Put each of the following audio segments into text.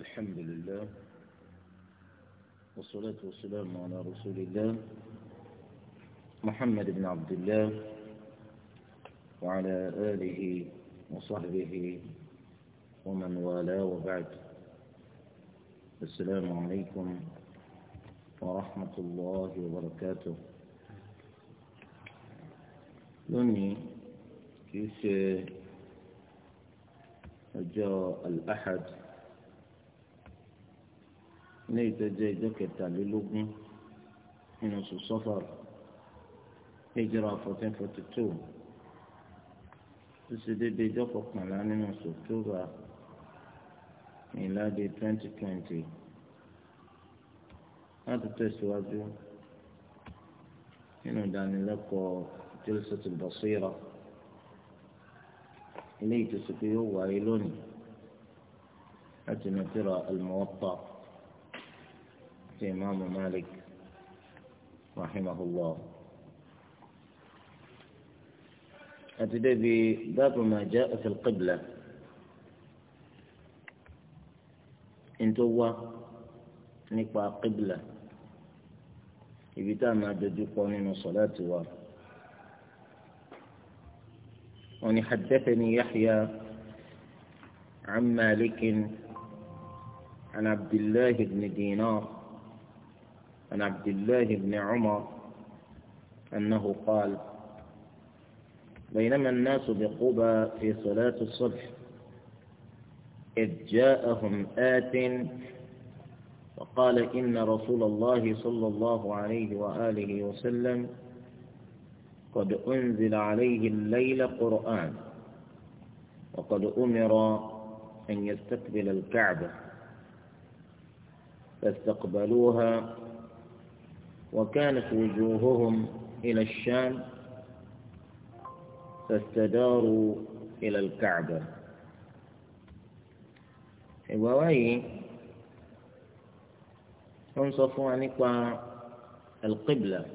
الحمد لله والصلاة والسلام على رسول الله محمد بن عبد الله وعلى آله وصحبه ومن والاه وبعد السلام عليكم ورحمة الله وبركاته لوني كيس جاء الأحد ní ìtọ́jọ́ ìjọ kẹtàlélógún nínú oṣù sọ́fà ìjọba fourteen forty two tó ṣe déédéé ìjọ kọkànlá nínú oṣù tóba ìlàdé twenty twenty láti tẹ̀síwájú nínú ìdánilẹ́kọ̀ọ́ Jalsatul Basira ilé ìtòsí pé yóò wáyé lónìí láti nà tẹ̀rọ الإمام مالك رحمه الله أتدي بباب ما جاء في القبلة انتوا نقوى قبلة إبتا ما دجوكو من صلاة وني حدثني يحيى عن مالك عن عبد الله بن دينار عن عبد الله بن عمر أنه قال بينما الناس بقبى في صلاة الصبح إذ جاءهم آت فقال إن رسول الله صلى الله عليه وآله وسلم قد أنزل عليه الليل قرآن وقد أمر أن يستقبل الكعبة فاستقبلوها وكانت وجوههم إلى الشام فاستداروا إلى الكعبة إبواي انصفوا عنك القبلة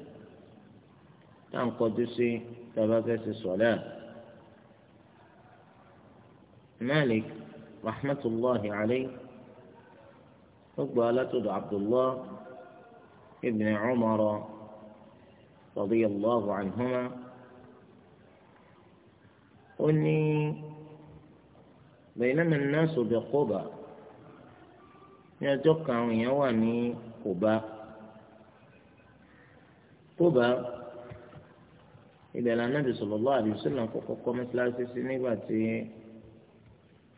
كان قدسي تبكس الصلاة مالك رحمة الله عليه أقبالته عبد الله ابن عمر رضي الله عنهما أني بينما الناس بقبى يتوقع يواني قبى قبى إذا لا النبي صلى الله عليه وسلم فوق مثل سنين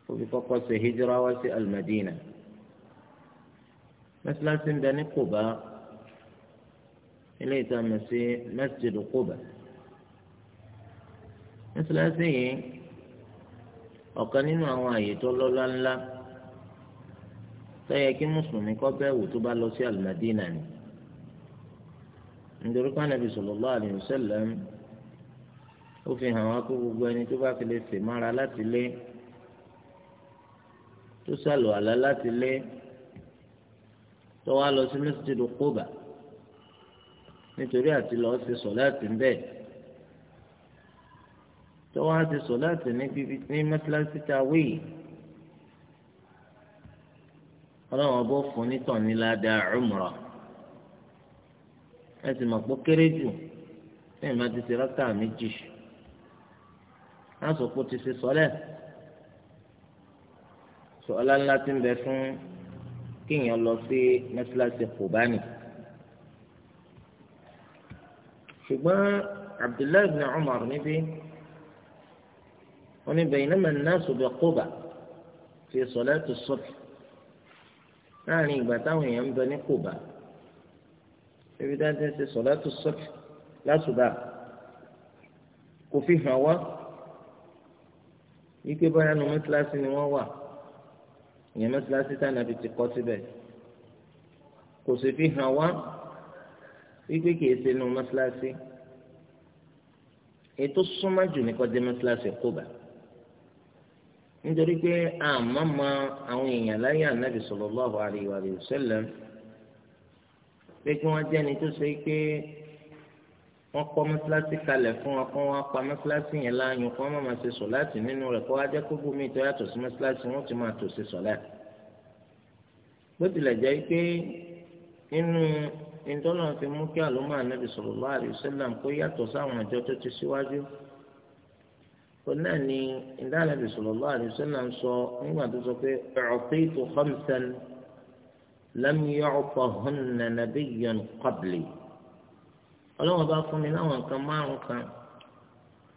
òbí kọ́kọ́ ṣe hijira wá المدينه مثل mẹsàlásì ń ilé ìtàmì sí Masjid Quba mẹsàlásì yìí ọ̀kan nínú àwọn àyè tó lọ́lá ńlá tó yẹ kí mùsùlùmí kọ́ bẹ́ẹ̀ wò tó bá lọ sí Al-Madina ni nítorí pé Ànábì sallallahu alayhi wa sallam ó fi hàn wá pé gbogbo ẹni tó bá fi lè fè mára láti lé tó sàlù láti lé tó wá lọ sí Masjid Quba nítorí àti lọ́ọ́ ṣe sọ̀láàtì ń bẹ̀. tọ́wọ́ á ṣe sọ̀láàtì ní mọ́tíláṣí tá a wí yìí. ọlọ́run ọbọ̀ fún nítàn ní ládàá ọmọrà ẹ sì mọ̀ pé kéré jù ẹ̀yìn máa ti ṣe rákà méjì láti ti ṣe sọ́lẹ̀ sọ́lá ńlá ti ń bẹ fún kéèyàn lọ sí mẹ́tíláṣí kùbánì. ṣùgbọ́n abdullahi bin umar níbí wọn ní baynama an-nasu bi Quba fi salati as-subh láàrin ìgbà táwọn èèyàn ń bẹ ní Quba ebi dáńtẹ́ ṣe salati as-subh lásùbà kò fi hàn wá wípé báyà nu mọ́tíláṣí ni wọ́n wà ìyẹn mọ́tíláṣí tá nàbì ti kọ́ síbẹ̀ kò sì fi hàn wá wípé kìí ṣe inú mọ́ṣáláṣí ètò súnmọ́ jù ní kọjá mọ́ṣáláṣí kóbá nítorí pé àmọ́ mọ àwọn èèyàn láyé ànábì sallallahu alaihi wa sallam pé kí wọ́n jẹ́ ni tó ṣe pé wọ́n kọ́ mọ́ṣáláṣí kalẹ̀ fún wọn kó wọ́n pa mọ́ṣáláṣí yẹn láàyò kó wọ́n máa ṣe sọ̀láàtì nínú rẹ̀ kó wá jẹ́ kó bómi tó yàtọ̀ sí mọ́ṣáláṣí wọ́n ti máa tò ṣe sọ̀láàtì bó tilẹ̀ jẹ́ pé nínú ìtọ́nà ti mú kí àlùmọ́ ànábì sallallahu alaihi wasallam kó yàtọ̀ sáwọn àjọ tó ti síwájú òun náà ni ìdánilẹ́bí sallallahu alaihi wasallam sọ nígbà tó sọ pé u'titu khamsan lam yu'tahunna nabiyyun qabli ọlọ́wọ́n bá fún mi láwọn nǹkan márùn kan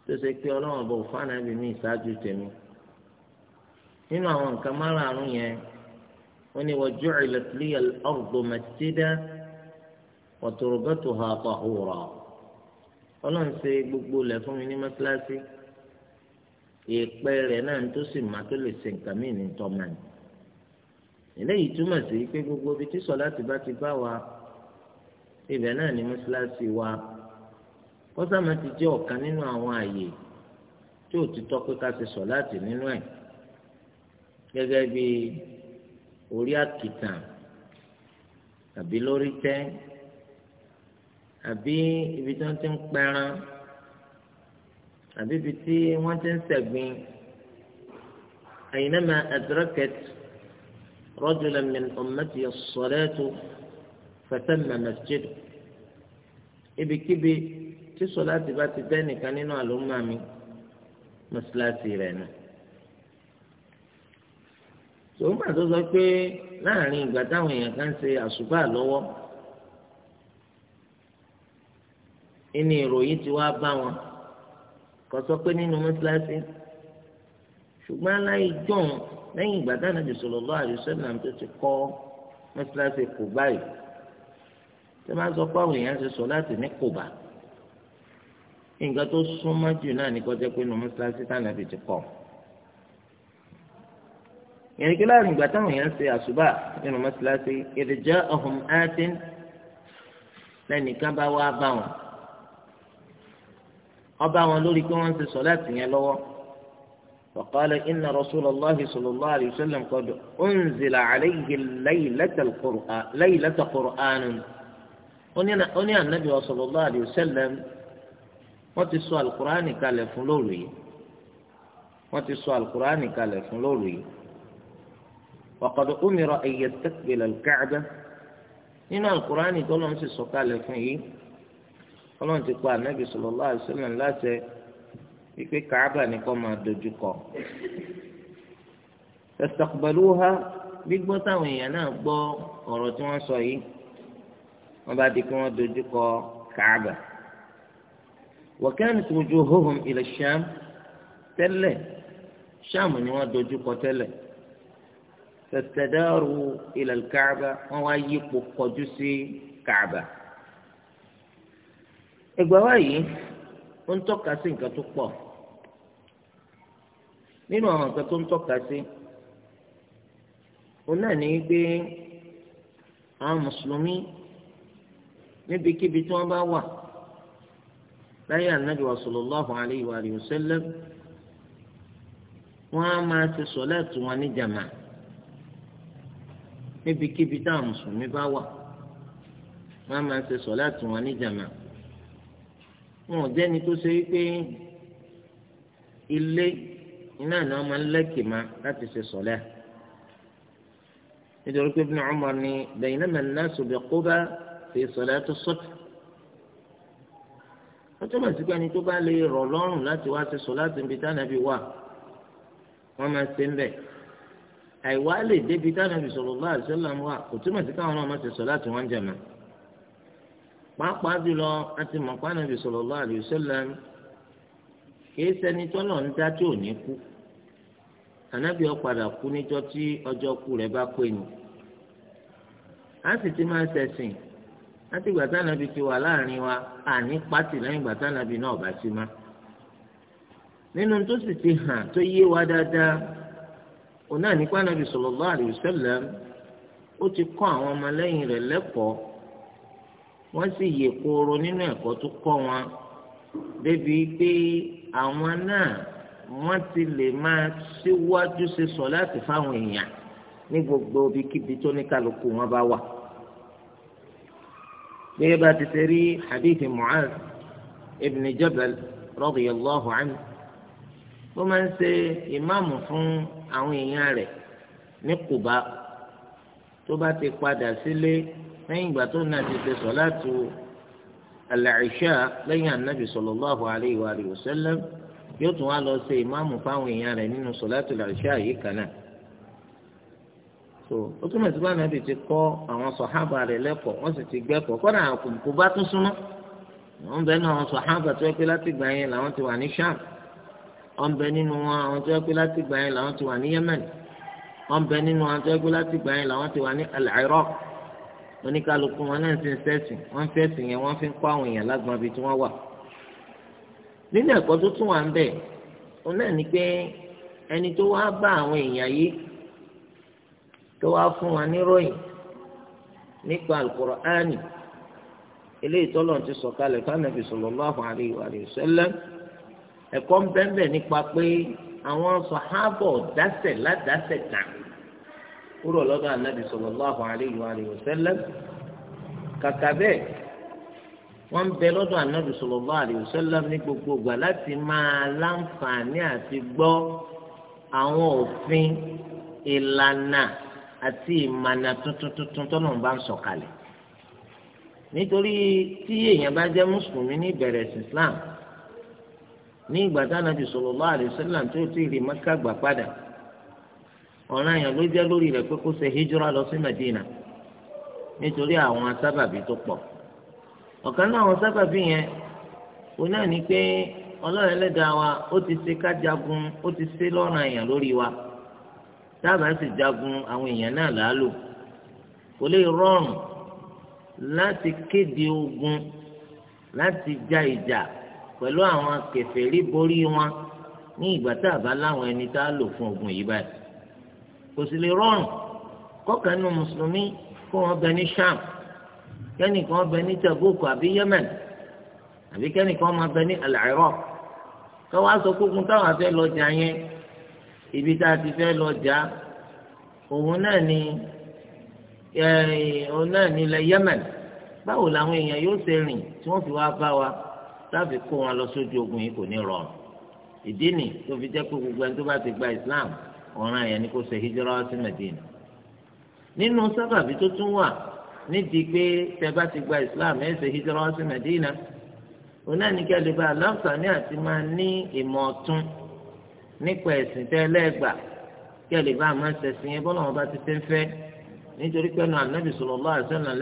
tó ṣe pé ọlọ́wọ́n bá òfin ànábì mi ìṣáájú tèmi nínú وتربتها طهورا ọlọ́run ṣe gbogbo lẹ̀ fún mi ní mọ́ṣáláṣí ìpẹ́ rẹ̀ náà tó sì máa tó lè ṣe nǹkan mí ní tọ́mà eléyìí gbogbo ibi tí sọ̀lá ti bá ti bá wa ibẹ̀ náà ní mọ́ṣáláṣí wa kọ́sàmọ́ ti jẹ́ ọ̀kan nínú àwọn àyè tí ò ti tọ́ pé ká ṣe sọ̀lá nínú ẹ̀ gẹ́gẹ́ bí orí àkìtàn tàbí àbí ibi tí wọ́n ti ń pẹran àbí ibi tí wọ́n ti ń ṣẹ̀gbin àyìnàmà adrakat rajulan min ummati as-salatu fatamma masjidu ibikíbi tí sọláàtì bá ti bẹ́ nìkan nínú àlùmọ́ mi mọ́sálásí rẹ̀ nù. tòun bá tó sọ pé láàrin ìgbà táwọn èèyàn kan ṣe àṣùbà lọ́wọ́. ìní ìròyìn tí wàá bá wọn kò sọ pé nínú mọ́sálásí ṣùgbọ́n aláì jọ̀hún lẹ́yìn ìgbà dáná jù sallallahu alaihi wasallam tó ti kọ́ mọ́sálásí kò báyìí tó máa sọ pé àwọn èèyàn ti sọ láti ní kò bá nǹkan tó súnmọ́ jù náà ní kọjá pé nínú mọ́sálásí táwọn ẹbí ti kọ́ yẹn láàrin ìgbà táwọn èèyàn ṣe àṣùbà nínú mọ́sálásí idh ja'ahum atin lẹ́nìkan bá wá bá wọn ọba wọn lórí pé wọ́n ń ṣe sọ̀láàtì yẹn lọ́wọ́ فقال إن رسول الله صلى الله عليه وسلم قد أنزل عليه الليلة القرآن ليلة قرآن أني النبي صلى الله عليه وسلم wọ́n ti sọ alukur'ani kalẹ̀ fún lóru yìí ti sọ alukur'ani kalẹ̀ fún lóru yìí wàkàdù umira ayé tẹ́kpẹ̀lẹ̀ nínú alukur'ani tó lọ́n ti sọ kalẹ̀ fún yìí ọlọ́run ti pa ànábì sallallahu alaihi wasallam láṣẹ wípé kàábà ni kó máa dojú kọ. tastaqbaluha gbígbọ́ táwọn èèyàn náà gbọ́ ọ̀rọ̀ tí wọ́n sọ yìí wọ́n bá di pé wọ́n dojú kọ kàábà. wa kanat wujuhuhum ila Sham tẹ́lẹ̀ Sham ni wọ́n dojú kọ tẹ́lẹ̀ fastadaru ila al wọ́n wá yípo kọjú sí kàábà ẹgbẹ́ wa yìí ó ń tọ́ka sí nǹkan tó pọ̀ nínú àwọn nǹkan tó ń tọ́ka sí òun náà ní pé àwọn mùsùlùmí níbikíbi tí wọ́n bá wà láyé ànábì wa sallallahu alayhi wa alihi wọ́n á máa ti sọ̀lẹ́ẹ̀tì wọn ní jàmá níbikíbi táwọn mùsùlùmí bá wà wọ́n á máa ti sọ̀lẹ́ẹ̀tì wọn ní jàmá wọn ò jẹ́ni tó ṣe wípé ilé iná ni wọ́n máa ń lẹ́kì ma láti ṣe sọ̀lẹ́ nítorí pé Ibn Umar ni baynama an-nasu bi Quba fi salati as-subh wọ́n túmọ̀ sí pé ẹni tó bá lè rọ̀ lọ́rùn láti wá ṣe sọ̀láàtì níbi tánàbí wà wọ́n máa ṣe ń bẹ̀ àìwá lè débi tánàbí sallallahu alaihi wasallam wà kò túmọ̀ sí káwọn náà máa ṣe sọ̀láàtì wọ́n jẹ̀ máa. pàápàá jùlọ àti mọ̀pá nàbì sallallahu alaihi kìí ṣẹni tọ́lọ̀ ń dá tí ò ní kú ànábì ó kú níjọ́ tí ọjọ́ kú rẹ̀ bá pé ní. a sì ti máa ń láti ìgbà tánàbì ti wà láàrin wa àní pátì lẹ́yìn ìgbà Gbata náà bá sí má nínú tó sì ti hàn tó yé wa dáadáa òun náà nípa nàbì sallallahu alaihi ó ti kọ́ àwọn rẹ̀ lẹ́kọ̀ọ́ wọ́n sì yè kooro nínú ẹ̀kọ́ tó kọ́ wọn débi pé àwọn náà wọ́n ti lè máa síwájú ṣe sọ láti fáwọn èèyàn ní gbogbo ibikíbi tó ní kálukú wọn bá wà. bí bá ti ṣe rí hadithi Mu'adh ibn Jabal radiyallahu anhu ó máa ń ṣe ìmáàmù fún àwọn èèyàn rẹ̀ ní Kùbá tó bá ti padà sílé lẹ́yìn ìgbà tó náà ti ṣe sọ̀láàtù al-Isha lẹ́yìn ànábì sallallahu alayhi wa alihi wa sallam yóò tún wá lọ ṣe ìmáàmù fáwọn èèyàn rẹ̀ nínú sọ̀láàtù al-Isha yìí kan náà. so ó túmọ̀ sí báwọn ẹbí ti kọ́ àwọn sọ̀hábà rẹ̀ lẹ́kọ̀ọ́ wọ́n sì ti gbẹ́kọ̀ọ́ kọ́dà kò bá tún súnmọ́ wọ́n bẹ nínú àwọn sọ̀hábà tó yẹ pé láti gbà yẹn làwọn ti wà ní Sham wọ́n bẹ nínú àwọn tó yẹ pé láti gbà oníkálukú wọn náà ti ń sẹ́sìn wọ́n ń fẹ́sìn yẹn wọ́n fi ń kọ́ àwọn èèyàn lágbọ́n ibi tí wọ́n wà. nínú ẹ̀kọ́ tó tún wà ń bẹ̀ òun náà ni pé ẹni tó wá bá àwọn èèyàn yìí tó wá fún wa níròyìn nípa alukur'ani eléyìí tọ́lọ̀ ti sọ̀kalẹ̀ fánàbì sallallahu alaihi wa sallam ẹ̀kọ́ ń bẹ́ẹ̀ nípa pé àwọn sàhábọ̀ dásẹ̀ ládásẹ̀ ó rọ̀ lọ́dọ̀ ànábì sallallahu alayhi wa sallam kàkà bẹ́ẹ̀ wọ́n ń bẹ lọ́dọ̀ ànábì sallallahu alayhi wa sallam ní gbogbo ìgbà láti máa láǹfààní àti gbọ́ àwọn òfin ìlànà àti ìmànà tuntun tuntun tọ́nà bá ń sọ̀kalẹ̀ nítorí tí èèyàn bá jẹ́ mùsùlùmí ní ìbẹ̀rẹ̀ islam ní ìgbà tí ànábì sallallahu alayhi wa sallam tó ti rí Mẹ́kà gbà padà ọ̀ràn yẹn ló jẹ́ lórí rẹ̀ pé kó ṣe hijira lọ sí Madina nítorí àwọn sábàbí tó pọ̀ ọ̀kan náà àwọn sábàbí yẹn òun náà ni pé ọlọ́run ẹlẹ́dàá wa ó ti ṣe ká jagun ó ti ṣe lọ́ràn yẹn lórí wa dábàá sì jagun àwọn èèyàn náà làálò kò lè rọrùn láti kéde ogun láti ja ìjà pẹ̀lú àwọn kèfèrí borí wọn ní ìgbà tá a bá láwọn ẹni tá a lò fún ogun yìí báyìí kò sì lè rọrùn kọ́kàn nínú mùsùlùmí kó wọn bẹ ní sham kẹ́nìkan bẹ ní tabuk àbí yemen àbí kẹ́nìkan máa bẹ ní al-iraq káwá sọ kókun táwọn afẹ́ lọ jà yẹn ibi tá a ti fẹ́ lọ jà òun náà ni eh, òun náà ni ilẹ̀ yemen báwo làwọn èèyàn yóò ṣe rìn tí wọ́n fi wá bá wa táàbì kó wọn lọ sójú ogun yìí kò ní rọrùn ìdí nì tó fi jẹ́ pé gbogbo ẹni tó bá ti gba islam ọ̀ràn yẹn ni kó ṣe hijira sí Medina nínú sábàbí tó tún wà nídìí pé tẹ́ bá ti gba Islam ẹ ṣe hijira sí Medina onáníkẹ́lẹ́ bá aláǹfààní àti máa ní ìmọ̀ ọ̀tún nípa ẹ̀sìn tẹ́lẹ́gbà kẹ́lẹ́ bá máa ṣẹ̀sìn yẹn bọ́lá wọn bá ti fẹ́ nítorí pé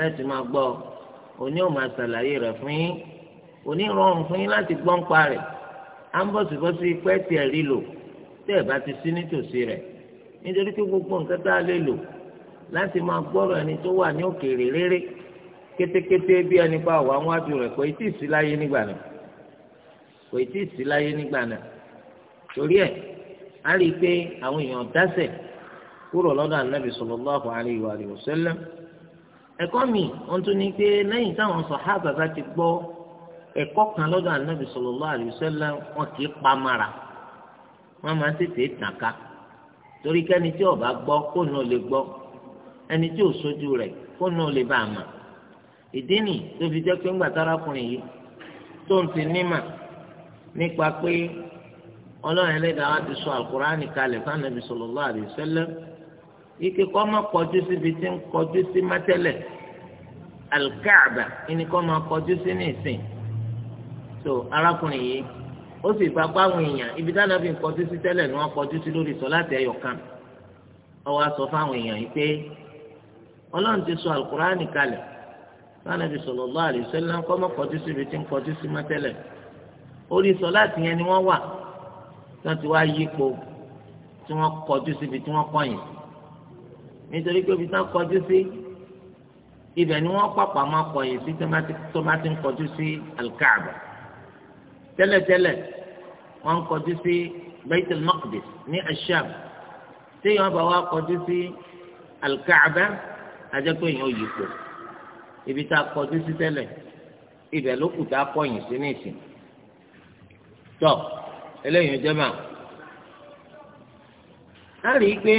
láti máa gbọ́ òní ò máa ṣàlàyé rẹ̀ fún yín òní rọrùn fún yín láti gbọ́ ń lò tẹ́ ẹ̀ bá ti sí nítòsí rẹ̀ nítorí pé gbogbo nǹkan tá a lè lò láti máa gbọ́rọ̀ ẹni tó wà ní òkèèrè réré kétékété bí ẹni pa wà wọn ju rẹ̀ kò tí ì sí láyé nígbà náà kò tí ì sí láyé nígbà náà torí ẹ̀ a rí i pé àwọn èèyàn dásẹ̀ kúrò lọ́dọ̀ ànábì sallallahu alaihi wa alihi wasallam ẹ̀kọ́ mi wọ́n tún ní pé lẹ́yìn táwọn sàhábà bá ti gbọ́ ẹ̀kọ́ kan lọ́dọ̀ ànábì sallallahu alaihi wasallam wọn kì í pa mara. wọ́n máa tètè tí ọba gbọ́ kó lè gbọ́ ẹni tí ò sójú rẹ kó náà lè bá a mà ìdí nì tó fi jẹ́ pé ńgbà tárakùnrin yìí tó ń ti nímà nípa pé ọlọ́run ẹlẹ́dàá wa ti sọ àlùkùránì kalẹ̀ fáànàbì sallallahu alaihi wasallam ike kọ́ ó sì gba páwọn èèyàn ibi dáná fi ń kọjú tẹ́lẹ̀ ni wọ́n kọjú sí lórí sọ láti ẹyọ kan ọwọ́ a sọ fáwọn èèyàn yìí pé ọlọ́run ti sọ alukurani kalẹ̀ lánàá fi sọ̀rọ̀ lọ́wọ́ àlùsọ́lá kọ́ mọ́ kọjú síbi tí ń kọjú sí mọ́ tẹ́lẹ̀ orí sọ láti yẹn ni wọ́n wà tí wọ́n ti wá yípo tí wọ́n kọjú síbi tí wọ́n kọ̀yìn nítorí pé ibi tí wọ́n kọjú sí ibẹ̀ ni wọ́n pàpà máa kọ̀yìn tẹ́lẹ̀tẹ́lẹ̀ wọ́n kọjú sí Baitul Maqdis ní asham téèyàn bá wá kọjú sí alkaaba ajẹ́pẹ́ yẹn ò yí pò ibi tá a kọjú sí tẹ́lẹ̀ ibẹ̀ ló kù tá a kọ̀yìn sí ní ìsìn tọ́ eléyìí jẹ́ mà á rí i pé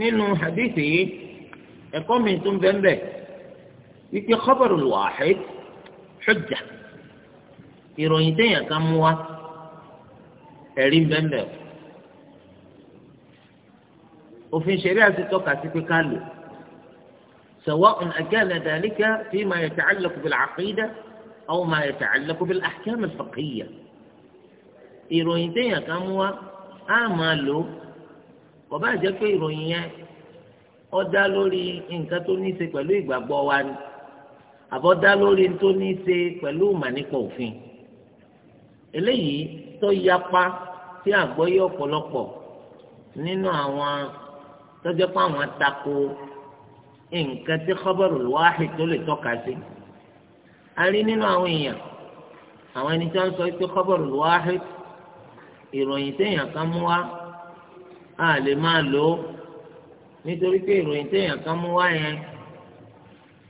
nínú hadithi yìí ẹ̀kọ́ mi tún bẹ́ẹ̀ bẹ́ẹ̀ wípé khabarul wahid hujja ìròyìn téèyàn kan mú wá ẹ̀rí bẹ́ẹ̀ òfin ṣẹ̀rí àti tọ́ka pé ká lò سواء أكان ذلك فيما يتعلق بالعقيدة أو ما يتعلق بالأحكام الفقهية ìròyìn téèyàn kan mú wá á máa lò ó kò bá jẹ́ pé ìròyìn yẹn ó dá lórí nǹkan tó ní í ṣe pẹ̀lú ìgbàgbọ́ wa ni àbọ̀ dá lórí tó ní í ṣe pẹ̀lú ìmọ̀ nípa òfin eléyìí tó yapa sí àgbọ́yé ọ̀pọ̀lọpọ̀ nínú àwọn tọ́jọ́ pé àwọn tako nǹkan tí khabarul wahid tó lè tọ́ka sí a rí nínú àwọn èèyàn àwọn ẹni tí wọ́n sọ pé khabarul wahid ìròyìn téèyàn kan mú wá a lè máa lò ó nítorí pé ìròyìn téèyàn kan mú wá yẹn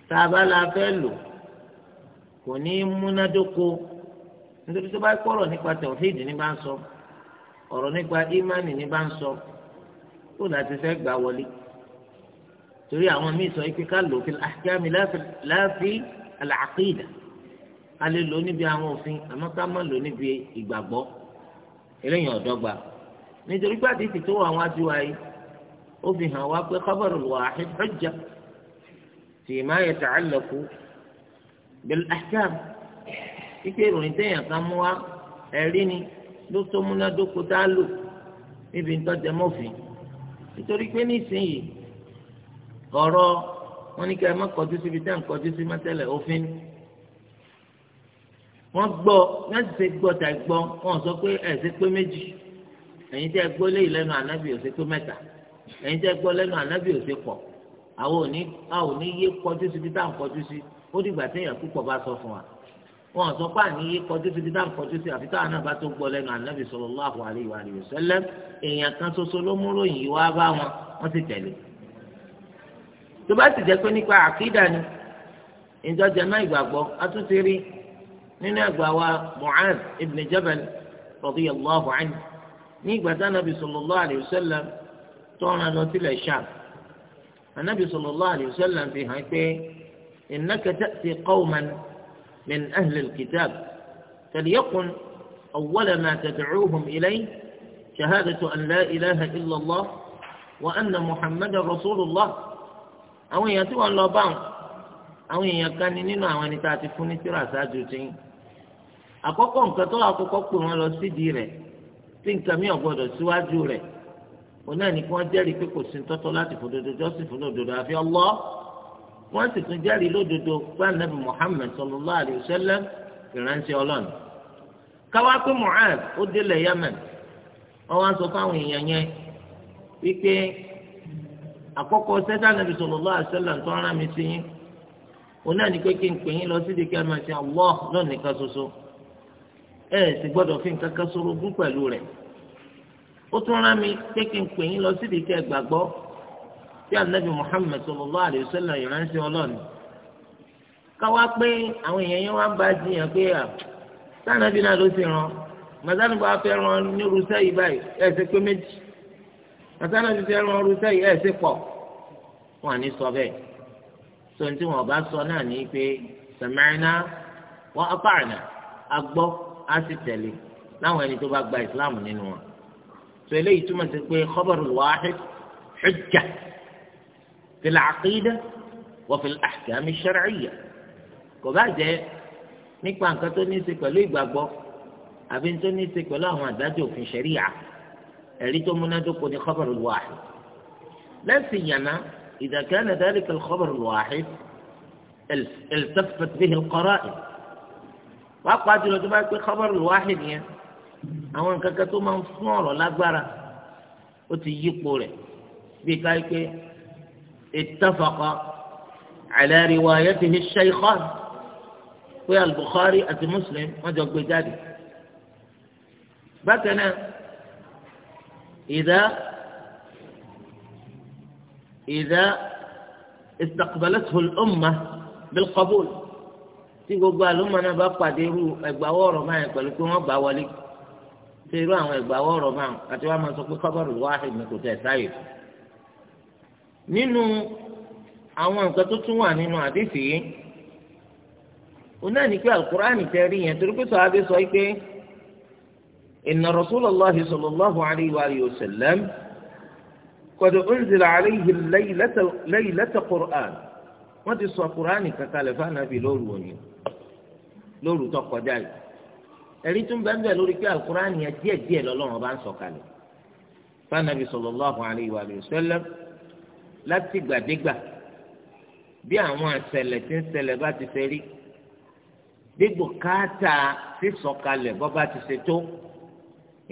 tá a bá la fẹ́ lò kò ní í múnádóko nítorí tó bá kọ́ ọ̀rọ̀ nípa tawhid ní bá ń sọ ọ̀rọ̀ nípa ìmánì ní bá ń sọ kó láti fẹ́ gbà wọlé torí àwọn míì sọ pé ká lò fi ahkam la fi al-aqida ká lè lò níbi àwọn òfin àmọ́ ká má lò níbi ìgbàgbọ́ eléyìí ọ̀dọ́gba nítorí pé àti àwọn adúlá yìí ó fi hàn wá pé khabarul wahid hujja fi ma yata'allaqu bil ahkam ike ìròyìn téèyàn kan mú wa ẹ̀rí ni ló tó múnádóko tá a lò níbi ń tọ́jà mọ́fìn nítorí pé nísìnyí ọ̀rọ̀ wọn ní kí ẹ má kọjú síbi tá à ń kọjú sí mọ́tẹ́lẹ̀ òfin wọ́n gbọ́ wọ́n ti ṣe gbọ́ tà gbọ́ wọ́n sọ pé ẹ̀ ṣe pé méjì ẹ̀yin tẹ́ gbọ́ léyìí lẹ́nu ànábì ò ṣe pé mẹ́ta ẹ̀yin tẹ́ gbọ́ lẹ́nu ànábì ò ṣe pọ̀ àwọn ò ní yé kọjú síbi tá à ń kọjú sí ó dìgbà téèyàn púpọ̀ bá sọ fún wa wọn sọ pé àní yé kọjú sí dídá kọjú sí àfi táwọn náà bá tó gbọ́ lẹ́nu ànábì sallallahu alaihi wa alihi wasallam èèyàn kan ṣoṣo ló mú ròyìn wá bá wọn wọ́n sì tẹ̀lé tó bá sì jẹ́ pé nípa àkídà ni ìjọjẹ náà ìgbàgbọ́ atúntì rí nínú ẹgbà wa Mu'adh ibn Jabal radiyallahu anhu ní ìgbà tá ànábì sallallahu alaihi wasallam tọ́ra lọ sílẹ̀ Sham ànábì sallallahu alaihi wasallam fi hàn pé innaka من أهل الكتاب فليكن أول ما تدعوهم إليه شهادة أن لا إله إلا الله وأن محمد رسول الله أو يتوى الله بان أو يكان نينو أو نتعتفوني في أقوكم كتوى أقوكم ولو سيديرة تنك ميو قدر سوى جورة ونا نكون جالي فيكو سنتطلات فدو دو جوسي فدو دو دو دو wọ́n sì tún jẹ́rìí lódodo pé anabi muhammed sallallahu alayhi wa sallam ìránṣẹ́ ọlọ́run káwá pé muhammed ó délẹ̀ yemen wọ́n wá sọ fáwọn èèyàn yẹn wípé àkọ́kọ́ sallallahu alayhi wa tó rán mi sí yín òun náà ní pé kí n pè yín lọ di kẹ́mà sí allah lónìí kan ṣoṣo ẹ sì gbọ́dọ̀ fi nǹkan kan pẹ̀lú rẹ̀ ó tún rán tí anabi muhammed sallallahu alayhi wa sallam ìránṣẹ́ ọlọ́ọ̀ni káwá pé àwọn èèyàn yẹn wá ń bá jiyàn pé à sànàbí náà ló ti ràn màsánù bá fẹ́ ràn ní rusẹ́ yìí báyìí ẹ̀ ṣe pé méjì màsánù ti fẹ́ ràn rusẹ́ yìí ẹ̀ ṣe pọ̀ wọn ní sọ bẹ́ẹ̀ tó ní tí wọn bá sọ náà ní pé sami'na wa ata'na agbọ́ á sì tẹ̀lé láwọn ẹni tó bá gba ìsìláàmù nínú wọn tó eléyìí túmọ̀ sí pé khabarul wahid hujja. في العقيدة وفي الأحكام الشرعية kò bá jẹ́ nípa nǹkan tó ní í ṣe pẹ̀lú ìgbàgbọ́ àbí tó ní í ṣe pẹ̀lú àwọn àdájọ́ òfin ṣẹ̀ríyà ẹ̀rí tó múnádóko ní khabar al-wahid la siyama idha kana dhalika al-khabar al-wahid iltafat bihi al-qara'in pàápàá jùlọ tó bá pé khabar al-wahid yẹn àwọn nǹkan kan tó máa ń fún ọ̀rọ̀ lágbára ó ti yípo rẹ̀ bí ká pé اتفق على روايته الشيخان ويا البخاري أتي مسلم وجب ذلك بكنا إذا إذا استقبلته الأمة بالقبول tí gbogbo àlùmọ́ náà bá pàdé irú ẹgbàáwọ̀ ọ̀rọ̀ máa yẹn pẹ̀lú pé wọ́n gbà wọlé tí irú àwọn ẹgbàáwọ̀ ọ̀rọ̀ máa àti wọ́n á máa sọ pé kọ́bọ̀rù wáhìn ni kò tẹ̀ sáyè fún un. nínú àwọn nǹkan tó tún wà nínú àdéfì yìí òun náà ní pé alukur'ani tẹ rí yẹn torí pé sàábé sọ pé ìnà rasúlọ́láhi sọlọ́láhu alayhi wa alihi wa sallam kọ̀dọ̀ ounzìlà alayhi lẹ́yìn lẹ́tà qur'an wọ́n ti sọ qur'ani kankalẹ̀ fáànàbì lóru òní lóru tó kọjá yìí ẹ̀rí tún bẹ́ẹ̀ bẹ́ẹ̀ lórí pé alukur'ani yẹn díẹ̀díẹ̀ lọ́lọ́run bá ń sọ̀kalẹ̀ fáànàbì sọlọ́láhu alayhi wa sallam láti gbàdégbà bí àwọn àṣẹlẹ̀ tí ń ṣẹlẹ̀ bá ti ṣe rí gbígbò káàtà sísọ̀kalẹ̀ bọ́ bá ti ṣe tó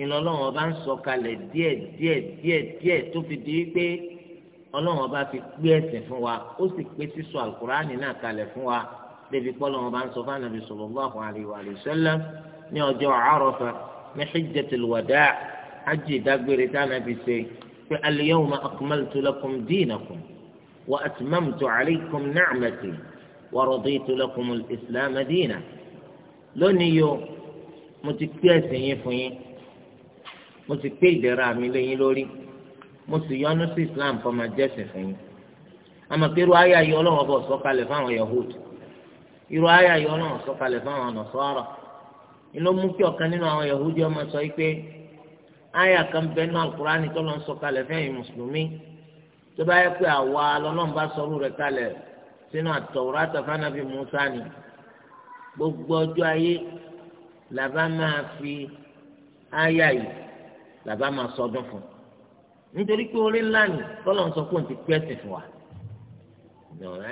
ìlọlọ́wọ́n bá ń sọ̀kalẹ̀ díẹ̀ díẹ̀ díẹ̀ díẹ̀ tó fi di pé ọlọ́wọ́n bá fi pé ẹ̀sìn fún wa ó sì pé sísọ àlùkùránì náà kalẹ̀ fún wa débi pọ́lọ́wọ́n bá ń sọ fún Ànábì sallallahu alaihi wa sallam ní ọjọ́ Àrafà ní hijjatul wadaa hajj ìdágbére tí Ànábì ṣe al-yawma akmaltu lakum dinakum wa atmamtu alaykum ni'mati wa raditu lakum al-islam dinan lónìí yóò mo ti pé ẹ̀sìn yín fún yín mo ti pé ìdẹ̀ra mi lé yín lórí mo sì yọ́nú sí islam kó máa jẹ́sìn fún yín àmọ́ pé irú ayé ayé ọlọ́run ọba sọ̀kalẹ̀ fáwọn yahood irú ayé ayé ọlọ́run sọ̀kalẹ̀ fáwọn nasara ni ló mú kí ọ̀kan nínú àwọn yahood ọmọ sọ yìí pé àyà kan bẹ náà alukurani tó lọ ń sọ kalẹ̀ fẹ́yìn mùsùlùmí tó bá yẹ pé àwa lọ́lọ́run bá sọ̀rọ̀ rẹ̀ kalẹ̀ sínú àtọ̀wúrọ̀ àtàfánàbí musa ni gbogbo ọjọ́ ayé làbá máa fi àyà yìí làbá máa sọdún fún nítorí pé orí ńlá ni tọ́lọ́run sọ fún ti pẹ́ ẹ̀sìn fún wa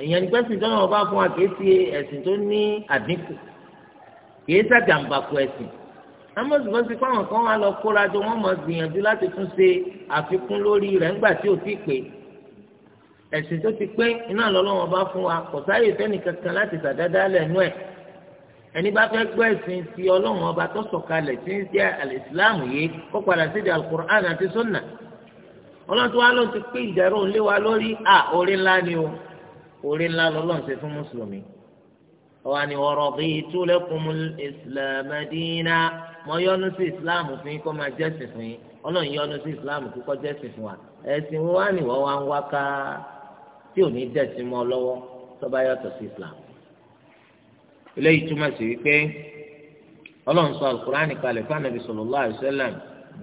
ìyẹn ní pẹ́sìn tọ́lọ́run bá fún wa kì í ṣe ẹ̀sìn tó ní àdínkù kì í ṣàjàǹbàkù ẹ̀sìn amọ̀sùnmọ́ ti fáwọn kan wá lọ kóra jọ wọ́n mọ̀ gbìyànjú láti tún ṣe àfikún lórí rẹ̀ ńgbà tí ò ti pé ẹ̀sìn tó ti pé iná lọ́lọ́wọ́n bá fún wa kò sáyè fẹ́ni kankan láti sàdádá lẹ́nu ẹ̀ ẹni bá fẹ́ gbọ́ ẹ̀sìn ti ọlọ́run ọba tó sọ̀kalẹ̀ tí ń jẹ́ alìsílámù yìí kó padà sí di alukur'an àti sunna ọlọ́run tó ló ti pé ìdẹ̀rùn lé wa lórí à orí ńlá ni o orí ńlá lọ́lọ́run ṣe fún mùsùlùmí bíi túlẹ̀kùn islam dínà. mọ yọ́nú sí islam fún yín kó máa jẹ́sìn fún yín ọlọ́run yọ́nú sí islam kó kọ́ jẹ́sìn fún wa wa ni wá ń wá ká tí ò ní dẹ̀sìn sí islam. eléyìí túmọ̀ sí wípé ọlọ́run sọ alukur'ani kalẹ̀ fún anabi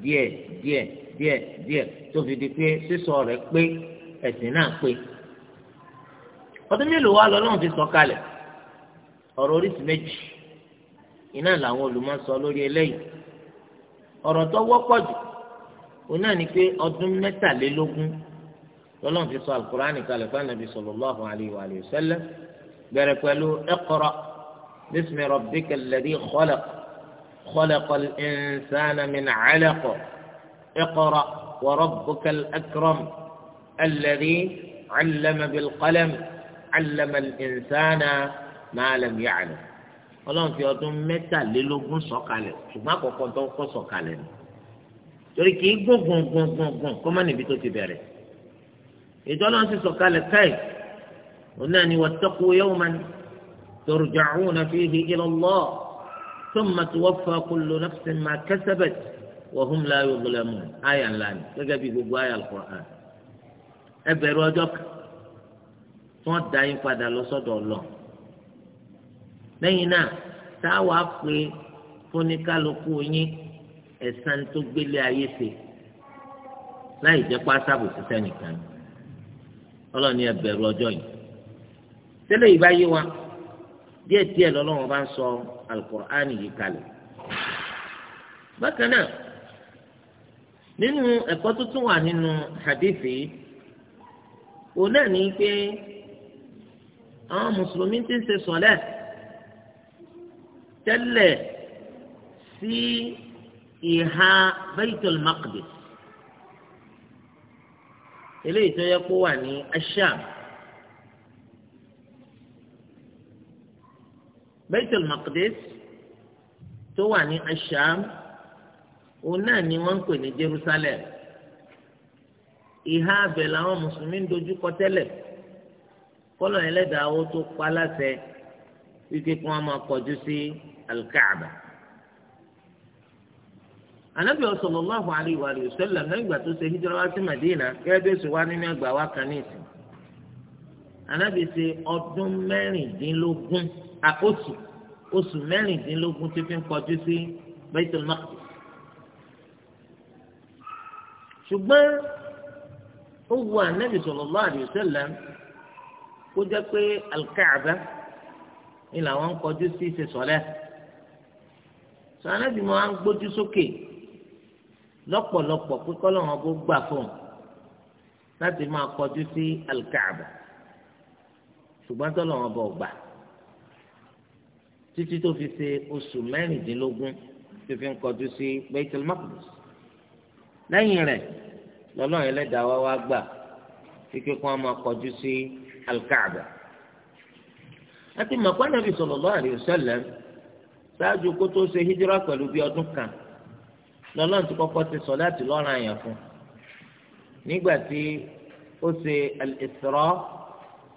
díẹ̀ díẹ̀ díẹ̀ díẹ̀ tó fi di pé sísọ rẹ̀ pé ẹ̀sìn náà pé ọdún mélòó iná làwọn olùmọ̀ sọ lórí eléyìí ọ̀rọ̀ tó wọ́pọ̀ jù òun náà ni pé ọdún mẹ́tàlélógún lọ́lọ́run fi sọ alukur'ani kalẹ̀ fún anabi sallallahu alayhi wa sẹ́lẹ̀ bẹ̀rẹ̀ pẹ̀lú iqra bismi rabbika alladhi khalaq khalaqal insana min 'alaq iqra wa rabbukal akram alladhi 'allama bil qalam 'allama al insana ma lam ya'lam. ọlọ́run fi ọdún mẹ́tàlélógún sọ̀kalẹ̀ ṣùgbọ́n àkọ́kọ́ tó kọ́ sọ̀kalẹ̀ ni torí kì í gùn gùn gùn gùn gùn kọ́ mọ́ níbi tó ti bẹ̀rẹ̀ ètò ọlọ́run ti sọ̀kalẹ̀ káì òun náà ni wattaqu yawman turja'una fihi ila Allah thumma tuwaffa kullu nafsin ma kasabat wa hum la yuzlamun àyà ńlá ni gẹ́gẹ́ bí gbogbo àyà al-Qur'an ẹ bẹ̀rù ọjọ́ kan tí wọ́n dá yín padà lọ lẹ́yìn náà tá a wàá pè fúnikálukú yín ẹ̀san tó gbélé ayé ṣe láì jẹ́ pásáàbò sísẹ́ nìkan ọlọ́ọ̀ni ẹ bẹ̀rù ọjọ́ yìí tẹ́lẹ̀ yìí bá yé wa díẹ̀ díẹ̀ lọ́lọ́wọ́n bá ń sọ alukur'ani yìí kalẹ̀ bákan náà nínú ẹ̀kọ́ tuntun wà nínú hadithi òun náà ní pé àwọn mùsùlùmí ti ń ṣe sọ̀lẹ́ tẹ́lẹ̀ sí ìhà Baitul Maqdis eléyìí tó yẹ kó wà ní Asham Baitul Maqdis tó wà ní Asham òun náà ni wọ́n ń pè ní Jerusalem ìhà abẹ làwọn mùsùlùmí ń dojúkọ tẹ́lẹ̀ kọ́lọ̀ ẹlẹ́dàá ó tó pa láṣẹ wípé kí wọ́n máa kọjú sí. Si alikaaba anabi sallallahu alayhi wa sallam lẹ́yìn ìgbà tó ṣe hijira wá sí madina gẹ́gẹ́ bí oṣù wa nínú ẹgbà wa kan ní ìsìn anabi ṣe ọdún mẹ́rìndínlógún àkóso oṣù mẹ́rìndínlógún tí fi ń kọjú sí Baitul Maqdis ṣùgbọ́n ó wu anabi sallallahu alayhi wa sallam kó jẹ́ pé alikaaba ni làwọn ń kọjú sí ṣe sọ́lẹ́ sọ anábì máa ń gbójú sókè lọ́pọ̀lọpọ̀ pé kọ́lọ́hàn bó gbà fún un láti máa kọjú sí alikaaba ṣùgbọ́n tọ́lọ́hàn bọ̀ gbà títí tó fi ṣe oṣù mẹ́rìndínlógún tó fi ń kọjú sí Baitul Maqdis lẹ́yìn rẹ̀ lọ́lọ́run ẹlẹ́dàá wá wá gbà kíkẹ́ kó wọn máa kọjú sí alikaaba. àti màkúwánà bí sallallahu alaihi wasallam ṣáájú kó tó ṣe hijira pẹ̀lú bíi ọdún kan lọ́lọ́run ti kọ́kọ́ ti sọ láti lọ́ràn àyàn fún nígbà tí ó ṣe al-Isra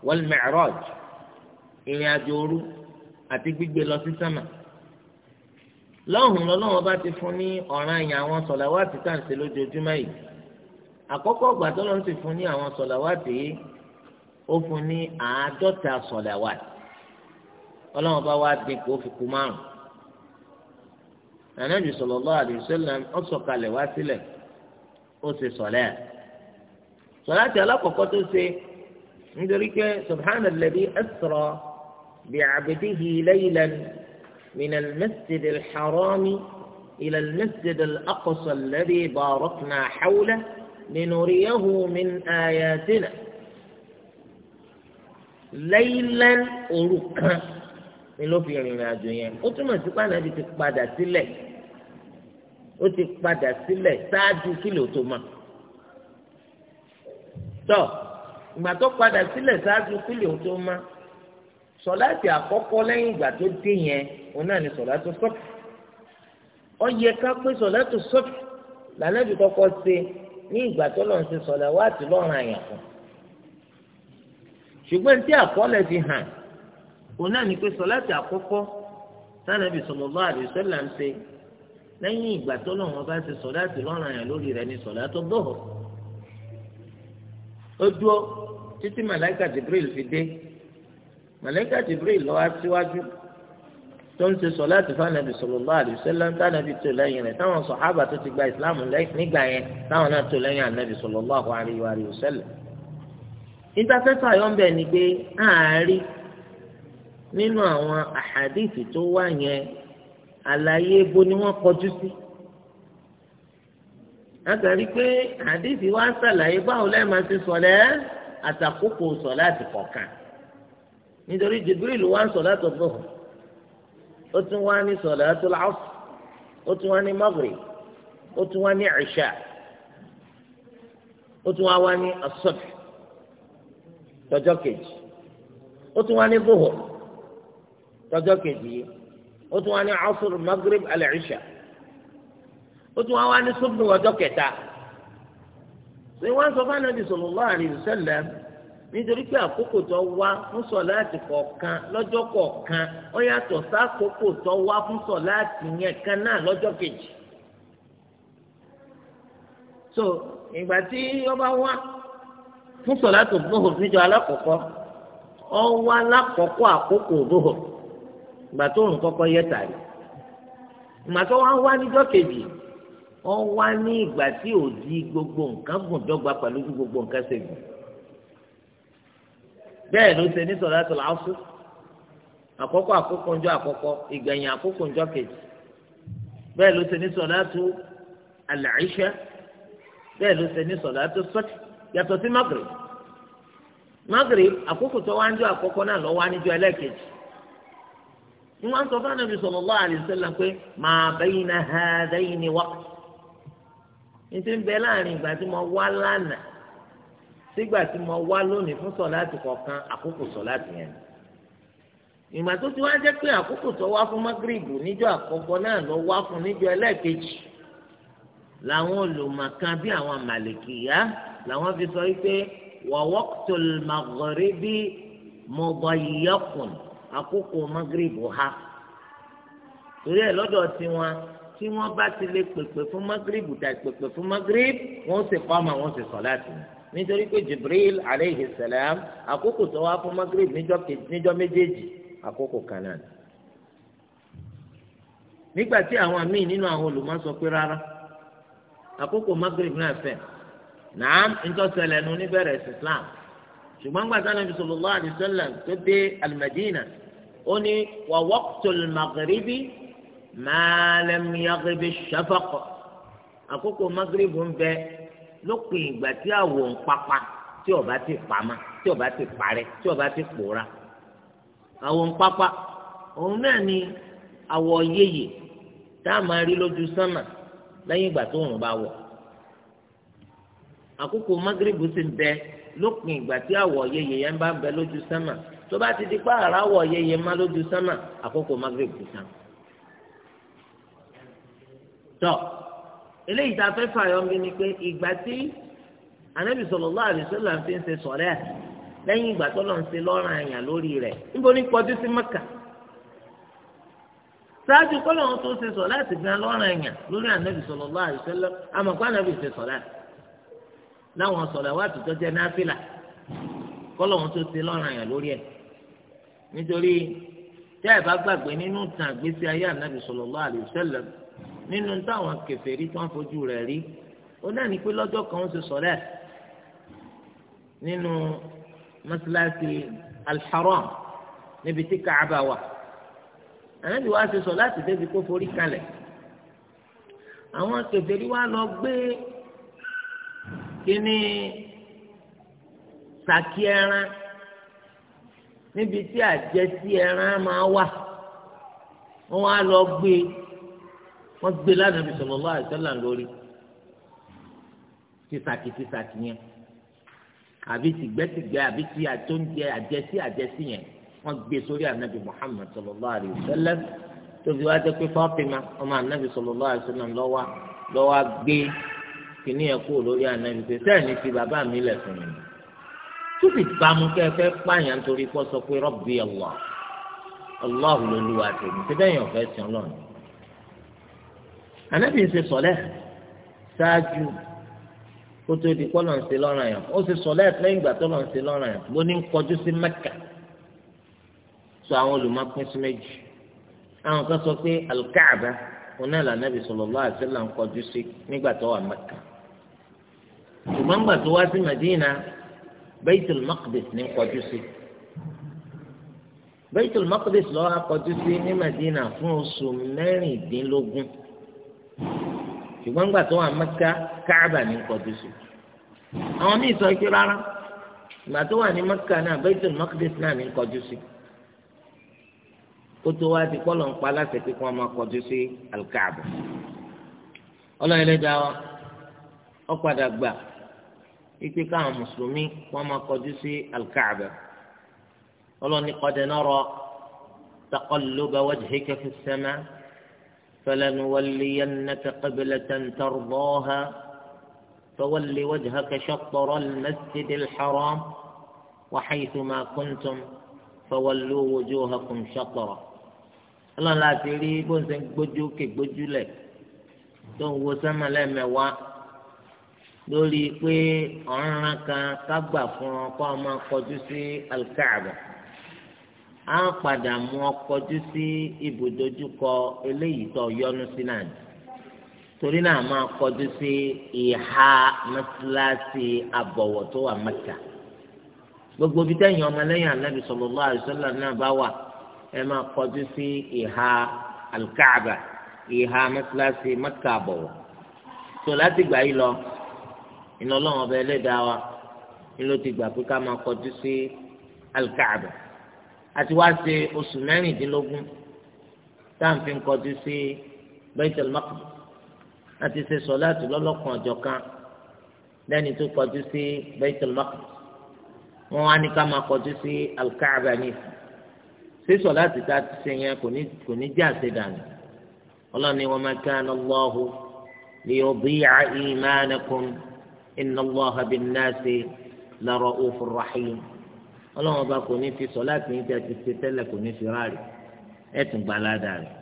wal-Mi'raj ìrìn àjò òru àti gbígbé lọ sí sánmà lọ́hùn lọ́lọ́run bá ti fún ní ọ̀ràn àyàn àwọn sọ̀làwátì tá à ń ṣe lójoojúmọ́ yìí àkọ́kọ́ ọgbà tó lọ́n ti fún ní àwọn sọ̀làwátì yìí ó fún ní àádọ́ta sọ̀làwátì ọlọ́run bá wá dín kó fi kú márùn-ún anabi sallallahu alayhi wa sallam ó sọ̀kalẹ̀ wá sílẹ̀ ó ṣe sọlẹ sọláàtì alákọ̀ọ́kọ́ tó ṣe nítorí pé subhana alladhi asra bi'abdihi laylan min al-masjid al-harami ila al-masjid al-aqsa alladhi barakna hawla linuriyahu min ayatina laylan òru kan ni ló fi rìnrìn àjò yẹn ó túmọ̀ sí pé ànábi ti padà sílẹ̀. Si ó ti padà sílẹ̀ ṣáájú kílò tó mọ̀ tọ́ ìgbà tó padà sílẹ̀ ṣáájú kílò tó mọ̀ sọláàtì àkọ́kọ́ lẹ́yìn ìgbà tó dé yẹn òun náà ni sọláàtì sọ́ọ̀kì ó yẹ ká pé sọláàtì sọ́ọ̀kì lànàbì kọ́kọ́ ṣe ní ìgbà tó lọ́n ṣe sọ̀lá wá àti lọ́rùn àyàn kan ṣùgbọ́n tí àkọọ́lẹ̀ fi hàn òun náà ni pé sọláàtì àkọ́kọ́ sànàbì sallallahu alaihi lẹ́yìn ìgbà tó lọ́wọ́n bá ti sọ̀láàtì lọ́ràn yẹn lórí rẹ̀ ní sọ̀láàtì dọ́họ̀ ó dúró títí màláìkà jibril fi dé màláìkà jibril lọ́wọ́ síwájú tó ń ṣe sọ̀láàtì fánàbì sallallahu alaihi wasallam tánàbì tó lẹ́yìn rẹ̀ táwọn sọ̀hábà tó ti gba ìsìláàmù nígbà yẹn táwọn náà tó lẹ́yìn ànàbì sallallahu alaihi wasallam ìtafẹ́fẹ́ àyọ̀ǹbẹ̀ ni pé àárí nínú àwọn àhàdìsì tó wà yẹn àlàyé ebo ni wọ́n kọjú sí. látàrí pé àdìsí wa ṣàlàyé báwo lẹ́ẹ̀ máa ṣe sọ̀lẹ́ àtàkókò sọ̀láàtì kọ̀ọ̀kan nítorí Jibril wá ń sọ̀láàtì Zuhr ó tún wá ní sọ̀láàtì Asr ó tún wá ní Maghrib ó tún wá ní Isha ó tún wá wá ní As-Subh kejì ó tún wá ní Zuhr tọjọ́ kejì yìí. Otu tún wá ní asr magreb al-isha ó tún wá wá ní subh ọjọ́ sọ fún anabi sallallahu wa nítorí pé àkókò tó wá fún sọláàtì ó sákòókò tó wá fún sọláàtì yẹn kan náà lọ́jọ́ kejì so ìgbà tí ọba wá fún sọláàtì níjọ ọ wá ìgbà tó ń kọ́kọ́ yẹ tàrí ìgbà tó wá níjọ́ kejì wọ́n wá ní gbogbo nǹkan gùn dọ́gba gbogbo nǹkan ṣe gùn bẹ́ẹ̀ ló ṣe ní sọ̀rọ̀ àtọ̀lá àkọ́kọ́ àkókò ńjọ́ àkọ́kọ́ ìgbẹ̀yìn àkókò ńjọ́ kejì bẹ́ẹ̀ ló ṣe ní sọ̀látù al bẹ́ẹ̀ ló ṣe ní sọ̀látù sọ́tì yàtọ̀ sí àkókò tó wá ni wọ́n sọ fún anabi sallallahu alaihi wasallam pé ma bayna hadaini waqt ní ti ń bẹ láàrin ìgbà tí mo wá lánàá sígbà tí mo wá lónìí fún sọláàtì kọ̀ọ̀kan àkókò sọláàtì yẹn ìgbà tó ti wá jẹ́ pé àkókò tó wá fún magrib níjọ́ àkọ́kọ́ náà lọ wá fún níjọ́ ẹlẹ́ẹ̀kejì làwọn olùmọ̀kan bí àwọn màlìkìyà làwọn fi sọ wípé wa waqtul maghribi mudayyaqun àkókò magrib ha torí ẹ̀ lọ́dọ̀ tiwọn tí wọ́n bá ti lè pèpè fún magrib tà pèpè fún magrib wọ́n sì kọ́mà wọ́n sì sọ̀ láti nítorí pé jibril aleyhi salam àkókò tó wá fún magrib níjọ́ méjèèjì àkókò kan náà nígbà tí àwọn míì nínú àwọn olùmọ̀ sọ pé rárá àkókò magrib náà fẹ́ náà ntọ́sẹ̀lẹ̀ nu níbẹ̀rẹ̀ islam ṣùgbọ́n gbàtà nàbì sallallahu alaihi wasallam tó dé al ó ní wà waqtul maghribi ma lam yaghribi shafaq àkókò maghribi ń bẹ lópin ìgbà tí àwọ̀ ń papa tí ó bá ti pamá tí ó bá ti parẹ́ tí ó bá ti pòórá àwọ̀ ń papa òun náà ni àwọ̀ yéye tá a máa rí lójú sánmà lẹ́yìn ìgbà tó òun bá wọ̀ àkókò maghribi sì bẹ lópin ìgbà tí àwọ̀ yéye yẹn bá bẹ lójú sánmà tó ti di pa ara wọ yẹyẹ má lójú sánmà àkókò magreth ti tọ eléyìí a fààyàn bí ni pé ìgbà tí anabi sallallahu alaihi wasallam fi ń ṣe igba à ìgbà tó lọ́n ṣe lọ́rùn àyàn lórí rẹ̀ níbo ní kọjú sí mẹ́kà ṣáájú kọ́ lọ́run tó ṣe ti gan lọ́rùn àyàn lórí ànábì sallallahu alaihi wasallam àmọ̀kọ́ ànábì ṣe sọ̀lá láwọn sọ̀lá wà tó tó ṣe nítorí tẹ́ ẹ̀ bá gbàgbé nínú tàn àgbésí ayé ànábì sallallahu alaihi wasallam nínú táwọn kèfèrí tí wọ́n fojú rẹ̀ rí ó náà ní pé lọ́jọ́ kan ó ṣe sọ̀rẹ́ nínú mọ́sálásí al-Haram níbi tí Káàbà wà ànábì wa ṣe sọ láti débi kó forí kalẹ̀ àwọn kèfèrí wa lọ gbé kíní sàkí níbi tí àjẹsí ẹran máa wà wọ́n wá lọ gbé wọ́n gbé lánàbí sallallahu alaihi wasallam lórí tìsàkì tìsàkì yẹn àbí tìgbẹ́tìgbẹ́ àbí tí àtúnjẹ àjẹsí àjẹsí yẹn wọ́n gbé sórí ànábì Muhammad sallallahu alaihi wasallam tóbi wá jẹ́ pé Fátímà ọmọ ànábì sallallahu alaihi wasallam lọ́wọ́ lọ́wọ́ gbé kìnìyàn kúrò lórí ànábì pé sẹ́ẹ̀ ní bàbá mi lẹ̀ mi tó sì bámu kẹ́ ẹ fẹ́ pààyàn torí kó sọ pé rọ́bì ọ̀wọ́ ọlọ́hùn ló lùwà tèmi tí bẹ́ẹ̀ yàn fẹ́ sìn ọlọ́run. ànábì ń ṣe sọ̀lẹ́ ṣáájú kó tó di kọ́ lọ́n ṣe lọ́ràn yàn ó ṣe sọ̀lẹ́ lẹ́yìn ìgbà tó lọ́n ṣe lọ́ràn yàn mo ní ń kọjú sí mẹ́kà sọ àwọn olùmọ̀pín sí méjì àwọn kan sọ pé alukaaba òun náà lànàbì sallallahu alaihi ń kọjú sí nígbà tó wà mẹ́kà ṣùgbọ́n gbà tó wá sí Mẹdínà Baitul Maqdis ní kọjú sí Baitul Maqdis ló wá kọjú sí ní Madina fún oṣù mẹ́rìndínlógún ṣùgbọ́n gbà tó wà Mẹ́kà Káàbà ní kọjú sí àwọn míì sọ pé rárá ìgbà tó wà ní Mẹ́kà náà Baitul Maqdis náà ní kọjú sí kótó wá ti kọ́ lọ́n pa láti pé kí wọ́n máa kọjú sí Al-Káàbà ọlọ́yin padà gbà. ikpe ka káwọn mùsùlùmí wọn máa kọjú sí alkaaba ọlọ́ni qad nara taqalluba wajhika fi as-samaa falanuwalliyannaka qiblatan tardaaha fawalli wajhaka shaṭra al-masjid al-haram wa haythuma kuntum fawallu wujuhakum shaṭrahu ọlọ́ni láti rí bó ń sẹ́ gbójú kè gbójú lẹ̀ tó ń wo sẹ́mà wá. lórí pé ọ̀ràn kan kágbà fún ọ kó o máa kọjú sí alikaaba á padà mú ọ kọjú sí ibùdójúkọ eléyìí tó yọnu sí náà torí náà máa kọjú sí ìhà mọ́sálásí àbọ̀wọ̀ tó wà gbogbo bí tẹ̀yìn ọmọlẹ́yìn Ànábì sallallahu alaihi wasallam náà bá wà ẹ máa kọjú sí ìhà alikaaba ìhà mọ́sálásí Mẹ́kà àbọ̀wọ̀ tó láti gbà yí lọ. iná ọlọ́run ọba ẹlẹ́dàá wa ni ló ti gbà pé ká máa kọjú sí alikaaba àti wá ṣe oṣù mẹ́rìndínlógún táǹfì ń kọjú sí baitul maqdis àti ṣe sọláàtì lọ́lọ́kan ọ̀jọ̀ kan lẹ́ni tó kọjú sí baitul maqdis wọ́n wá ní ká máa kọjú sí alikaaba ní ìsìn ṣé sọláàtì tá a ti ṣe yẹn kò ní jẹ́ àṣedànù ọlọ́ni wa ma kana Allahu li yudi'a imanakum inna الله بالناس nasi la ra'ufur rahim ọlọ́run ọba kò ní fi sọ láti ní bíi àtúnṣe tẹ́lẹ̀ kò ní fi ráàlì ẹ̀ tún gba aládàá rẹ̀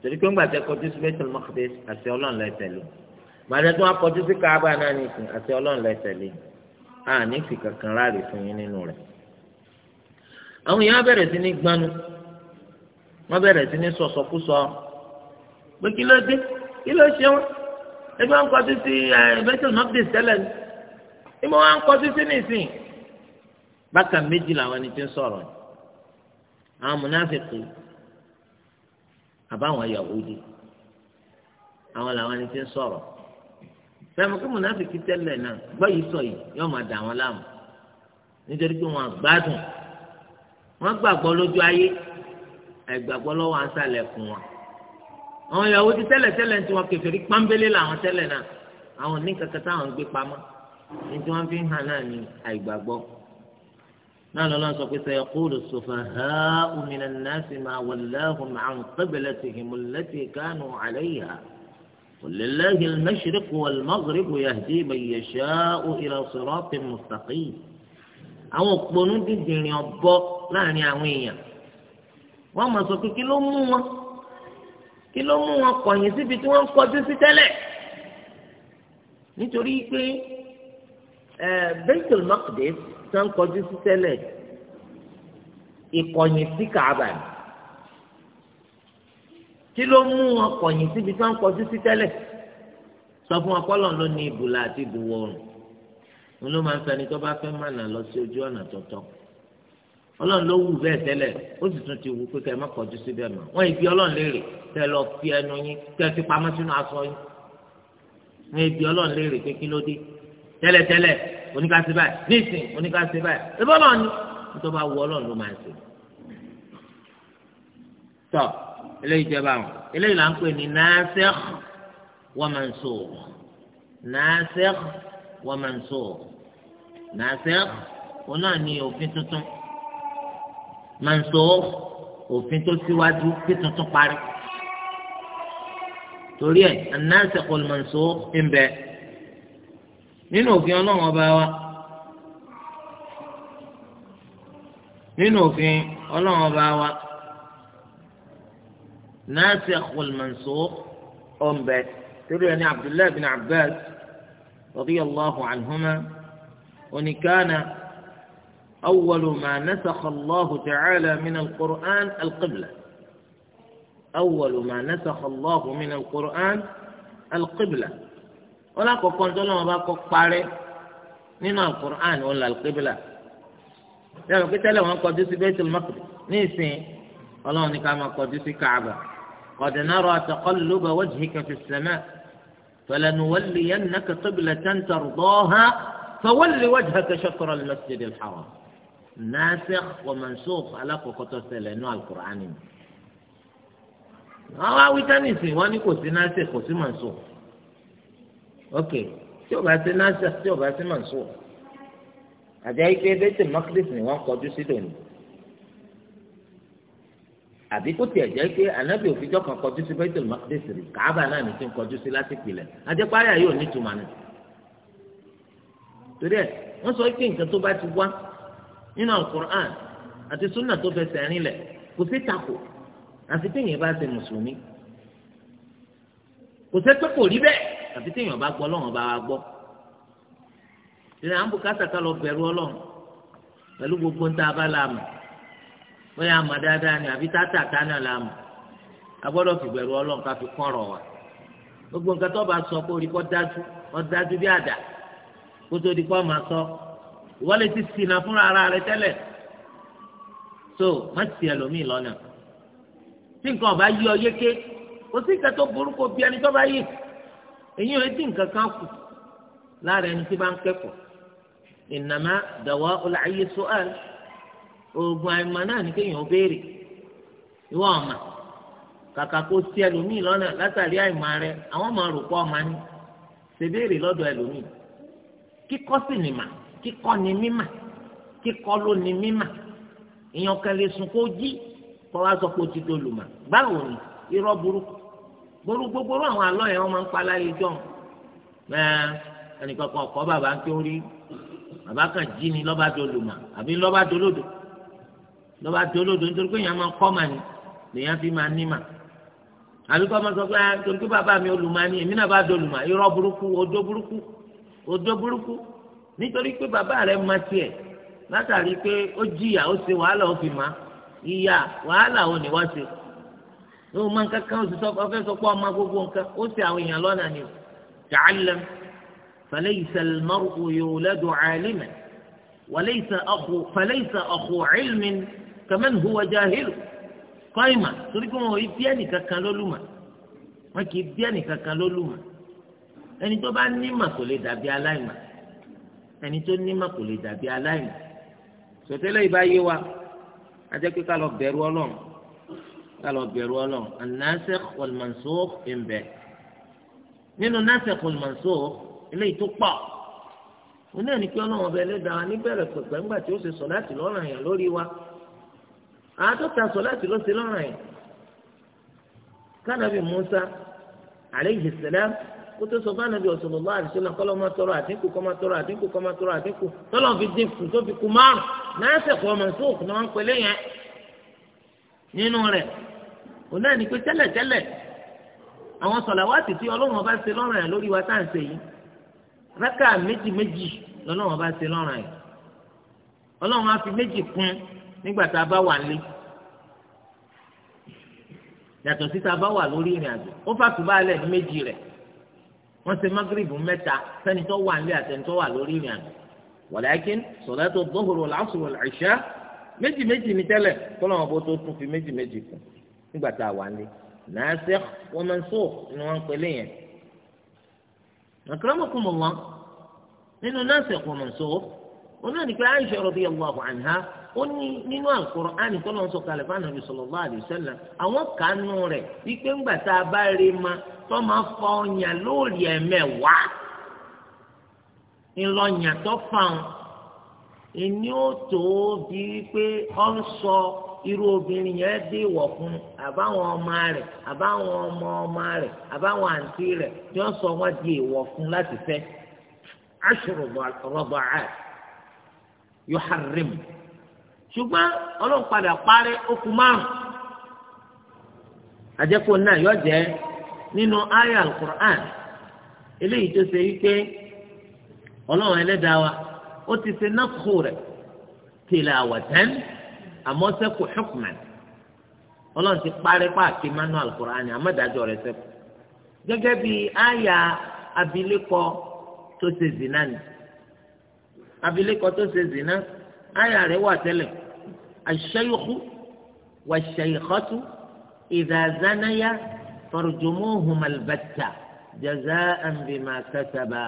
torí pé ńgbà tẹ kọjú sí Baitul Maqdis àti ọlọ́run lẹ tẹ̀lé màdé tó wá kọjú sí Kaaba náà ní àti ọlọ́run lẹ tẹ̀lé à ní fi kankan ráàlì fún yín nínú rẹ̀. àwọn èèyàn bẹ̀rẹ̀ sí ní gbanu wọ́n bẹ̀rẹ̀ sí ní sọ̀sọ̀kúsọ pé kí ló dé kí ló ṣe wọ́n ebi wọn kọjú sí bẹ́tẹ̀lì mọ́kìdì tẹ́lẹ̀ ní ìmọ̀ wọn kọjú sí nìsín bákan méjì làwọn ẹni tí ń sọ̀rọ̀ ni àwọn mùnáfíkì àbáwọn Yahudi àwọn làwọn ẹni tí ń sọ̀rọ̀ fẹ́mi kí mùnáfíkì tẹ́lẹ̀ náà gbọ́ yìí sọ yìí yóò máa dà wọ́n láàmú nítorí pé wọ́n gbádùn wọ́n gbàgbọ́ lójú ayé àìgbàgbọ́ lọ́wọ́ à ń wọn àwọn Yahudi tẹ́lẹ̀ tẹ́lẹ̀ tí wọ́n kèfèrí pánbélé làwọn tẹ́lẹ̀ náà àwọn ní kankan táwọn ń gbé pamọ́ ní tí wọ́n fi ń hàn náà ní àìgbàgbọ́ náà lọ́la sọ pé sayaqulu sufaha'u minan nasi ma wallahum an qiblatihim allati kanu 'alayha ولله المشرق والمغرب يهدي من يشاء إلى صراط مستقيم àwọn òpònú dídìrín ọbọ láàrin àwọn èèyàn wọn mọ sọ pé kí ló mú wọn kọ̀yìn síbi tí wọ́n kọjú sí tẹ́lẹ̀ nítorí pé Baitul Maqdis tó ń kọjú sí tẹ́lẹ̀ ìkọ̀yìn sí Kaaba ni kí ló mú wọn kọ̀yìn síbi tí wọ́n ń kọjú sí tẹ́lẹ̀ sọ fún wọn kọ́lọ̀ ló ní ìbùlà àti ìbùwọ̀ ọ̀run wọn ló máa ń sọ ẹni tó bá fẹ́ mànà lọ sí ojú ọ̀nà tọ̀tọ̀ ọlọ́run ló wù bẹ́ẹ̀ tẹ́lẹ̀ ó sì tún ti wù pé kẹ́ ẹ má kọjú síbẹ̀ mọ́ wọ́n ibi ọlọ́run léèrè tẹ́ lọ fi ẹnu yín tẹ́ fi pamọ́ sínú aṣọ yín wọ́n ibi ọlọ́run léèrè pé kí ló dé tẹ́lẹ̀tẹ́lẹ̀ oníkàsí báyìí nísìn oníkàsí báyìí ẹbí ọlọ́run ni nítorí wọ́n wù ọlọ́run ló máa ń sè. tọ́ eléyìí jẹ́ báwọn eléyìí là ń pè ní nasikh wa mansukh nasikh wa mansukh nasikh òun náà ní òfin tuntun mansukh òfin tó síwájú tí tuntun parí torí ẹ̀ an-nasikh wal-mansukh ń bẹ nínú òfin ọlọ́run ọba wa nínú òfin ọlọ́run ọba wa nasikh wal-mansukh ń bẹ torí ẹ̀ ní abdullahi bin abbas radiyallahu anhuma oníkànnà. أول ما نسخ الله تعالى من القرآن القبلة أول ما نسخ الله من القرآن القبلة ولا كون تلوم باكو قاري من القرآن ولا القبلة لما قلت لهم قدس بيت المقدس نيسين الله نكام قدس كعبة قد نرى تقلب وجهك في السماء فلنولينك قبلة ترضاها فول وجهك شطر المسجد الحرام nasikh wa mansukh alákọ̀ọ́kọ́tọ̀ ṣẹlẹ̀ nínú alukur'ani àwọn awitanisi wọn ni kò sí nasikh kò sí mansukh ok tí o bá sí nasikh tí o bá sí mansukh àjẹ́ ike bẹ́tẹ̀ mọ́kìlìs ni wọ́n kọjú sí lónìí àbí kò tiẹ̀ jẹ́ pé ànábì òfijọ́ kan kọjú sí bẹ́tẹ̀ mọ́kìlìs rí kàábà náà ní ti ń kọjú sí lásìkò ilẹ̀ àjẹ́ páyà yóò ní ìtumọ̀ ni torí ẹ̀ wọ́n sọ pé nǹkan tó bá ti wá nínú alukur'an àti sunna tó fẹsẹ̀ rinlẹ̀ kò sí tako àfi téèyàn bá ṣe mùsùlùmí kò sẹ́pẹ́ kò rí bẹ́ẹ̀ àfi téèyàn bá gbọ́ ọlọ́run bá wa gbọ́ ìrìn àwọn bùkátà ká lọ bẹ̀rù ọlọ́run pẹ̀lú gbogbo ń tá a bá ama bóyá àmọ̀ dáadáa ni àbí la fi bẹ̀rù ọlọ́run ká fi kọ́ wa gbogbo nǹkan tó bá sọ kó rí kó dájú kó dájú bí àdá kó tó di kó ìwọ lè ti ṣìnà fúnra ara rẹ tẹ́lẹ̀ so má ti ẹlòmíì lọ́nà tí nǹkan ọba yí ọ yéké kò sí nǹkan tó burúkú bí ẹni tó bá yí èyí ò dín nǹkan kan kù lára ẹni tí bá ń kẹ́kọ̀ọ́ ìnàmá dàwọ́ ọláyé sọ́àl oògùn àìmọ̀ náà ní kéèyàn ó béèrè ìwọ ọ̀mà kàkà kó ti ẹlòmíì lọ́nà látàrí àìmọ̀ rẹ àwọn ọmọ rò pọ̀ ọmọ ni ṣe béèrè lọ́dọ̀ ẹlòmíì kíkọ́ sì nìmọ̀ kíkọ́ ni mímà kíkọ́ ló ni mímà èèyàn kan lè sùn kó jí kó wá sọ pé ó ti dolùmọ̀ báwo ni irọ́ burúkú ború gbogbo àwọn àlọ́ yẹn wọ́n máa ń pa láyé jọ ẹ̀ẹ́n ẹnìkan kan ọ̀kọ́ bàbá ń tó rí bàbá kan jí ni lọ́ba dolùmọ̀ àbí lọ́ba dolódo lọ́ba dolódo nítorí pé èèyàn máa kọ́ mà ní lèèyàn fi máa ní mà àbí kọ́ máa sọ pé ah, torí pé bàbá mi olùmọ̀ ni èmi náà bá dolùmọ̀ irọ́ burúkú odó burúkú odó burúkú nítorí pé bàbá rẹ̀ máa tiẹ̀ látàrí pé ó jìyà ó ṣe wàhálà ó fi má ìyà wàhálà ò ní wá ṣe ní o ń kankan o sì sọ ọ sọ pé ọmọ gbogbo nǹkan ó ṣe àwọn èèyàn lọ́nà ni o jàálẹ̀ فليس المرء يولد عالما وليس أخو فليس أخو علم كمن هو جاهل قائما torí pé wọn ò bí ẹnìkankan lólùmọ̀ wọn kì í bí ẹnìkankan lólùmọ̀ ẹni tó bá ní mà ẹni tó nímọ̀ kò lè dàbí aláìní sọtẹ́lẹ̀ ìbá yé wa ajẹ́ pé ká lọ bẹ̀rù ọlọ́run ká lọ bẹ̀rù ọlọ́run an-nasikh wal-mansukh ń bẹ nínú an-nasikh wal-mansukh eléyìí tó pọ̀ òun náà ní kí ọlọ́run ọbẹ̀ lè dára níbẹ̀rẹ̀ pẹ̀pẹ̀ ńgbà tí ó ṣe sọ̀láàtì lọ́rùn àyàn lórí wa àádọ́ta sọ̀láàtì ló ṣe lọ́rùn àyàn kánàbì Musa alayhi salam kó tó sọ fún anabi ọ̀sọ̀lọ̀ bá àdìsọ́ náà kọ́lọ́ máa tọrọ àdínkù kọ́ máa tọrọ àdínkù kọ́ máa tọrọ àdínkù tọ́lọ̀ fi dín kù tó fi kù márùn náà sẹ̀kọ́ ọmọ sóòkù náà ń pẹlẹ́ yẹn nínú rẹ̀ òun náà ní pé tẹ́lẹ̀tẹ́lẹ̀ àwọn sọ̀làwátì tí ọlọ́run ọba ṣe lọ́rùn yẹn lórí wa tá à ń ṣe yìí rákà méjì méjì lọ́lọ́run ọba ṣe lọ́rùn yẹn ọlọ́run wọ́n ṣe magrebu mẹ́ta sẹ́ni tó wà nílé àtẹni tó wà lórí ìrìn àná walakin salatu dhuhur wal asr wal isha méjì méjì ní tẹ́lẹ̀ kọ́lọ́mọ̀ bó tó tún fi méjì méjì kù nígbà tá a wà ní nasikh wa mansukh ni wọ́n ń pè léyìn. akramakumullah nínú nasikh wa mansukh onáà ní pé Aisha radiyallahu anha ó ní nínú o ni tó lọ́n sọ kalẹ̀ fún Ànábì sallallahu alayhi àwọn kànú rẹ̀ wípé ńgbà tá a bá rí ma tó máa fọ ọyàn lórí ẹ̀mẹ́wàá ńlọyàn tó fáwọn ìní ó tó bí pé ọ ń sọ irú obìnrin yẹn dé ìwọ̀ fún àbáwọn ọmọ rẹ̀ àbáwọn ọmọ ọmọ rẹ̀ àbáwọn àǹtí rẹ̀ sọ wọ́n di ìwọ̀ fún láti fẹ́ rọ̀bà yuharrim ṣùgbọ́n ọlọ́run padà parẹ́ okù márùn àjẹkù náà yọ jẹ́ nínú aya alukur'an eléyìí tó ṣe wípé ọlọ́run ẹlẹ́dàá wa ó ti ṣe nàkó rẹ̀ tilawatan àmọ́ sẹ́kù hukman ọlọ́run ti parẹ́ pààkì manu alukur'an rẹ̀ sẹ́kù gẹ́gẹ́ bí abilékọ tó ṣe zinani abilékọ tó ṣe zina àyà rẹ̀ wà tẹ́lẹ̀ àṣeyọkú wà ṣeyọkọtú ìdàzánayá farjumuhum albatta jazaan bima kasaba.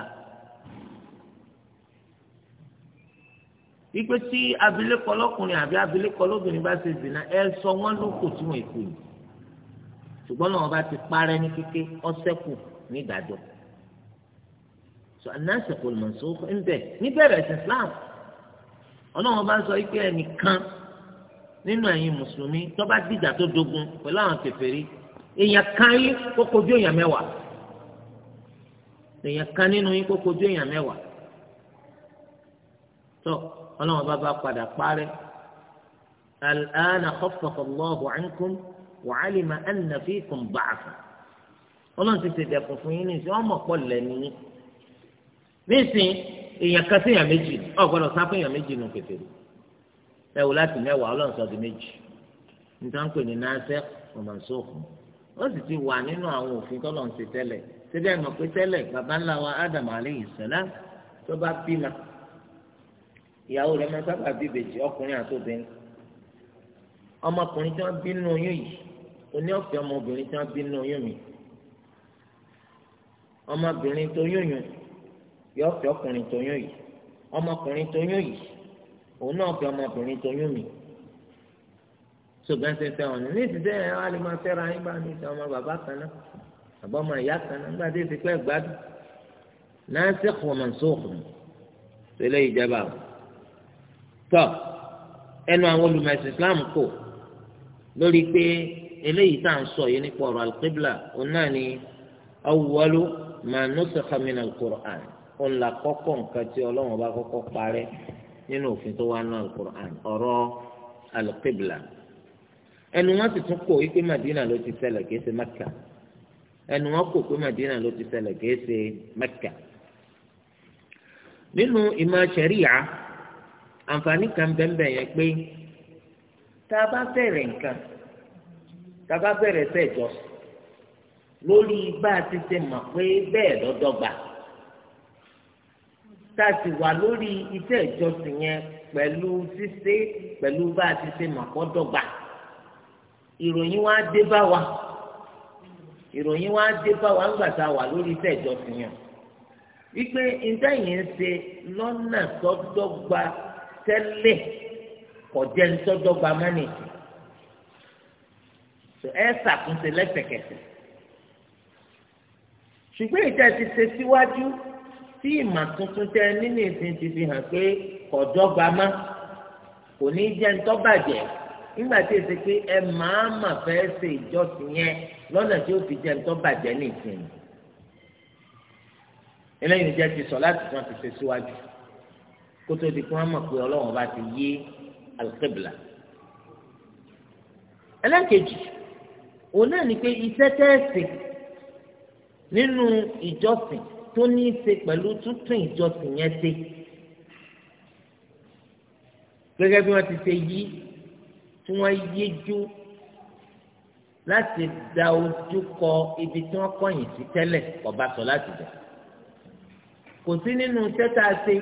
ipe tí abilékọ lọ́kùnrin àbí abilékọ lóbìnrin bá ṣe zina ẹ sọ wọ́n ló kò tí èkó yìí ṣùgbọ́n náà wọ́n bá ti parẹ́ ní kíké ó ṣẹ́kù ní so anásìkò mọ̀nsókò ń bẹ̀ níbẹ̀rẹ̀ sí Islam ọlọ́run bá sọ pé ẹnìkan nínú ẹ̀yin mùsùlùmí tó bá dìjà tó dogun pẹ̀lú àwọn kèfèrí èèyàn kan yín kó kojú èèyàn mẹ́wàá èèyàn kan nínú yín kó kojú èèyàn mẹ́wàá tó ọlọ́run bá bá padà parẹ́ al-ana khaffafa Allahu ankum wa alima anna fikum da'fa ọlọ́run ti ṣèdẹ̀kùn fún yín ní ìṣe ọmọ pọ̀ lẹ́nu yín. nísìn èèyàn kan sí méjì ọ̀gbọ́dọ̀ sá fún èèyàn méjì nù kèfèrí ẹ̀wò láti mẹ́wàá ọlọ́run sọ di méjì nítorí pé ní sì ti wà nínú àwọn òfin tọ́lọ̀ ń ṣe tẹ́lẹ̀ síbẹ̀ mọ̀ pé tẹ́lẹ̀ bàbá ńlá wa Ádámù alayhi salam tó bá bímọ ìyàwó rẹ̀ máa sábà bí ìbejì ọkùnrin àti obìnrin ọmọkùnrin tí wọ́n bí nínú oyún yìí oní ọ̀fẹ́ ọmọbìnrin tí mi ọmọbìnrin tó yún yún yọ fi ọkùnrin tóyún yìí ọmọkùnrin tóyún yìí òun náà fi ọmọkùnrin tóyún mi ṣùgbọ́n ṣe fẹ́ wọn ní ìsìtẹ́ ẹ̀ wá lè máa fẹ́ra yín bá mi sọ ọmọ bàbá kan náà àbọ̀ ọmọ ìyá kan náà gbàdé ti pẹ́ gbádùn náà ṣe kùnà sóòkùn tẹ́lẹ̀ ìjẹba o tọ́ ẹnu àwọn olùmọ̀ẹ̀sìn Islam kò lórí pé eléyìí tá à ń sọ yìí nípa ọ̀rọ̀ al òun náà ni awwalu ma nusikha min al ó ń la kọ́kọ́ nǹkan tí ọlọ́run bá kọ́kọ́ parẹ́ nínú òfin tó wá náà alukur'an ọ̀rọ̀ alukébìlà ẹnu wọn sì tún kò wípé madina ló ti ṣẹlẹ̀ kìí ṣe mẹ́kà ẹnu wọn kò pé madina ló ti ṣẹlẹ̀ kìí ṣe mẹ́kà nínú ìmọ̀ ṣẹ̀ríyà àǹfààní kan bẹ́ẹ̀ yẹn pé tá a bá bẹ̀rẹ̀ nǹkan tá a bá bẹ̀rẹ̀ sẹ́jọ́ lórí bá a ti ṣe mọ̀ pé bẹ́ẹ̀ lọ́dọ́gba tá a sì wà lórí iṣẹ́ ìjọsìn yẹn pẹ̀lú ṣíṣe pẹ̀lú bá a ti ṣe màkọ́dọ̀gba ìròyìn wa dé bá wa ìròyìn wa dé bá wa ńgbà tá a wà lórí iṣẹ́ ìjọsìn yẹn wípé nǹkan yìí ń ṣe lọ́nà tọ́dọ́gba tẹ́lẹ̀ kọjá ń tọ́dọ́gba mánìkì ẹ ṣàkóso lẹ́sẹ̀kẹsẹ̀ ṣùgbọ́n ìjà ti ṣe síwájú. Si tí ìmọ̀ tuntun tẹ nínú ìsìn ti fi hàn pé kọ̀dọ́gba má kò ní jẹ́ ntọ́bàjẹ́ nígbà tí èsì pé ẹ máa mà fẹ́ ṣe ìjọsìn yẹn lọ́nà tí ó fi jẹ́ ntọ́bàjẹ́ ní ìsìn eléyìí jẹ́ ti sọ láti tún àti ṣe síwájú kótó di kí wọ́n mọ̀ pé ọlọ́run bá ti yé alqibla ẹlẹ́kejì òun náà ni pé iṣẹ́ tẹ́ẹ̀sì nínú ìjọsìn tó ní í ṣe pẹ̀lú tuntun ìjọsìn yẹn ṣe gẹ́gẹ́ bí wọ́n ti ṣe yí tí wọ́n yéjú láti da ojú kọ ibi tí wọ́n kọ̀yìn sí tẹ́lẹ̀ ọba sọ láti bẹ̀ kò sí nínú iṣẹ́ tá a ṣe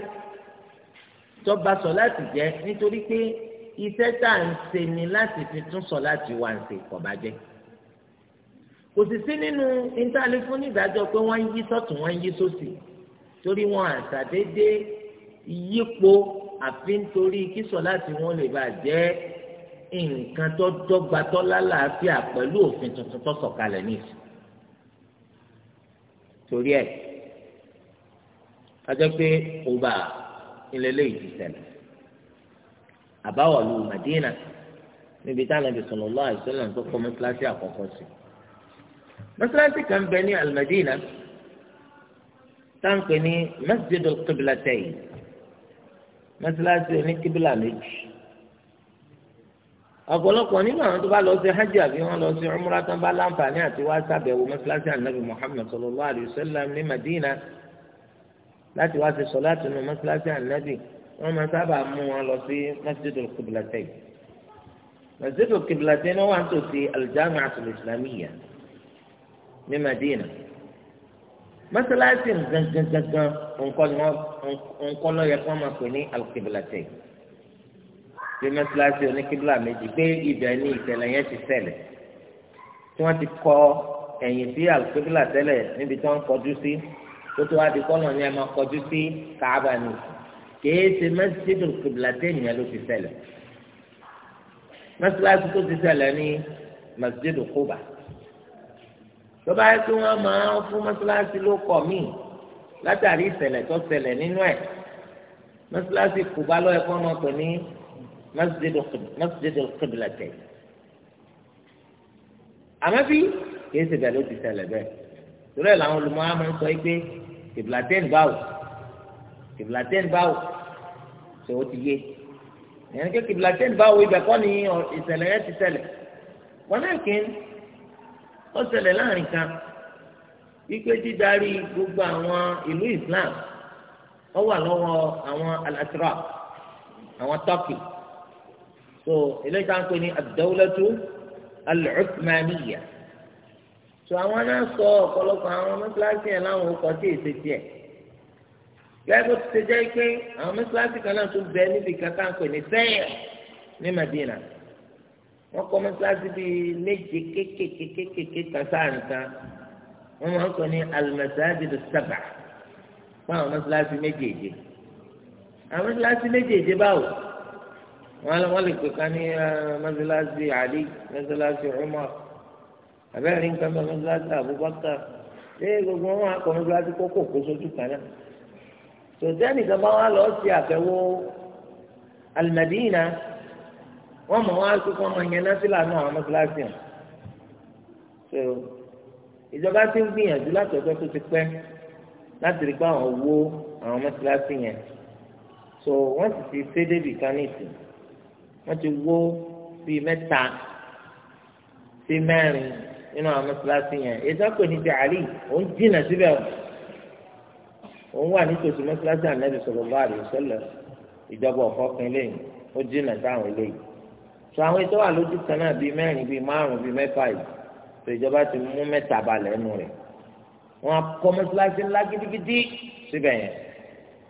tọba sọ láti jẹ nítorí pé iṣẹ́ tá à ń ṣe ni láti fi tún sọ láti wà ń ṣe kọ̀ọ̀bá jẹ́ kò sì sí nínú intanet fún nídàájọ́ pé wọ́n ń yí sọ́tún wọ́n ń yí sósì torí wọn àtàdédé yípo àfi nítorí kí sọ̀láàtì wọn lè bàa jẹ́ nǹkan tó dọ́gba tó lálàáfíà pẹ̀lú òfin tuntun tó sọ̀kalẹ̀ nìyí torí ẹ̀ adé pé ọba ìlẹ́lẹ́ yìí ti ṣẹlẹ̀ Madina níbi táwọn ẹbí sọ̀rọ̀ lọ́wọ́ àìsàn náà tó kọ́ mọ́ kíláàsì àkọ́kọ́ sí mọ́sálásí kan bẹ ní alimadina táǹpẹ̀ ní masjid al-qiblatayni mọ́sálásí oníkíbílà méjì ọ̀pọ̀lọpọ̀ nínú àwọn tó bá lọ sí hajj àbí wọ́n lọ sí umra tán bá láǹfààní àti wá sábẹ̀wò mọ́sálásí anabi muhammed sallallahu alayhi wa sallam ní madina láti wá sí sọláàtì nínú mọ́sálásí anabi wọ́n máa sábà mú wọn lọ sí masjid al-qiblatayni masjid al-qiblatayni wọ́n wà ń tòsí al-jami'ah al-islamiyya ní Madina mọ́sálásí gangan nǹkan lọ́yẹ kí wọ́n máa pè ní alùkìbìlàtẹ̀ bí mọ́sálásí oníkìbìlà méjì gbé ibẹ̀ ní ìṣẹ̀lẹ̀ yẹn ti ṣẹlẹ̀ tí wọ́n ti kọ ẹ̀yìn sí alùkìbìlà tẹ́lẹ̀ níbi tí wọ́n kọjú sí tó tó wá di kọ́nà ni ẹ máa kọjú sí káàbà ni kìí ṣe mọ́sálásí alùkìbìlàtẹ̀ yẹn ló ti ṣẹlẹ̀ mọ́sálásí tó ti ṣẹlẹ̀ ní masjidu Quba tọ́ba yẹ kí wọ́n máa fún mọ́ṣáláṣí ló kọ̀ míì látàrí ìṣẹ̀lẹ̀ tó ṣẹlẹ̀ nínú ẹ̀ mọ́ṣáláṣí kùbá lọ́ọ́ ẹ̀kọ́ máa pè ní masjidul qiblate àmọ́ bí kìí ṣe bẹ́ẹ̀ ló ti ṣẹlẹ̀ bẹ́ẹ̀ torí ẹ̀ làwọn olùmọ̀ àmọ́ ń sọ yìí pé kìbìlàtẹ́ẹ̀nì báwò kìbìlàtẹ́ẹ̀nì báwò ṣe ó ti yé ìyẹn ní pé báwò ibẹ̀ kọ́ ni ìṣẹ̀lẹ̀ ó ṣẹlẹ̀ láàrin kan wípé dídarí gbogbo àwọn ìlú Islam ó wà lọ́wọ́ àwọn al àwọn Turkey so eléyìí tá à ń pè ní ad-dawlatu so àwọn náà sọ ọ̀pọ̀lọpọ̀ àwọn mọ́sálásí yẹn láwọn orúkọ tí èsì tiẹ̀ gẹ́gẹ́ bó ti ṣe jẹ́ pé àwọn mọ́sálásí kan náà tún bẹ níbi kan tá pè ní sẹ́yìn ní Madina wọ́n kọ́ mọ́sálásí bíi méje kékèkékèké kan sáàrin kan wọ́n máa ń kọ́ ní al-masajidu sab'a fún àwọn mọ́sálásí méjèèje àwọn mọ́sálásí méjèèje báwo wọ́n lè pè ká ní mọ́sálásí Ali mọ́sálásí Umar àbẹ́rẹ́ nǹkan bá mọ́sálásí Abubakar ṣé gbogbo wọn akọ mọ́sálásí kókó kó sójú kan náà tòtẹ́nì kan bá wà lọ́ọ́ sí àfẹ́wọ́ al wọ́n mọ̀ wọ́n á sọ fún ọmọ yẹn náà sílà náà àwọn mọ́sálásí hàn so ìjọba ti ń gbìyànjú láti ọjọ́ tó ti pẹ́ láti rí pé àwọn wó àwọn mọ́sálásí yẹn so wọ́n sì ti ṣe débì kan nìsín wọ́n ti wó bíi mẹ́ta sí mẹ́rin nínú àwọn mọ́sálásí yẹn ètò àpò ní ti àlì òun jìnnà síbẹ̀ òun wà nítòsí mọ́sálásí ànábì sallallahu alaihi wasallam ìjọba ọ̀fọ́ kan lẹ́yìn ó jìnnà sáwọn eléyìí sọ àwọn ètò wà lójú kan náà bíi mẹ́rin bíi márùn bíi mẹ́fà yìí tó ìjọba ti mú mẹ́ta balẹ̀ nù rẹ̀ wọn kọ́ mọ́sálásí ńlá gidigidi síbẹ̀ yẹn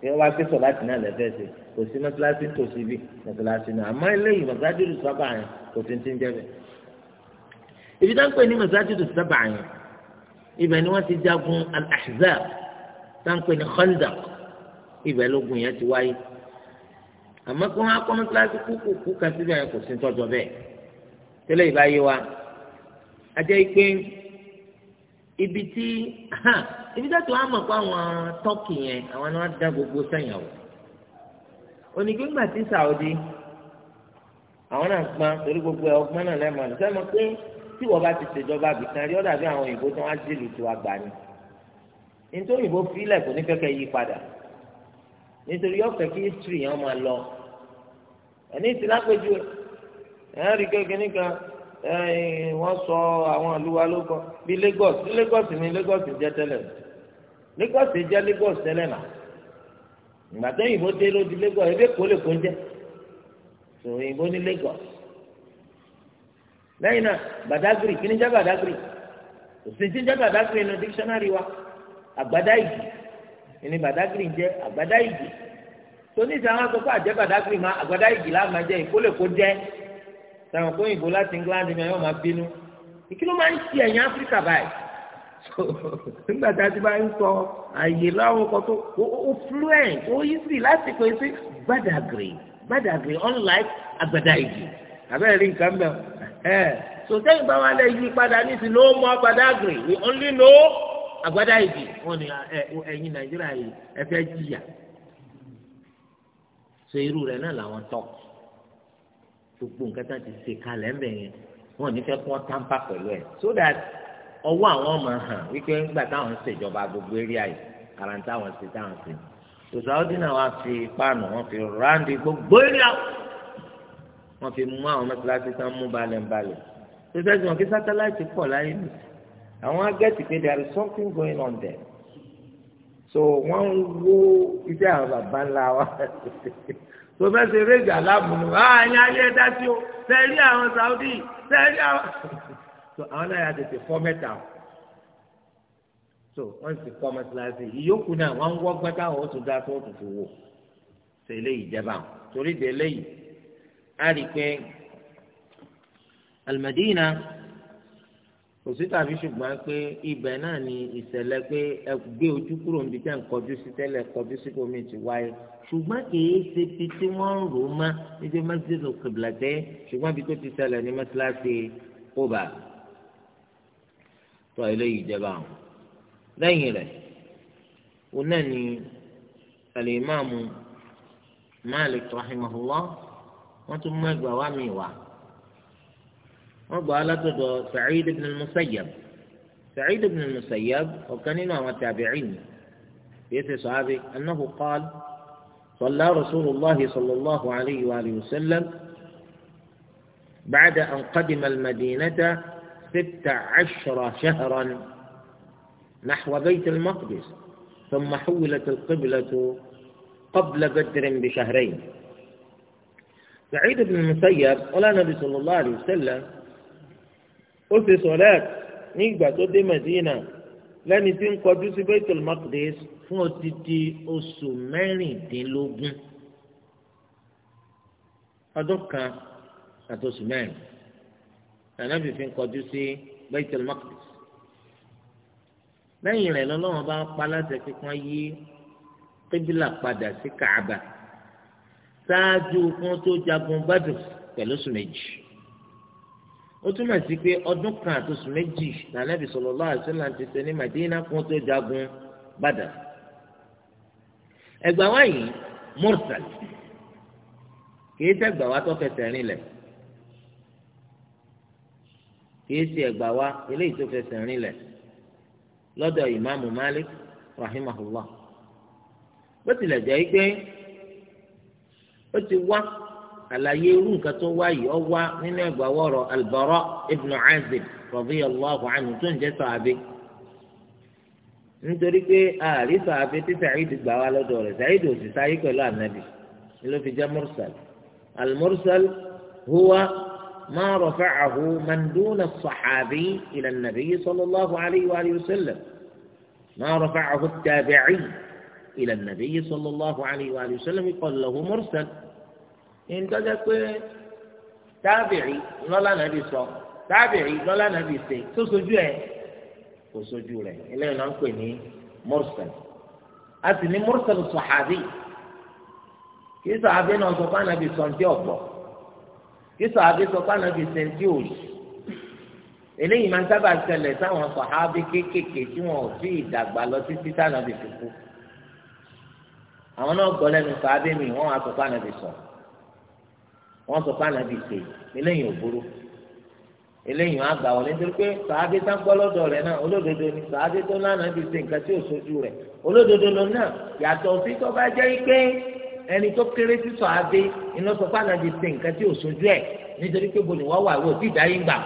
kí wọ́n bá ké sọ láti náà lẹ́fẹ̀ẹ́ sí kò sí mọ́sálásí tó síbi mọ́sálásí náà àmọ́ eléyìí mọ́sájúdù sábà yẹn kò sí ti ń jẹ́ ibi tá ń pè ní sábà yẹn ibẹ̀ ni wọ́n ti jagun al-Ahzab tá ní Khandaq ibẹ̀ lógun yẹn ti wáyé àmọ́ kí wọ́n á kọ́ mọ́sálásí kúkúkú kan síbẹ̀ yẹn kò sí tọ́jọ́ bẹ́ẹ̀ tẹ́lẹ̀ ìbáyé wa ajẹ́ ike ibi tí ibi tí a ti wá mọ̀ pé àwọn tọ́kì yẹn àwọn ni wọ́n dá gbogbo sẹ́yìn ọ̀wọ́ onígbégbà tí sàwọ́dí àwọn náà gbọ́n torí gbogbo ẹ̀ ọgbọ́n náà lẹ́mọ̀ ní sẹ́mi pé tí wọ́n bá ti ṣèjọba àbìkan rí ọ̀dà bí àwọn òyìnbó tí wọ́n á dìlù tó àgbà ni nítorí òyìnbó fílẹ̀ kò ní fẹ́ yí padà nítorí ọ̀fẹ́ kí history yẹn máa lọ ẹni tí lápẹjù ẹ rí kékeré nìkan wọ́n sọ àwọn àlùwà ló kọ bí Lagos Lagos ni Lagos jẹ́ tẹ́lẹ̀ Lagos jẹ́ Lagos tẹ́lẹ̀ náà ìgbà tó yìnbó dé ló di Lagos ebi kò lè kó jẹ́ tó yìnbó ní Lagos lẹ́yìn náà Badagry kí ni jẹ́ Badagry òsì ti jẹ́ Badagry nínú dictionary wa àgbàdá ìgbì ìní Badagry jẹ́ àgbàdá ìjì tóní ìsàn àwọn akọ́kọ́ àjẹ́ Badagry máa àgbàdá ìjì láàmà jẹ́ ìkólèkó jẹ́ sàwọn kó òyìnbó láti England ni wọ́n máa bínú ìkí ló máa ń ti ẹ̀yìn Áfíríkà báyìí nígbà tá a ti bá ń sọ àyè láwọn kan tó ó fluent ó easy láti pè sí Badagry Badagry unlike àgbàdá ìjì àbẹ́rẹ́ rí nǹkan bẹ́ẹ̀ sọtẹ́yìn bá wà lẹ́yìn padà ní ti ló mọ́ Badagry we only know àgbádá ìdì wọn ni ẹ̀yin nàìjíríà yìí ẹ jìyà so irú rẹ̀ náà làwọn tọ́ gbogbo nǹkan tá a ti ṣe kalẹ̀ ń bẹ̀ yẹn wọn ò ní fẹ́ kí wọ́n tàǹpà pẹ̀lú ẹ̀ so that ọwọ́ àwọn ọmọ hàn wípé ńgbà táwọn ń ṣèjọba gbogbo eré àyè ara ń táwọn ṣe táwọn ṣe tòṣàwọ́dì náà wá fi páànù wọn fi ráńdì gbogbo eré wọn fi mú àwọn mọ́tíláṣí tán mú balẹ̀ balẹ̀ tó fẹ́ sọ kí sátáláìtì pọ̀ láyé nìyí àwọn agẹ́tì pé there is something going on there so wọ́n ń wo iṣẹ́ àwọn bàbá ńlá wa tó bẹ́ẹ̀ ṣe eré ìjà láàmúnú ààyè ayé dá sí o sẹ́ẹ̀rí àwọn Saudi sẹ́ẹ̀rí àwọn so àwọn náà yà tètè fọ́ mẹ́ta o so wọ́n sì kọ́ mọ́sálásí ìyókù náà wọ́n ń wọ́ gbẹ́ká wọ́n tún dá tó tún fi wò ṣe eléyìí jẹba torí de eléyìí á rí i pé Al-Madina kò sí tàbí ṣùgbọ́n pé ibẹ̀ náà ni ìṣẹ̀lẹ̀ pé ẹ gbé ojú kúrò níbi tẹ́ ń kọjú sí tẹ́lẹ̀ kọjú sí bomi ti wáyé ṣùgbọ́n kìí ṣe ibi tí wọ́n ń rò ó mọ́ níbi mọ́sídìlù kìbìlẹ̀tẹ́ ṣùgbọ́n ibi tó ti ṣẹlẹ̀ ní mọ́síláṣí kóbà tó eléyìí jẹba àwọn. lẹ́yìn rẹ̀ òun náà ni alimami Malik rahimahullah wọ́n tún mú ẹgbàá wá mi wá. wọ́n سعيد بن المسيب سعيد بن المسيب Sa'id من التابعين musayyab صحابي انه قال صلى رسول الله صلى الله عليه وآله وسلم بعد أن قدم المدينة ست عشر شهرا نحو بيت المقدس ثم حولت القبلة قبل بدر بشهرين سعيد بن المسيب قال النبي صلى الله عليه وسلم ó ṣe sọ̀lẹ́t ní ìgbà tó dé Medina lẹ́ni tí ń kọjú sí Baitul Maqdis fún odidi oṣù mẹ́rìndínlógún ọdún kan àti oṣù mẹ́rin ànábì fi ń kọjú sí Baitul Maqdis lẹ́yìn rẹ̀ lọ́lọ́run bá pa láti fi kàn yí kébìlà padà sí Kaaba ṣáájú kí tó jagun Badr pẹ̀lú oṣù méjì. ó túmọ̀ sí pé ọdún kan àtòsù méjì lànàbì sallallahu alaihi wasallam ti ṣe ní Madina kún tó jagun Badr ẹgbàá wáyé mursal kìí ṣe ẹgbàá wa tó fẹsẹ̀ kìí Malik rahimahullah bó tilẹ̀ jẹ́ pé ó ti wá. àlàyé irú nǹkan tó wá yìí ọ wá nínú ẹgbà wọrọ albọrọ ibnu ibn rọbí radiyallahu anhu tó ń jẹ sàábé nítorí pé ààrí sàábé tí gbà gbà wá lọ́dọ̀ rẹ̀ tó sì sáyé pẹ̀lú ànábì ló fi jẹ́ mursal al huwa ma rafa'ahu man duna as-sahabi ila an-nabi sallallahu alayhi wa alihi wa sallam ma rafa'ahu at-tabi'i ila an-nabi sallallahu alayhi wa sẹlẹ̀ wa sallam qala lahu mursal. ìtọ́jẹ́ pé tábìrì lọ́la nàbì sọ tábìrì lọ́la nàbì ṣe tó sojú ẹ̀ kò sojú rẹ̀ eléyìí náà ń pè ní mursal a sì ní mursal sọ̀hábì kí sọ̀hábì náà sọ fún ànàbì sọ ní ọ̀gbọ̀ kí sọ̀hábì sọ fún ànàbì sọ ní òyì eléyìí máa ń sábà ṣẹlẹ̀ sáwọn sọ̀hábì kéékèèké tí wọn ò tí ì lọ títí tánàbì fi kú àwọn náà gbọ́ lẹ́nu sọ̀hábì mi wọ́n á sọ fún ànàbì sọ̀rọ̀ wọ́n sọ fún anabi ṣe eléyìí ò burú eléyìí wọn àgbà wọlé nítorí pé sàádé tán gbọ́ lọ́dọ̀ rẹ̀ náà olódodo ni sàádé tó lánàá fi ṣe nǹkan tí ò sojú rẹ̀ olódodo ló náà yàtọ̀ sí tó bá jẹ́ pé ẹni tó kéré sí sàádé iná sọ fún anabi ṣe nǹkan tí ò sojú ẹ̀ nítorí pé bo ni wọ́n wà wọ́n ò tí ì dáyé ń gbà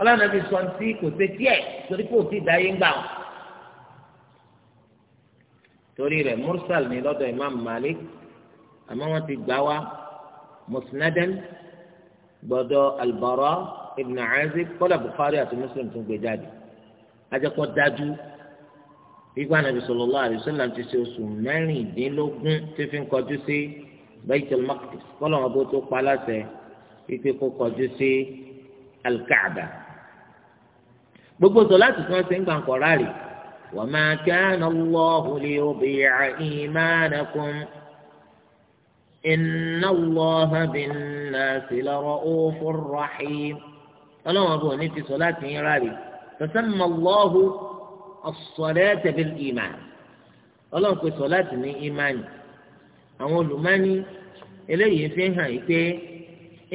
ọlọ́run àbí sọ ti kò ṣe tiẹ̀ torí pé ò tí dáyé ń torí rẹ̀ mursal ni lọ́dọ̀ Imam Malik àmọ́ wọ́n ti gbà wá musnadan gbọ́dọ̀ albara ibn azib kọlá bukhari àti muslim tún gbé jáde ajẹkọ dájú gbígbà nàbì sallallahu alaihi wasallam ti ṣe oṣù mẹ́rìndínlógún tí fi ń kọjú sí baitul maqdis kọlọ wọn bó tó pa láṣẹ pípé kó kọjú sí alkaaba gbogbo sọ láti fún ẹsẹ ńgbà ńkọ rárẹ wa ma kana Allahu li yudi'a imanakum. إن الله بالناس لرؤوف رحيم ọlọ́run ọba òní ti sọ láti yín ráre tẹsánmọ lọ́hù ọ̀sọ̀lẹ́tẹ̀ bí ìmàn ọlọ́run pè sọ láti ní ìmánì àwọn olùmọ́ni eléyìí fi hàn yí pé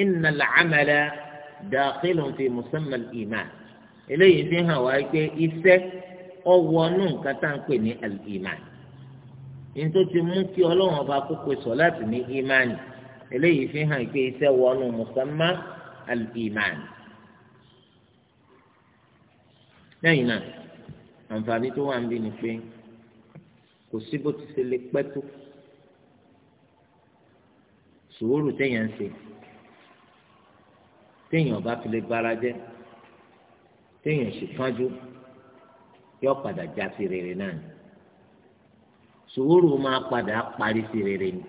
ìnà làámẹ́lẹ́ dàkílùn fi mùsùlùmí ìmàn eléyìí fi hàn wá yí pé iṣẹ́ ọwọ́ nù nǹkan tá à ń pè ní ìmàn ní tó ti mú kí ọlọ́run ọba kókó sọ láti ní ìmánì eléyìí fi hàn pé iṣẹ́ wọnú mùsàmá al-ìmánì. lẹ́yìn náà àǹfààní tó wà ń bí ni pé kò sí bó ti ṣe lè pẹ́ tó sùúrù téèyàn ṣe téèyàn bá fi lè bára jẹ́ téèyàn sì kánjú yóò padà já sí rere náà ni. sùúrù máa padà parí sí rere ni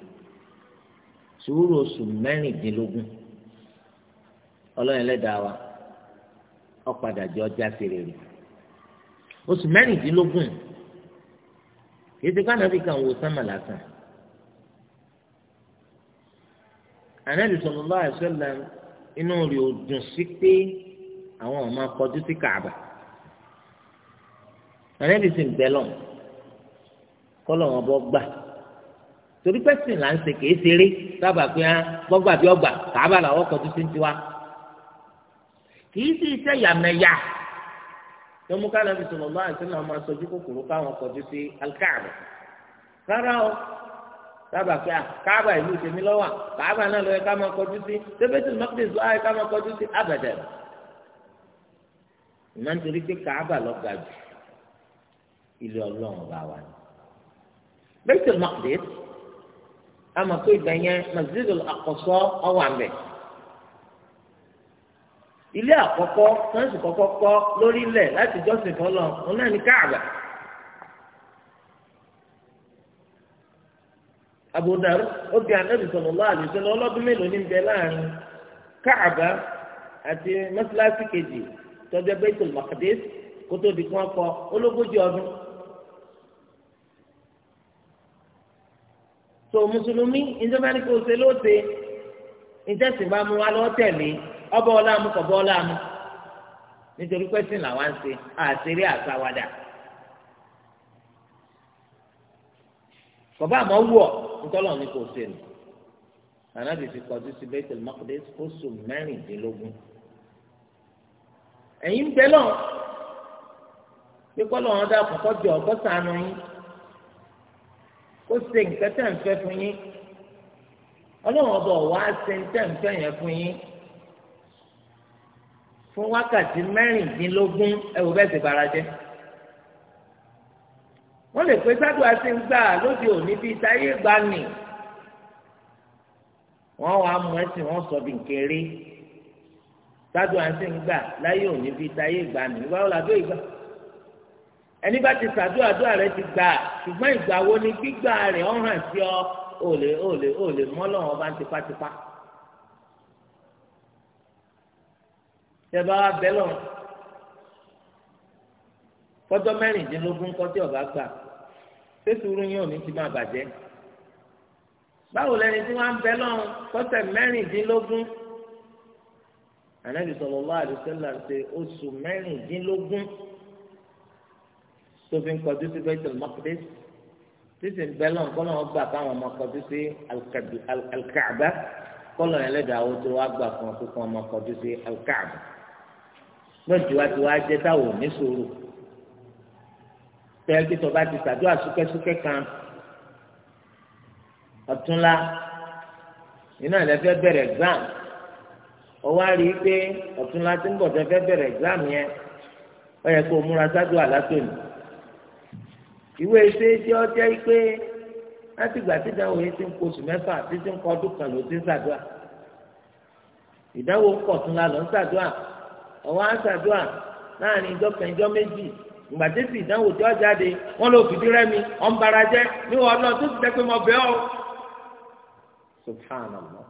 sùúrù oṣù mẹ́rìndínlógún ọlọ́run lẹ́dàá wa ó padà jẹ́ ọjà sí rere oṣù mẹ́rìndínlógún kì ṣe ká nàbí kan wo sánmà lásán ànábì sallallahu alaihi wasallam inú rẹ̀ ò dùn sí pé àwọn ọmọ akọjú sí kààbà ànábì sì ń bẹ lọ́wọ́. kọ́lọ̀ wọn bọ́ gbà torí pẹ́sìn là ń ṣe kìí ṣeré sábà pé gbọ́gbà bí ọgbà kàábà làwọn kọjú sí tiwa kìí sí iṣẹ́ yàmẹ̀yà tó mú kánà bí sọ̀rọ̀ máa ṣe náà máa sojú kòkòrò káwọn kọjú sí alikaaba rárá o sábà pé kàábà ìlú tèmi lọ́wọ́ kàábà náà lọ́yẹ ká kọjú sí tẹ́bẹ́tì mọ́kìtì sọ ayé ká kọjú sí abẹ̀dẹ̀ ìmọ̀ nítorí pé kàábà lọ́gàjù ilé ọlọ́run bá Bayt al-Maqdis àmọ́ pé ibẹ̀ yẹn Masjid al-Aqsa ọwọ àmbẹ ilé àkọ́kọ́ sáyẹnsì kọ́kọ́ kọ́ lórílẹ̀ láti jọ́sìn fọlọ́ òun náà ní káàbà. abudar obi anabi sallallahu alaihi wasallam ọlọ́dún mélòó ní bẹ láàrin káàbà àti mọ́sálásí kejì tọ́jú Baitul Maqdis kótó di kí wọ́n kọ́ ológójì ọdún. so mùsùlùmí ìjọba kò ṣe lóde ìjẹsìn bá mu wá tẹ̀lé ọba ọláàmú kọ̀ọ̀bọ ọláàmú nítorí pẹ́sìn làwọn ṣe àṣírí àṣàwádà. bàbá àmọ́ wù ọ́ ntọ́lọ́ ní kò ṣe nù ànábì fi kọjú sí Baitul Maqdis oṣù mẹ́rìndínlógún ẹ̀yin bẹ́lọ̀ pé kọ́lọ́ wọn dà ó ṣe nǹkan tẹ̀ ń fẹ́ fún yín ọlọ́run ọba ọ̀wá ṣe ń tẹ̀ ń fẹ́ yẹn fún yín fún wákàtí mẹ́rìndínlógún ẹ wò bẹ́ẹ̀ sì bara jẹ́ wọ́n lè pé sádùá sí ń gbà lóde òní bíi táyé gbà nì wọ́n wàá mú ẹsìn wọ́n sọ bìnkéré sádùá sí ń gbà láyé òní bíi táyé gbà nì báwo làbẹ́ ìgbà ẹni bá ti sàdúrà dúrà rẹ ti gbà ṣùgbọ́n ìgbà wo ni gbígbà rẹ̀ ọ̀ hàn sí ọ ò lè ò lè ò lè mọ́ lọ́wọ́ bá ń tipátipá. tẹ́bá wa bẹ́ lọ kọ́jọ́ mẹ́rìndínlógún kọ́jọ́ ọ̀gá gbà sẹ́sùrù yín ò ní ti máa bàjẹ́ báwo lẹni tí wọ́n bẹ́ lọ kọ́sẹ̀ mẹ́rìndínlógún ànábì sallallahu alaihi wasallam ṣe oṣù mẹ́rìndínlógún tó fi ń kọjú sí Baitul Maqdis títí bẹ́lọ̀ kọ́nà wọn gbà káwọn ọmọ kọjú sí alkaaba kọ́nà ẹlẹ́dàá wo tó wá gbà fún ọkọ̀ ọmọ kọjú sí alkaaba lọ́jọ́ wa ti wá jẹ́ táwọn ò ní sòrò tẹ́lẹ̀ tí tọba ti ṣàdúrà kan ọ̀túnla iná ilẹ̀ fẹ́ bẹ̀rẹ̀ exam ọwọ́ á rí i pé ọ̀túnla ti ń bọ̀ fẹ́ bẹ̀rẹ̀ exam yẹn ó yẹ kó múra ṣàdúrà látòní ìwé ṣe é ṣe ọjọ́ pé láti ìgbà tí ìdáwó yẹn ti ń kó oṣù mẹ́fà tí ti ń kọ ọdún kan ló ti ń ṣàdúrà ìdáwó ń kọ̀ tún la lọ ń ṣàdúrà ọ̀wọ́n á ṣàdúrà láàrin ìjọ kan ìjọ méjì ìgbà tí ti ìdánwò tí wọ́n jáde wọ́n lọ fìdí rẹ́mi ọ̀n bara jẹ́ níwọ̀ ọ̀nà tó ti dẹ́pẹ́ mọ́ bẹ́ẹ̀ o. subhanallah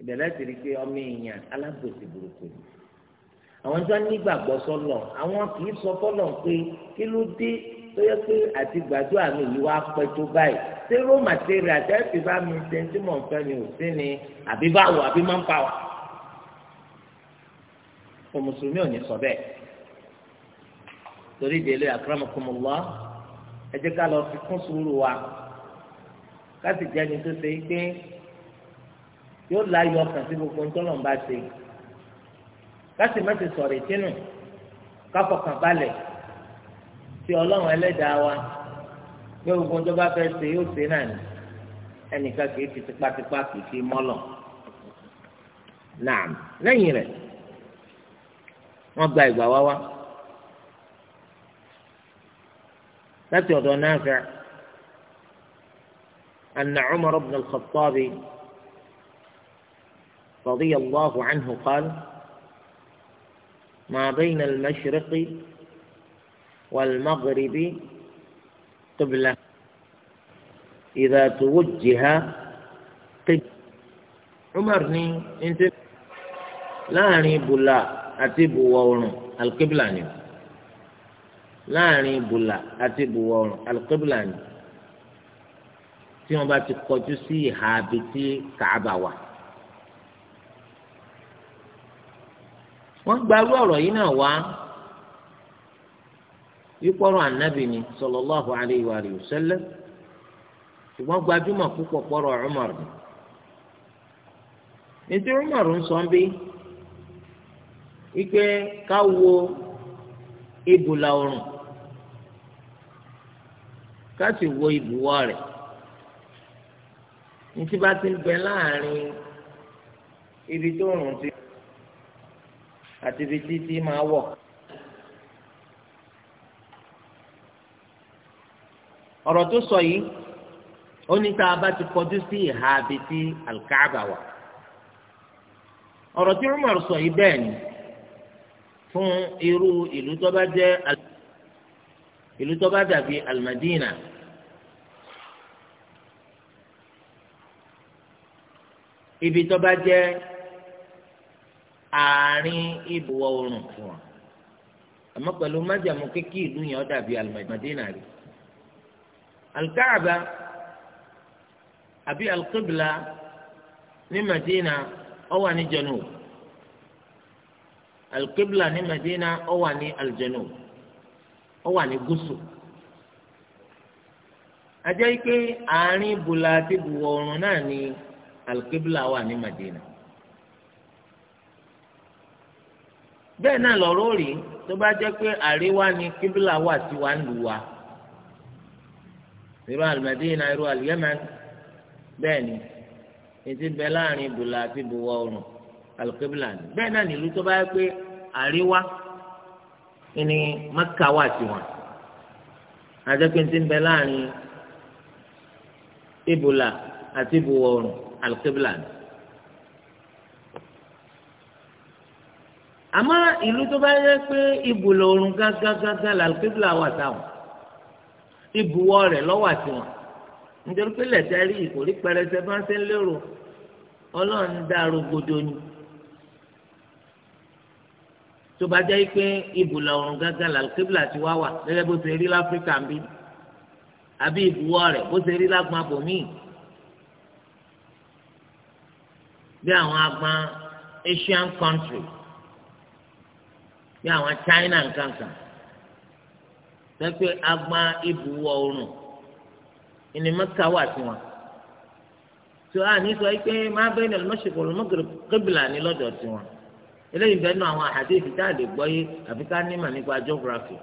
ìbẹ̀rẹ̀ ti rí i pé ọmọ èèyàn alágbèsè burúkú ni àwọn tí wọ́n nígbàgbọ́ sọ́lọ̀ àwọn kì í sọ fọ́lọ̀ pé kí ló dé tó yẹ pé àti gbàdúrà mi yìí wá pẹ́ tó báyìí ṣé raw material àtẹ́sí bá mi ṣe tí mò ń fẹ́ mi ò sí ni àbí báwo àbí máa ń pa wà. o mùsùlùmí ò ní sọ bẹ́ẹ̀ torí ìdílé akramakumullah ẹ jẹ́ ká lọ fi kún sùúrù wa ká sì jẹ́ ẹni tó ṣe é pé yóò láyọ̀ ọkàn sí gbogbo ntọ́lọ́mbà ṣe ká sì má ti sọ̀rọ̀ ìtinú ká fọkàn balẹ̀. tí ọlọ́run ẹlẹ́dàá wa pé ogun tó bá fẹ́ ṣe yóò ṣe náà ni ẹnìkan kì í fi tipátipá kì í fi mọ́lọ̀ náà lẹ́yìn rẹ̀ wọ́n gba ìgbà wá wá láti ọ̀dọ̀ Nafi' anna Umar ibn al-Khattab radiyallahu anhu qala ma bayna al-mashriqi. والمغرب قبلة إذا توجه قبلة عمر ني أنت لا ني بلا أتيب وورن القبلة ني لا ني بلا أتيب وورن القبلة ني tí wọn bá ti kọjú sí ìhà àbí tí kàába wà. wọn gbarú ọ̀rọ̀ yìí náà wá wípọ́rọ̀ ànábì ni sallallahu alayhi wa sallam ṣùgbọ́n gbajúmọ̀ púpọ̀ pọ́rọ̀ Umar ni ètò Umar ń sọ bí wípé ká ibùlà oòrùn ká wo ibùwọ̀ rẹ̀ bá ti bẹ láàrin ibi tó rùn ti àti ibi títí máa ọ̀rọ̀ tó sọ yìí ó ní tá a bá ti kọjú sí ìhà àbí tí alkaaba wà ọ̀rọ̀ tí Umar sọ yìí bẹ́ẹ̀ ni fún irú ìlú tó bá jẹ́ ìlú tó bá dàbí almadina. ibi tó bá jẹ́ àárín ìbùwọ̀ oòrùn fún wa àmọ́ pẹ̀lú májàmú kékeré ìlú yẹn ó dàbí almadina rí alikaaba àbí alikibla ní madina ó wà ní jẹnu alikibla ní madina ó wà ní aljẹnu ó wà ní gúúsù ajá yìí pé àárín bùlà àti bùwọ̀ ọ̀run náà ni alikibla wà ní madina bẹ́ẹ̀ náà lọ́rọ́ rí tó bá jẹ́ pé àríwá ni kibla wà sí wa ń lù wa. Si irú al-Madina irú al-Yaman bẹ́ẹ̀ ni etí bẹ láàrin ìbùlà àti ìbùwọ̀ oòrùn al-Qibla ni bẹ́ẹ̀ náà nílùú tó bá yẹ pé àríwá ni Mẹ́kà wà tiwọn àjẹpẹ́ntì ń bẹ láàrin ìbùlà àti ìbùwọ̀ oòrùn al ni. àmọ́ ìlú tó bá yẹ pé ìbùlà oòrùn gángangán làlùkébìlà wà táwọn ibùwọ̀ rẹ̀ lọ́wọ́ àti wọn nítorí pé lẹ́tẹ̀rí ìkórí pẹrẹsẹ bá ń ṣe ń lérò ọlọ́run dá rogodo ni tó bá jẹ́ pé ibùlà ọ̀run gángan làlùkébìlà ti wá wà gẹ́gẹ́ bó ṣe rí láfíríkà ń bí àbí ibùwọ̀ rẹ̀ bó ṣe rí lágbọn abòmíì bí àwọn agbọn Asian country bí àwọn China nǹkan kan. pé agbá agbọn ibùwọ̀ oòrùn ìní mẹ́ta wà sí wọn tó a ní sọ pé máa bẹ́ẹ̀ ní ọlọ́mọṣẹ́kọ̀ ọlọ́mọgẹ̀rẹ̀ kébìlà ní lọ́dọ̀ ti wọn eléyìí bẹ́ẹ̀ nù àwọn àdéhìí tá a lè gbọ́ yé àfi ká ni ma nípa geography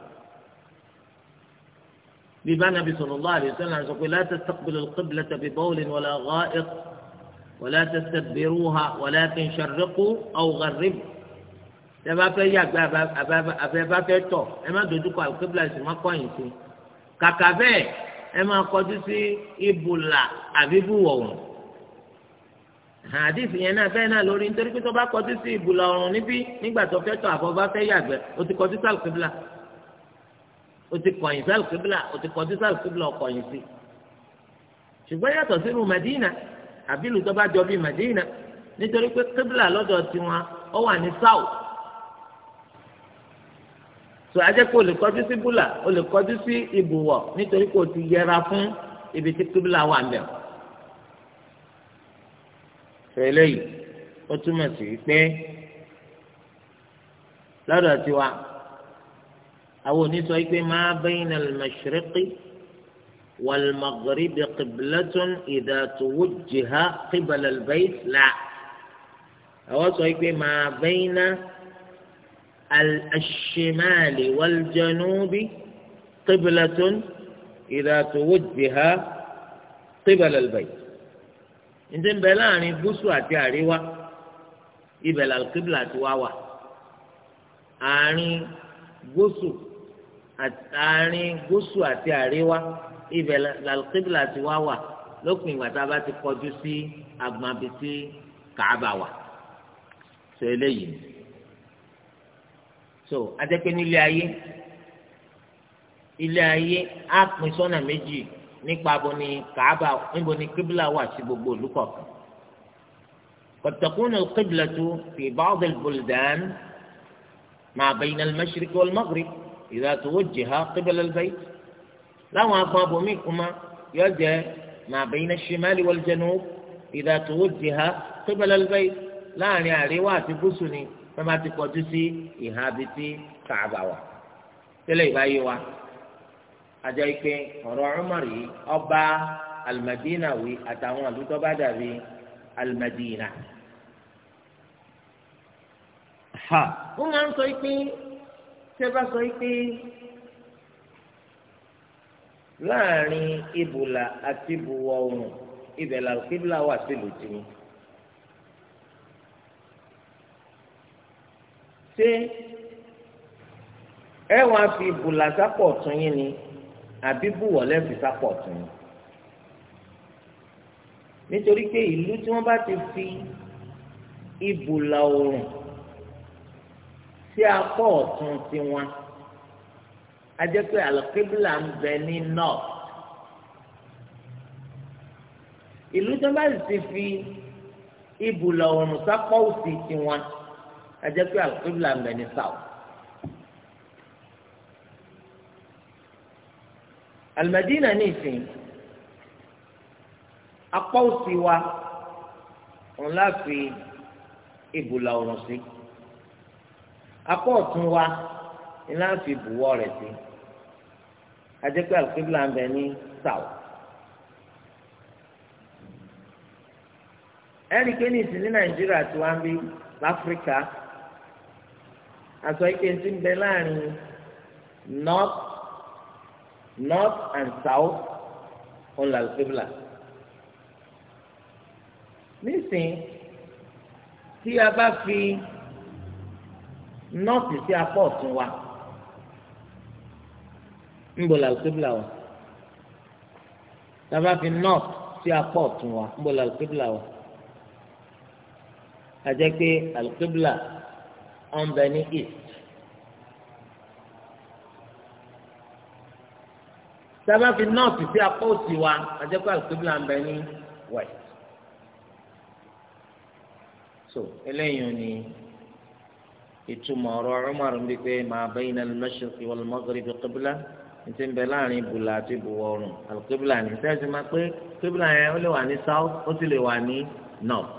bí bá nàbí sallallahu alaihi wasallam sọ pé la tastaqbilu al-qiblata bi bawlin wala gha'iq wala tastadbiruha walakin sharriqu aw gharribu ẹ bá fẹ́ yàgbẹ́ àbẹ bá fẹ́ tọ̀ ẹ má dojúkọ àlùkébìlà sì má kọ̀yìn sí kàkà bẹ́ẹ̀ ẹ máa kọjú sí ibùlà àbí bùwọ̀wọ̀n àdìsí yẹn náà fẹ́ náà lórí nítorí pé tó bá kọjú sí ibùlà ọ̀run níbí nígbà tó fẹ́ tọ̀ àbọ̀ bá fẹ́ yàgbẹ́ o ti kọjú sí àlùkébìlà o ti kọ̀yìn sí àlùkébìlà o ti kọjú sí àlùkébìlà ọ̀kọ̀yìn sí ṣùgbọ́n yàtọ̀ sí irú Madina àbí ìlú tó bá jọ bíi Madina nítorí pé kébìlà lọ́dọ̀ tiwọn ó wà ní south so ajẹ́ pé o lè kọjú sí búlà o lè kọjú sí ibùwọ̀ nítorí pé o ti yẹra fún ibi tí kíbùlà wà lẹ̀ o. fẹlẹ yìí ó túmọ̀ sí pé lọ́dọ̀ tiwa àwọn onísọ yìí pé máa bẹ́yìn al-mashriqi wal-maghribi qiblatun idha tuwujjiha qibala al-bayt àwọn sọ yìí pé máa bẹ́yìn al الشمال والجنوب قبلة إذا توجه قبل البيت ǹjẹ́ ńbẹ láàrin gúúsù àti àríwá ibẹ̀ làlùkíbìlà ti wá wà àárín gúúsù àárín gúúsù àti àríwá ibẹ̀ làlùkíbìlà ti wá wà lópin ìgbà tá a bá ti kọjú sí agbọ̀nbi tí kàába wà ṣe eléyìí ni. so adẹ́pẹ́ ilé ayé ilé ayé á pín sọ́nà méjì nípa bo ni kàába níbo ni kíbla wà sí gbogbo olùkọ̀ọ̀kan kọ̀tàkùn kíbla tó fi báwọ̀dì bùlùdán máa bẹ̀yìn al-mashriq wal-maghrib idha tuwajjaha qibla al-bayt láwọn agbọn mi kuma yóò jẹ́ máa bẹ̀yìn ash-shimali wal-janub idha tuwajjaha kíbla al-bayt láàrin àríwá àti gúúsù ni. wọ́n máa ti kọjú sí ìhà ibi tí kààbà wà tẹ́lẹ̀ ìbáyé wa ajá ike ọ̀rọ̀ Umar yìí ọba alimadina wi àtàwọn àlùtọ́ bá dàbí alimadina. wọ́n máa ń sọ pé ṣé bá sọ pé láàrin ibùlà àti ibùwọ̀ ọ̀hún ibẹ̀ làlùkíbìlà wà sílùú tìǹbù. ṣé ẹ wàá fi bùlà sápọ̀ tún yín ni àbí bùwọ̀lẹ́ fi sápọ̀ tún yín nítorí pé ìlú tí wọ́n bá ti fi ìbùlà oòrùn sí apọ̀ ọ̀tún tiwọn a jẹ́ pé àlọ́kébùlà ń bẹ ní north ìlú tí wọ́n bá sì ti fi ìbùlà oòrùn sápọ̀ òsì tiwọn ajẹ́ pé àlùkébìlà ń bẹ ní south. Al-Madina ní ìsìn apá òsì wa òun láfi ìbùlà òrùn sí apá ọ̀tún wa ni láfi ìbùwọ̀ rẹ̀ sí ajẹ́ pé àlùkébìlà ń bẹ ní south. ẹ̀rí kéènì sí ní Nàìjíríà tí wọ́n ń bí láfíríkà aṣọ ike ti ń bẹ láàrin north north and south ọ̀là alqibla nísìn tí a bá fi north sí apá ọ̀tún wa ńbọ̀ là alqibla wa tí a bá fi north sí apá ọ̀tún wa ńbọ̀ là alqibla wa a jẹ́ pé ọ̀nbẹ ní east. sábà fi north sí apá òsì wa àjẹpọ̀ àlùkébìlà ń bẹ ní west. so eléyìí ni ìtumọ̀ ọ̀rọ̀ Umar ń bí pé ma bayna al-mashriq wal-maghrib qibla ntí ń bẹ láàrin bùlà àti bùwọ̀rùn àlùkébìlà ní sẹ́ẹ̀sì máa pé kébìlà yẹn ó lè wà ní south ó sì lè wà ní north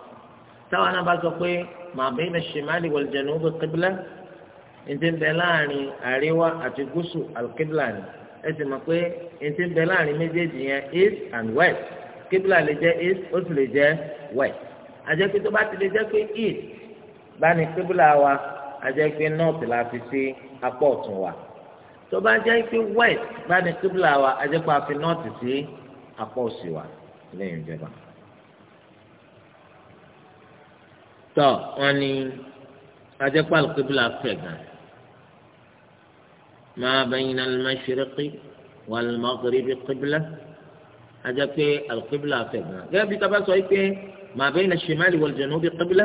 táwọn náà bá sọ pé ma bayna shimali wal janubi qibla ntí ń bẹ láàrin àríwá àti gúúsù al ni ẹ sì mọ̀ pé ntí ń bẹ láàrin méjèèjì yẹn east and west qibla lè jẹ́ east ó sì lè jẹ́ west àjẹpé tó bá ti lè jẹ́ pé east bá ní qibla wa àjẹpé north la fi sí apá ọ̀tún wa tó bá jẹ́ pé west bá ní qibla wa àjẹpé a fi north sí apá òsì wa lẹ́yìn ìjọba. tọ wọn ni ajẹ́pọ̀ alùpùpùlà fẹ̀ gan máa bẹ̀yìn náà al-mashriqi wal-maghribi qibla ajẹ́pẹ́ alùpùpùlà fẹ̀ gan gẹ́gẹ́ bí tábà sọ pé máa bẹ̀yìn ash-shimali wal-janubi qibla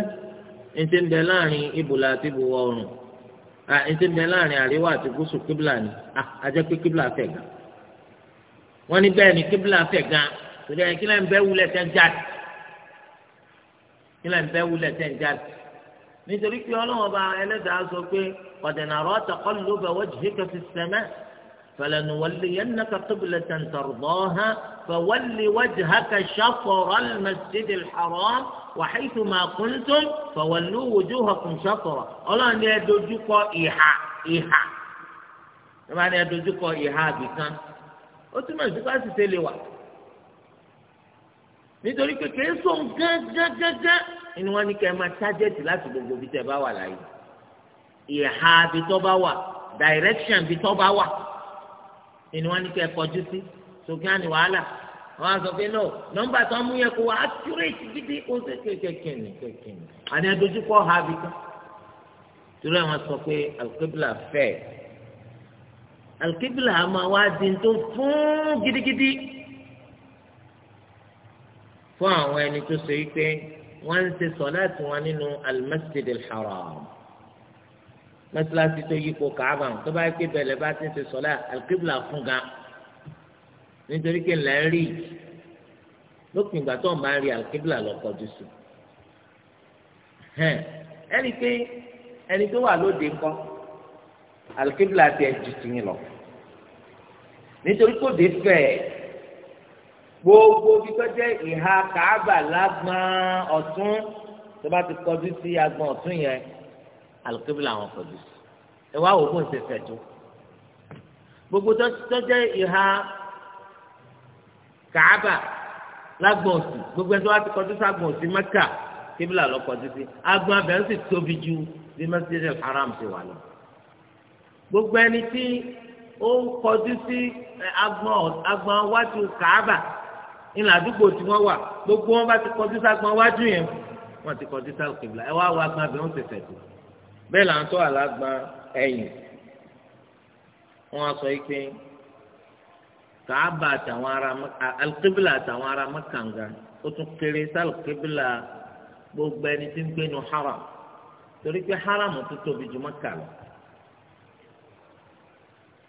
ntí ń bẹ láàrin ibùlà àti ibùwọ̀ ọ̀run ntí ń láàrin àríwá àti gúúsù qibla ni ajẹ́pẹ́ qibla fẹ̀ gan wọ́n ní bẹ́ẹ̀ ni qibla fẹ̀ gan torí ẹ̀ kí lẹ́yìn wulẹ̀ tẹ́ jáde. kílẹ̀ ń bẹ́ wúlẹ̀ tẹ̀ ń jáde nítorí pé ọlọ́wọ́n bá ẹlẹ́dàá sọ pé ọ̀dẹ̀nà rọ́ taqalluba wajhika fi as-sama فلنولينك قبلة ترضاها فول وجهك شطر المسجد الحرام وحيث ما كنتم فولوا وجوهكم شطرة ọlọ́run ni ẹ dojú kọ ìhà ìhà ìhà ni ẹ dojú kọ ìhà àbìkan ó túmọ̀ sí ká sì tẹ́lẹ̀ wá nítorí pé kìí sóun gángan gángan inú wọn ní kẹ́ ẹ máa tájẹ́tì láti gbogbo bí tẹ́ bá wà láàyè ìhà bí tọ́ bá wà direction bí tọ́ bá wà inú wọn ní kẹ́ ẹ kọjú sí sókè àní wàhálà wọn sọ pé no nọ́mbà tó ń mú yẹ kó wà accurate gidi ó ṣe kékeré ní kékeré àní adójúkọ ha bí tán torí àwọn sọ pé alukébìlà fẹ́ alukébìlà máa wá di tó fún gidigidi fún àwọn ẹni tó ṣe wípé wọ́n ń ṣe sọ̀láàtì wọn nínú al-masjid al-haram mọ́sálásí tó yípo kàábà tó bá ké bẹ̀rẹ̀ bá ti ń ṣe sọ̀lá al-qibla fún ga nítorí pé ńlá ń rí lópin ìgbà tó ń bá ń rí al-qibla lọ́kọ̀ọ́dù sùn ẹni pé ẹni tó wà lóde ńkọ́ al ti ẹ̀ jù tì yín lọ nítorí kó dé fẹ́ẹ́ gbogbo bí tó jẹ́ ìhà kàábà lágbọ́n ọ̀tún tó bá ti kọjú sí agbọ́n ọ̀tún yẹn alùpùpù àwọn kọjú sí ẹ wá òògùn ṣe fẹ̀ tó gbogbo tó jẹ́ ìhà kàábà lágbọ́n òsì gbogbo ẹ̀ tó bá ti kọjú sí agbọ́n òsì mẹ́kà kíbílà lọ kọjú sí agbọ́n abẹ́ ń sì tóbi ju bí mẹ́sídẹ̀ẹ́dẹ̀ haram ṣe wà lọ gbogbo ẹni tí ó ń kọjú sí agbọn agbọn wájú kàába ìlànà àdúgbò tí wọ́n wà gbogbo wọn bá ti kọjú ságbọn wájú yẹn wọ́n ti kọjú ságbọn ẹ wá wá gbọn abẹ wọn ti fẹ̀ tó bẹ́ẹ̀ là ń tọ́ àlágbọn ẹ̀yìn wọ́n á sọ pé kàába àtàwọn ará alikébìlà àtàwọn ará mẹ́kànga ó tún kéré sálùkébìlà gbogbo ẹni tí ń gbénu haram torí pé haram tó tóbi jù Mẹ́kà lọ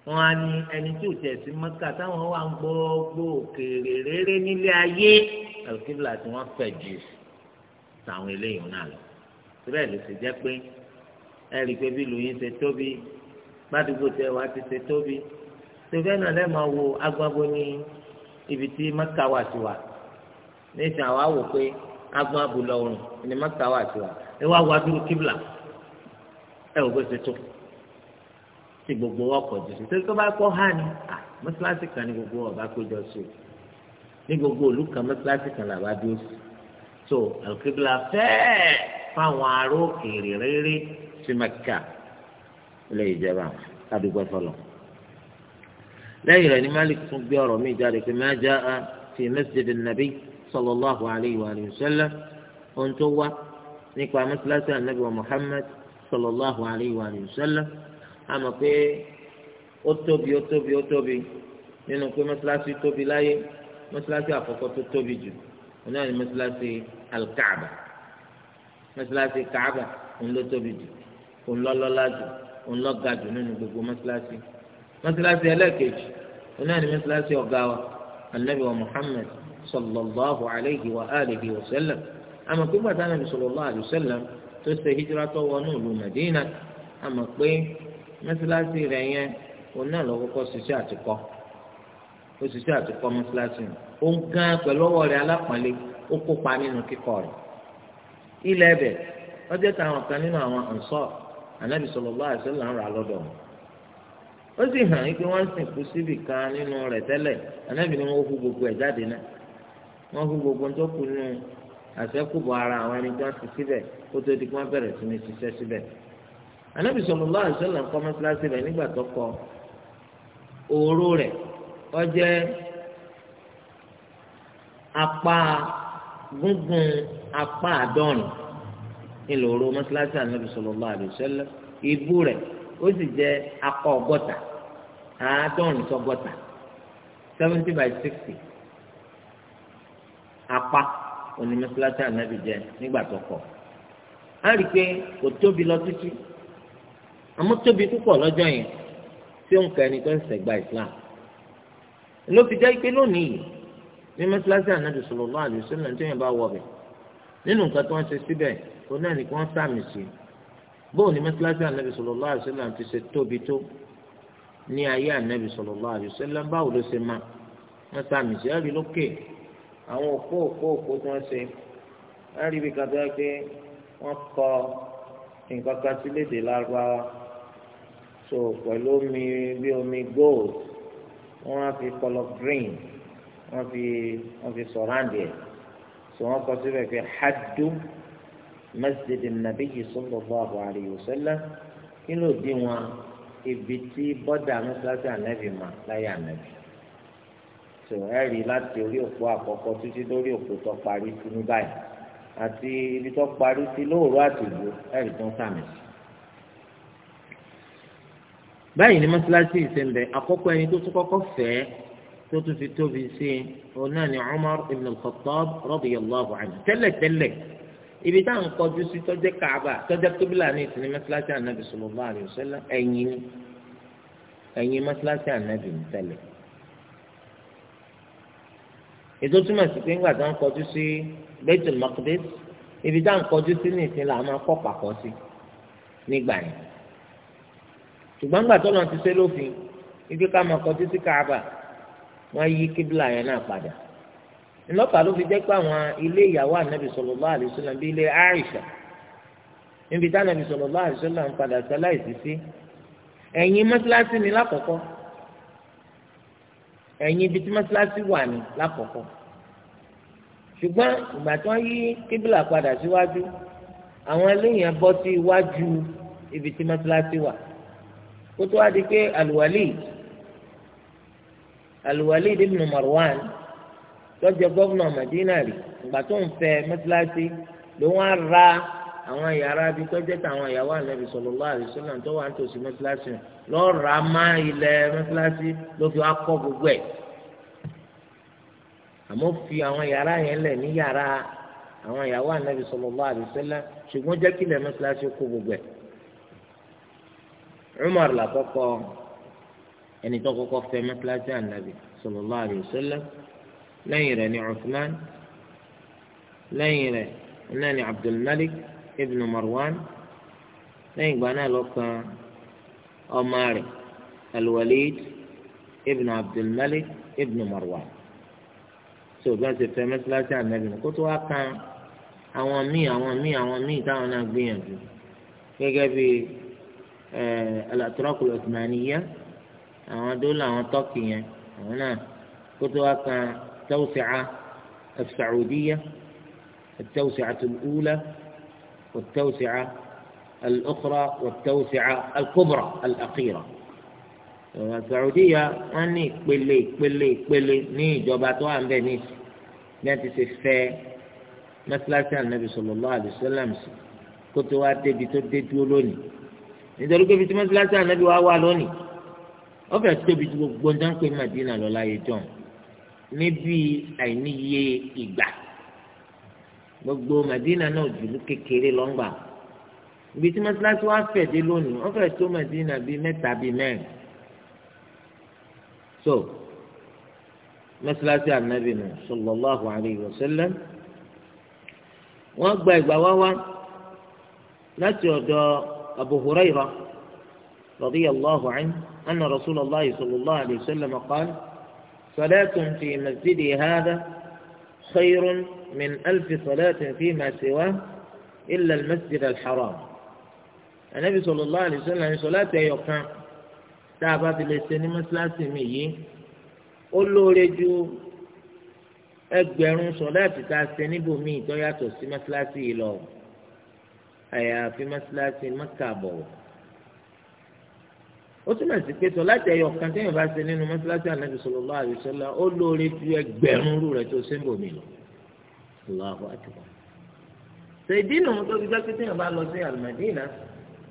wọn á ní ẹni tí ò tẹ̀ sí mọ́kà táwọn wà ń gbogbo òkèèrè réré nílé ayé alùpùpù tí wọ́n fẹ̀ jù táwọn eléyìí náà lọ síbẹ̀ ló ti jẹ́ pé ẹ rí i pé bí lóyún ṣe tóbi gbàdúgbò tẹ wá ti ṣe tóbi tòfẹ́ náà lẹ́ẹ̀ máa wo agbábo ní ibi tí mọ́kà wà sí wa níṣẹ́ àwa wò pé agbábo lọ́rùn ni mọ́kà wà sí wa ẹ wá wá dúró kíbla ẹ wò pé ṣe tó tí gbogbo ọkọ̀ jù sí tó tó bá kọ́ hà ní mọ́sálásí kan ní gbogbo ọba péjọ sí o ní gbogbo òlú kan mọ́sálásí kan làbá dúró sí so alùpùpù fẹ́ẹ̀ fáwọn ará òkèèrè rere sí mẹ́kà ilé ìjẹba àdúgbò fọlọ́ lẹ́yìn rẹ̀ ni malik tún gbé ọ̀rọ̀ mi jáde pé má já a fi mẹ́sìdì nàbí sọlọ́láhu alayhi wa sẹ́lẹ̀ ohun tó wá nípa mọ́sálásí ànábì àmọ́ pé ó tóbi ó tóbi ó tóbi nínú pé mọ́sálásí tóbi láyé mọ́sálásí àkọ́kọ́ tó tóbi jù náà ni mọ́sálásí alkaaba mọ́sálásí kaaba òun ló tóbi jù òun ló lọ́lá jù òun ló ga jù nínú gbogbo mọ́sálásí mọ́sálásí ẹlẹ́ẹ̀kejì náà ni mọ́sálásí ọ̀gá wa anabi wa muhammed sallallahu alayhi wa alihi wa sallam àmọ́ pé gbàtà anabi sallallahu alayhi wa sallam tó ṣe hijira tó wọnú ìlú madina àmọ́ pé mọ́sálásí rẹ̀ yẹn òun náà lọ kọ́kọ́ ṣiṣẹ́ àtikọ́ ó ṣiṣẹ́ àtikọ́ mọ́sálásí rẹ̀ òun gan pẹ̀lú ọwọ́ rẹ̀ alápọ̀nlé ó kópa nínú kíkọ́ rẹ̀ ilẹ̀ ẹ̀bẹ̀ wọ́n jẹ́ táwọn kan nínú àwọn ànsọ́ ànábì sallallahu alaihi wasallam rà lọ́dọ̀ wọn ó sì hàn yín pé wọ́n ń sìnkú síbì kan nínú rẹ̀ tẹ́lẹ̀ ànábì ni wọ́n hu gbogbo ẹ̀ jáde náà wọ́n hu gbogbo tó kù nù àṣẹ́kùbọ̀ ara àwọn ẹni tó ń ti síbẹ̀ kó tó di pé wọ́n bẹ̀rẹ̀ sí ní ṣiṣẹ́ síbẹ̀ anabi sallallahu alaihi wasallam kọ́ mọ́sálásí rẹ̀ nígbà tó kọ́ òru rẹ̀ ó jẹ́ apá gúngún apá àádọ́rin ńlọ òru mọ́sálásí anabi sallallahu alaihi wasallam ìbú rẹ̀ ó sì jẹ́ apá ọgọ́ta àádọ́rin sọgọ́ta seventy by sixty apá onímọ̀sálásí anabi jẹ́ nígbà tó kọ́ á rí i pé kò tóbi lọ títí àmọ́ tóbi púpọ̀ lọ́jọ́ yẹn tí ó ń ka ẹni tó ń ṣẹ̀gbà islam ló fi jẹ́ pé lónìí ní mọ́sálásí ànábì sallallahu alaihi wasallam tó yẹn bá wọ̀ bẹ̀ nínú nǹkan tó ń ṣe síbẹ̀ ó náà ní kí wọ́n sàmì sí bóun ní mọ́sálásí ànábì sallallahu alaihi wasallam ti ṣe tóbi tó ní ayé ànábì sallallahu alaihi wasallam báwo ló ṣe máa wọ́n sàmì sí ẹ̀rí lókè àwọn òpó òpó òpó tí wọ́n ṣe ẹ̀rí bí kàtó so pẹ̀lú omi bí omi gold wọ́n á fi kọlọ green wọ́n fi wọ́n fi sọ̀ráǹdì ẹ̀ so wọ́n kọ síbẹ̀ pé hadu masjid nabiyyi sallallahu alayhi wa sallam kí ló dín wọn ibi tí bọ́dà mọ́sálásí ànábì mà láyé ànábì so ẹ rí láti orí òpó àkọ́kọ́ títí lórí òpó tó parí sínú báyìí àti ibi tó parí sí lóòrò àtìlú ẹ rí tó ń sàmì sí báyìí ní mọ́sálásí ìsẹ̀mbẹ̀ àkọ́kọ́ ẹni tó tún kọ́kọ́ fẹ́ tó tún fi tóbi sí i òun náà ni Umar ibn al-Khattab radiyallahu anhu tẹ́lẹ̀tẹ́lẹ̀ ibi táwọn kọjú sí tọ́jẹ́ Kaaba tọ́jẹ́ tóbílà ní ìsinmi mọ́sálásí ànábì sallallahu alaihi wasallam ẹ̀yìn ẹ̀yìn mọ́sálásí ànábì ń tẹ́lẹ̀ ètò túmọ̀ sí pé ńgbà táwọn kọjú sí Baitul Maqdis ibi táwọn kọjú sí ní ìsinmi làwọn máa kọ́ pàkọ́ sí nígbà yẹn ṣùgbọ́n gbà tọ́lọ̀ ti ṣe lófin ibi ká máa kọjú sí káàbà wọ́n yí kíbla yẹn náà padà ńlọ́pàá ló fi jẹ́ pé àwọn ilé ìyàwó ànábì sallallahu alaihi wasallam bíi ilé Àìṣà níbi tá ànábì sallallahu alaihi wasallam ń padà sáláìsì sí ẹ̀yìn mọ́sálásí ni lákọ̀ọ́kọ́ ẹ̀yìn ibi tí mọ́sálásí wà ní lákọ̀ọ́kọ́ ṣùgbọ́n ìgbà tí wọ́n yí kíbla padà síwájú àwọn eléyìí bọ́ sí iwájú ibi tí mọ́sálásí wà kótó wá di pé Al-Walid Al-Walid ibn Marwan lọ́jọ́ gọ́vùnà Madina rí ìgbà tó ń fẹ́ mẹ́tíláṣí ló wá ra àwọn yàrá bí tọ́jẹ́ táwọn ìyàwó ànábì sallallahu alaihi wasallam tó wà nítòsí mẹ́tíláṣí lọ́ọ́ ra má ilẹ̀ mẹ́tíláṣí ló fi wá kọ́ gbogbo ẹ̀ àmọ́ fi àwọn yàrá yẹn lẹ̀ ní yàrá àwọn ìyàwó ànábì sallallahu alaihi wasallam ṣùgbọ́n jẹ́ kílẹ̀ mẹ́tíláṣí kó gbogbo ẹ̀ Umar làkọ́kọ́ ẹni tó kọ́kọ́ fẹ́ mẹ́tíláṣí ànábì sallallahu alaihi wasallam lẹ́yìn rẹ̀ ni Uthman lẹ́yìn rẹ̀ náà ni Abdulmalik ibn Marwan lẹ́yìn ìgbà náà lọ́kàn ọmọ rẹ̀ Al-Walid ibn Abdulmalik ibn Marwan tó bá ti fẹ́ mẹ́tíláṣí ànábì kó tó wá kan àwọn míì àwọn míì àwọn míì táwọn náà gbìyànjú gẹ́gẹ́ bíi. آه، الاتراك العثمانيه او دول او طاقيا هنا كتوا توسعة السعوديه التوسعه الاولى والتوسعه الاخرى والتوسعه الكبرى الاخيره السعوديه اني بلي بلي بلي ني جوبا تو ام بيني نتي سيفه مثل النبي صلى الله عليه وسلم كنت وادي بتدي تقولوني nítorí pé bíi mọ́sálásí ànábì wa wà lónìí wọ́n fẹ́ẹ́ tóbi ju gbogbo ọjọ́ ń pè Madina lọ láyé jọ̀hún níbi àìníye ìgbà gbogbo Madina náà jùlọ kékeré lọ́ngbà ibi tí mọ́sálásí wa fẹ̀ dé lónìí wọ́n fẹ́ẹ́ tó Madina bíi mẹ́ta bíi mẹ́rin so mọ́sálásí ànábì nù sallallahu alayhi wa sallam wọ́n gba ìgbà wá wá láti ọ̀dọ̀. أبو هريرة رضي الله عنه أن رسول الله صلى الله عليه وسلم قال صلاة في مسجدي هذا خير من ألف صلاة فيما سواه إلا المسجد الحرام النبي صلى الله عليه وسلم يعني صلاة يوكا تعبت للسينما ثلاثمية قل له رجو أكبر صلاة tá a ṣe níbòmíì tó àyàfi mọ́sálásí mọ́kà àbọ̀wọ̀ ó túmọ̀ sí pé sọ láti ẹyọ kan téèyàn bá ṣe nínú mọ́sálásí ànábì sallallahu alaihi wasallam ó lóore ju ẹgbẹ̀rún rú rẹ̀ tó sẹ́ńbò mi lọ Allahu akbar ṣèdí nù tó fi jẹ́ pé téèyàn bá lọ sí àlùmọ̀dínà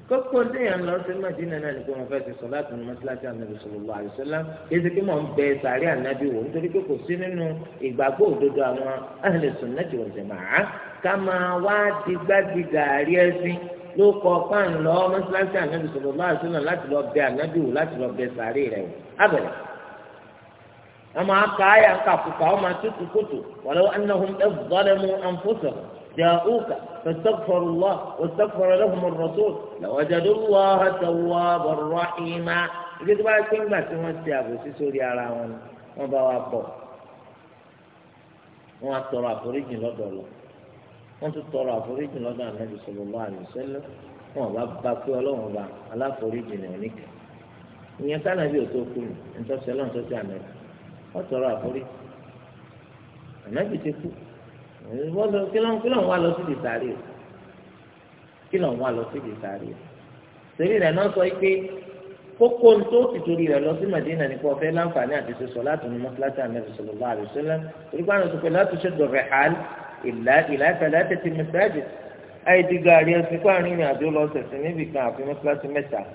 kókó téèyàn lọ sí mọ̀dínà náà ni pé wọ́n fẹ́ ṣe sọ láti nínú mọ́sálásí ànábì sallallahu alaihi wasallam kéde pé mò ń bẹ sàárẹ̀ ànábì ká máa wá digbági gàárì ẹ̀sìn ló kọ fáàn lọ mọ́sálásí ànábì sọ̀rọ̀ bá àṣọ náà láti lọ bẹ ànábì wò láti lọ bẹ sàárè rẹ̀ wò abẹ̀rẹ̀ ọmọ aka ayà ń kàkùkà ọmọ atútù kòtò wàlẹ́ anahum ẹ̀fọ́dẹ́mu ànfọ́sọ̀rọ̀ جاءوك فاستغفروا الله واستغفر لهم الرسول لوجدوا الله توابا رحيما ibi tó bá ti ń gbà tí wọ́n ti àbòsí sórí ara wọn wọ́n bá wa bọ̀ wọ́n á àforíjì lọ́dọ̀ wọ́n tún tọrọ àforíjì lọ́dọ̀ ànábì sallallahu alaihi wasallam wọn bá bá pé ọlọ́run bá aláforíjì ní oníkà ìyẹn sànàbí òtó kú mi ntọ́sí ọlọ́run tó ti ànábì wọ́n tọrọ àforíjì ànábì ti kú kí ló ń wá lọ sí di sàárè o kí ló ń wá lọ sí di sàárè o torí rẹ̀ náà sọ pé kókó tó ti torí rẹ̀ lọ sí Mẹdínà nípa ọ̀fẹ́ láǹfààní àti sísọ láti ní mọ́tíláṣí láti ṣe dọ̀rẹ̀ إلا إلى ثلاثة المساجد أي دقاري أسفاني من أدول الله سلسمي بكنا في مثلث متى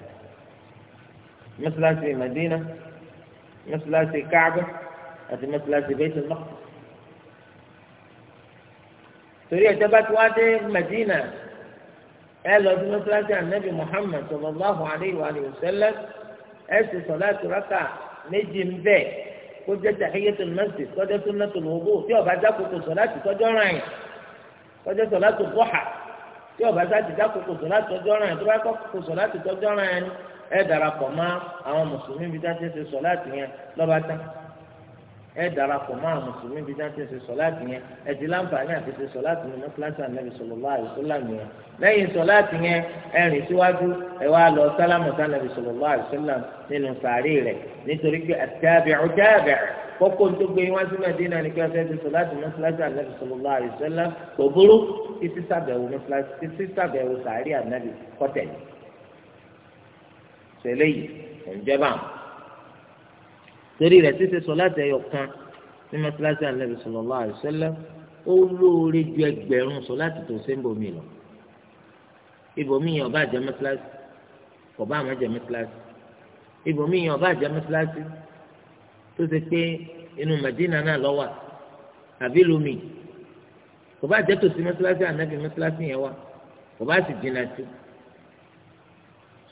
مثلث مدينة مثلث كعبة أتي مثلث بيت المقدس torí ẹjọ bá ti wá dé Medina ẹ lọ sí mọ́sálásí anabi Muhammad sallallahu alayhi wa sallam ẹ sì sọ láti rákà méjì ń bẹ́ẹ̀. kó jẹ́ tahiyatul masjid kó jẹ́ sunnatul wudu tí ó bá jákòókò sọ̀láàtì tọ́jọ́ ràn yín kó jẹ́ sọ̀láàtì duha tí ó bá sáàtì jákòókò sọ̀láàtì tọ́jọ́ ràn yín tó bá kọ́kòókò sọ̀láàtì tọ́jọ́ ràn ẹ darapọ̀ mọ́ àwọn mùsùlùmí bíi tá ẹ darapọ̀ mọ́ àwọn mùsùlùmí bíi dáńtì ṣe sọ̀láàtì yẹn ẹ ti láǹfààní àti ṣe sọ̀láàtì ní mọ́tíláṣí ànábì sallallahu alaihi wasallam yẹn lẹ́yìn sọ̀láàtì yẹn ẹ rìn síwájú ẹ wá lọ sálámù sànábì sallallahu alaihi wasallam nínú sàárè rẹ̀ nítorí pé àtàbẹ̀rù dábẹ̀rù kókó tó gbé wá sí Mẹ́dínà ní kí wọ́n fẹ́ẹ́ ti sọ̀láàtì mọ́tíláṣí ànábì sallallahu alaihi mọ́tíláṣí títí torí rẹ̀ ṣíṣe sọ̀láàtì ẹyọ kan ní mọ́sálásí ànábì sallallahu alaihi wasallam ó lóore ju ẹgbẹ̀rún sọ̀láàtì tó ṣe ń bomi lọ ibòmíyàn ọba àjẹ mọ́sálásí ọba àmọ́ jẹ mọ́sálásí ibòmíyàn ọba àjẹ mọ́sálásí tó ṣe pé inú Madina náà lọ wà àbí lómi ọba àjẹ tòsí mọ́sálásí ànábì mọ́sálásí yẹn wà ọba sì jìnnà sí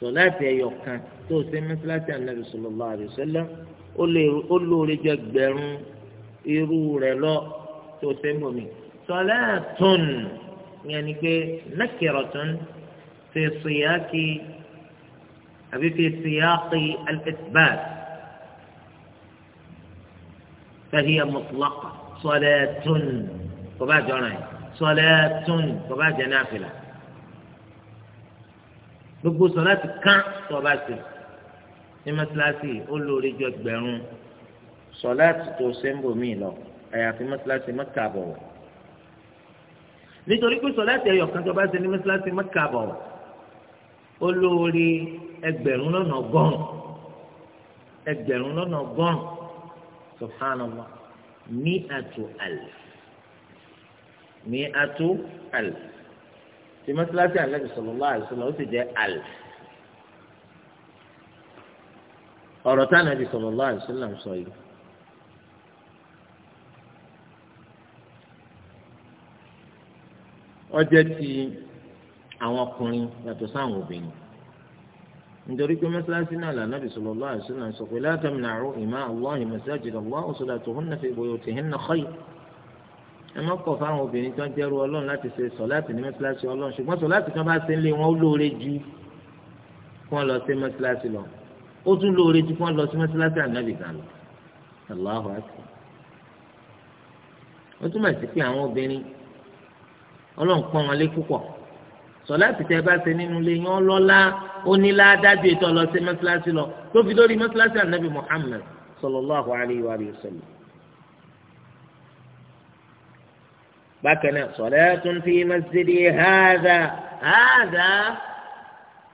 sọ̀láàtì ẹyọ kan tó ṣe mọ́sálásí ànábì sallallahu alaihi wasallam ó lóore jẹ gbẹ̀rún irú rẹ̀ lọ tó ṣe mọ̀ mi. tun yẹn ni pé nàkìrọ̀tún fi siyaqi àbí fi siyaqi al-ithbat fahiya mutlaqa sọlẹ́ẹ̀tún kò bá jo naa yìí tun kò bá jẹ náà fìlà gbogbo sọlá ti kán tó o bá ṣe. ní mọ́sálásí ó lórí ju ẹgbẹ̀rún sọ̀láàtì tó sẹ́ńbò míì lọ àyàfi mọ́sálásí mọ́kà àbọ̀wọ̀ nítorí pé sọ̀láàtì ẹ̀yọ̀ kan tó bá ṣe ní mọ́sálásí mọ́kà àbọ̀wọ̀ ó lórí ẹgbẹ̀rún lọ́nà ọgọ́rùn ẹgbẹ̀rún lọ́nà ọgọ́rùn subhanallah ní àtò àlè ní àtò àlè tí mọ́sálásí àlẹ́ bìsọ̀lọ́lá àlùsọ̀lọ́ ó sì jẹ́ àlè. ọ̀rọ̀ tá nàbì sallallahu alaihi wasallam sọ yìí. ọjọ́ ti àwọn ọkùnrin yàtọ̀ sáwọn obìnrin nítorí pé mọ́sálásí náà là nàbì sallallahu alaihi wasallam sọ pé la tamna'u ima Allahi masajid Allah wa salatuhunna fi buyutihinna khayr ẹ má kọ̀ fáwọn obìnrin tó ń jẹ́rú ọlọ́run láti ṣe sọ̀láàtì ní mọ́sálásí ọlọ́run ṣùgbọ́n sọ̀láàtì kan bá ṣe ń lé wọn ó lóore ju kí wọ́n lọ sí mọ́sálásí lọ ó tún lóore tí wọ́n lọ sí mọ́sálásí ànábì kan lọ aláhu akbar ó túmọ̀ sí pé àwọn obìnrin ọlọ́run pọ́n wọn lé púpọ̀ sọláàtì tẹ bá ṣe nínú ilé yẹn ọlọ́lá onílàádájú ètò ọlọ́sẹ mọ́sálásí lọ tó fi lórí mọ́sálásí ànábì Muhammad sallallahu alayhi wa sallam. bákan náà salatun fi masjidi hadha hadha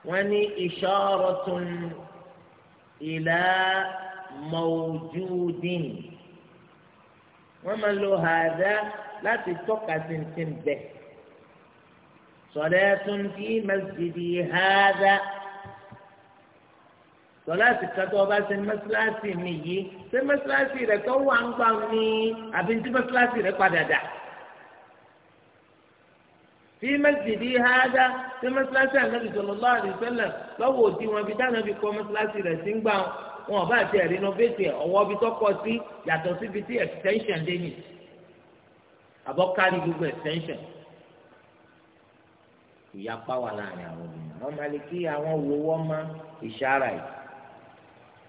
wọ́n ní isharatun ìlà mọ̀ọ́dúndín wọ́n máa lo hàdá láti tọ́ka tìǹtìǹ bẹ̀ sọ̀lẹ́tún fi masjidi hàdá sọláàtì kátó ọba ṣe mọ́sálásì mi yìí ṣé mọ́sálásì rẹ̀ tó wà ń gbà ní àbí ní tí mọ́sálásì padà dà fi masjidi hada ṣé mọ́sálásí ànábì sallallahu alaihi wasallam lọ́wọ́ òdi wọn bí dáná bí kọ́ mọ́sálásí rẹ̀ sí ń gbà wọn ọba àti ẹ̀rínọ́fẹ́tì ọwọ́ bí tọ́kọ sí yàtọ̀ síbi tí extension dé ní àbọ̀kárí gbogbo extension ìyapa wà láàrin àwọn obìnrin wọn máa lè kí àwọn wo wọn mọ ìṣara yìí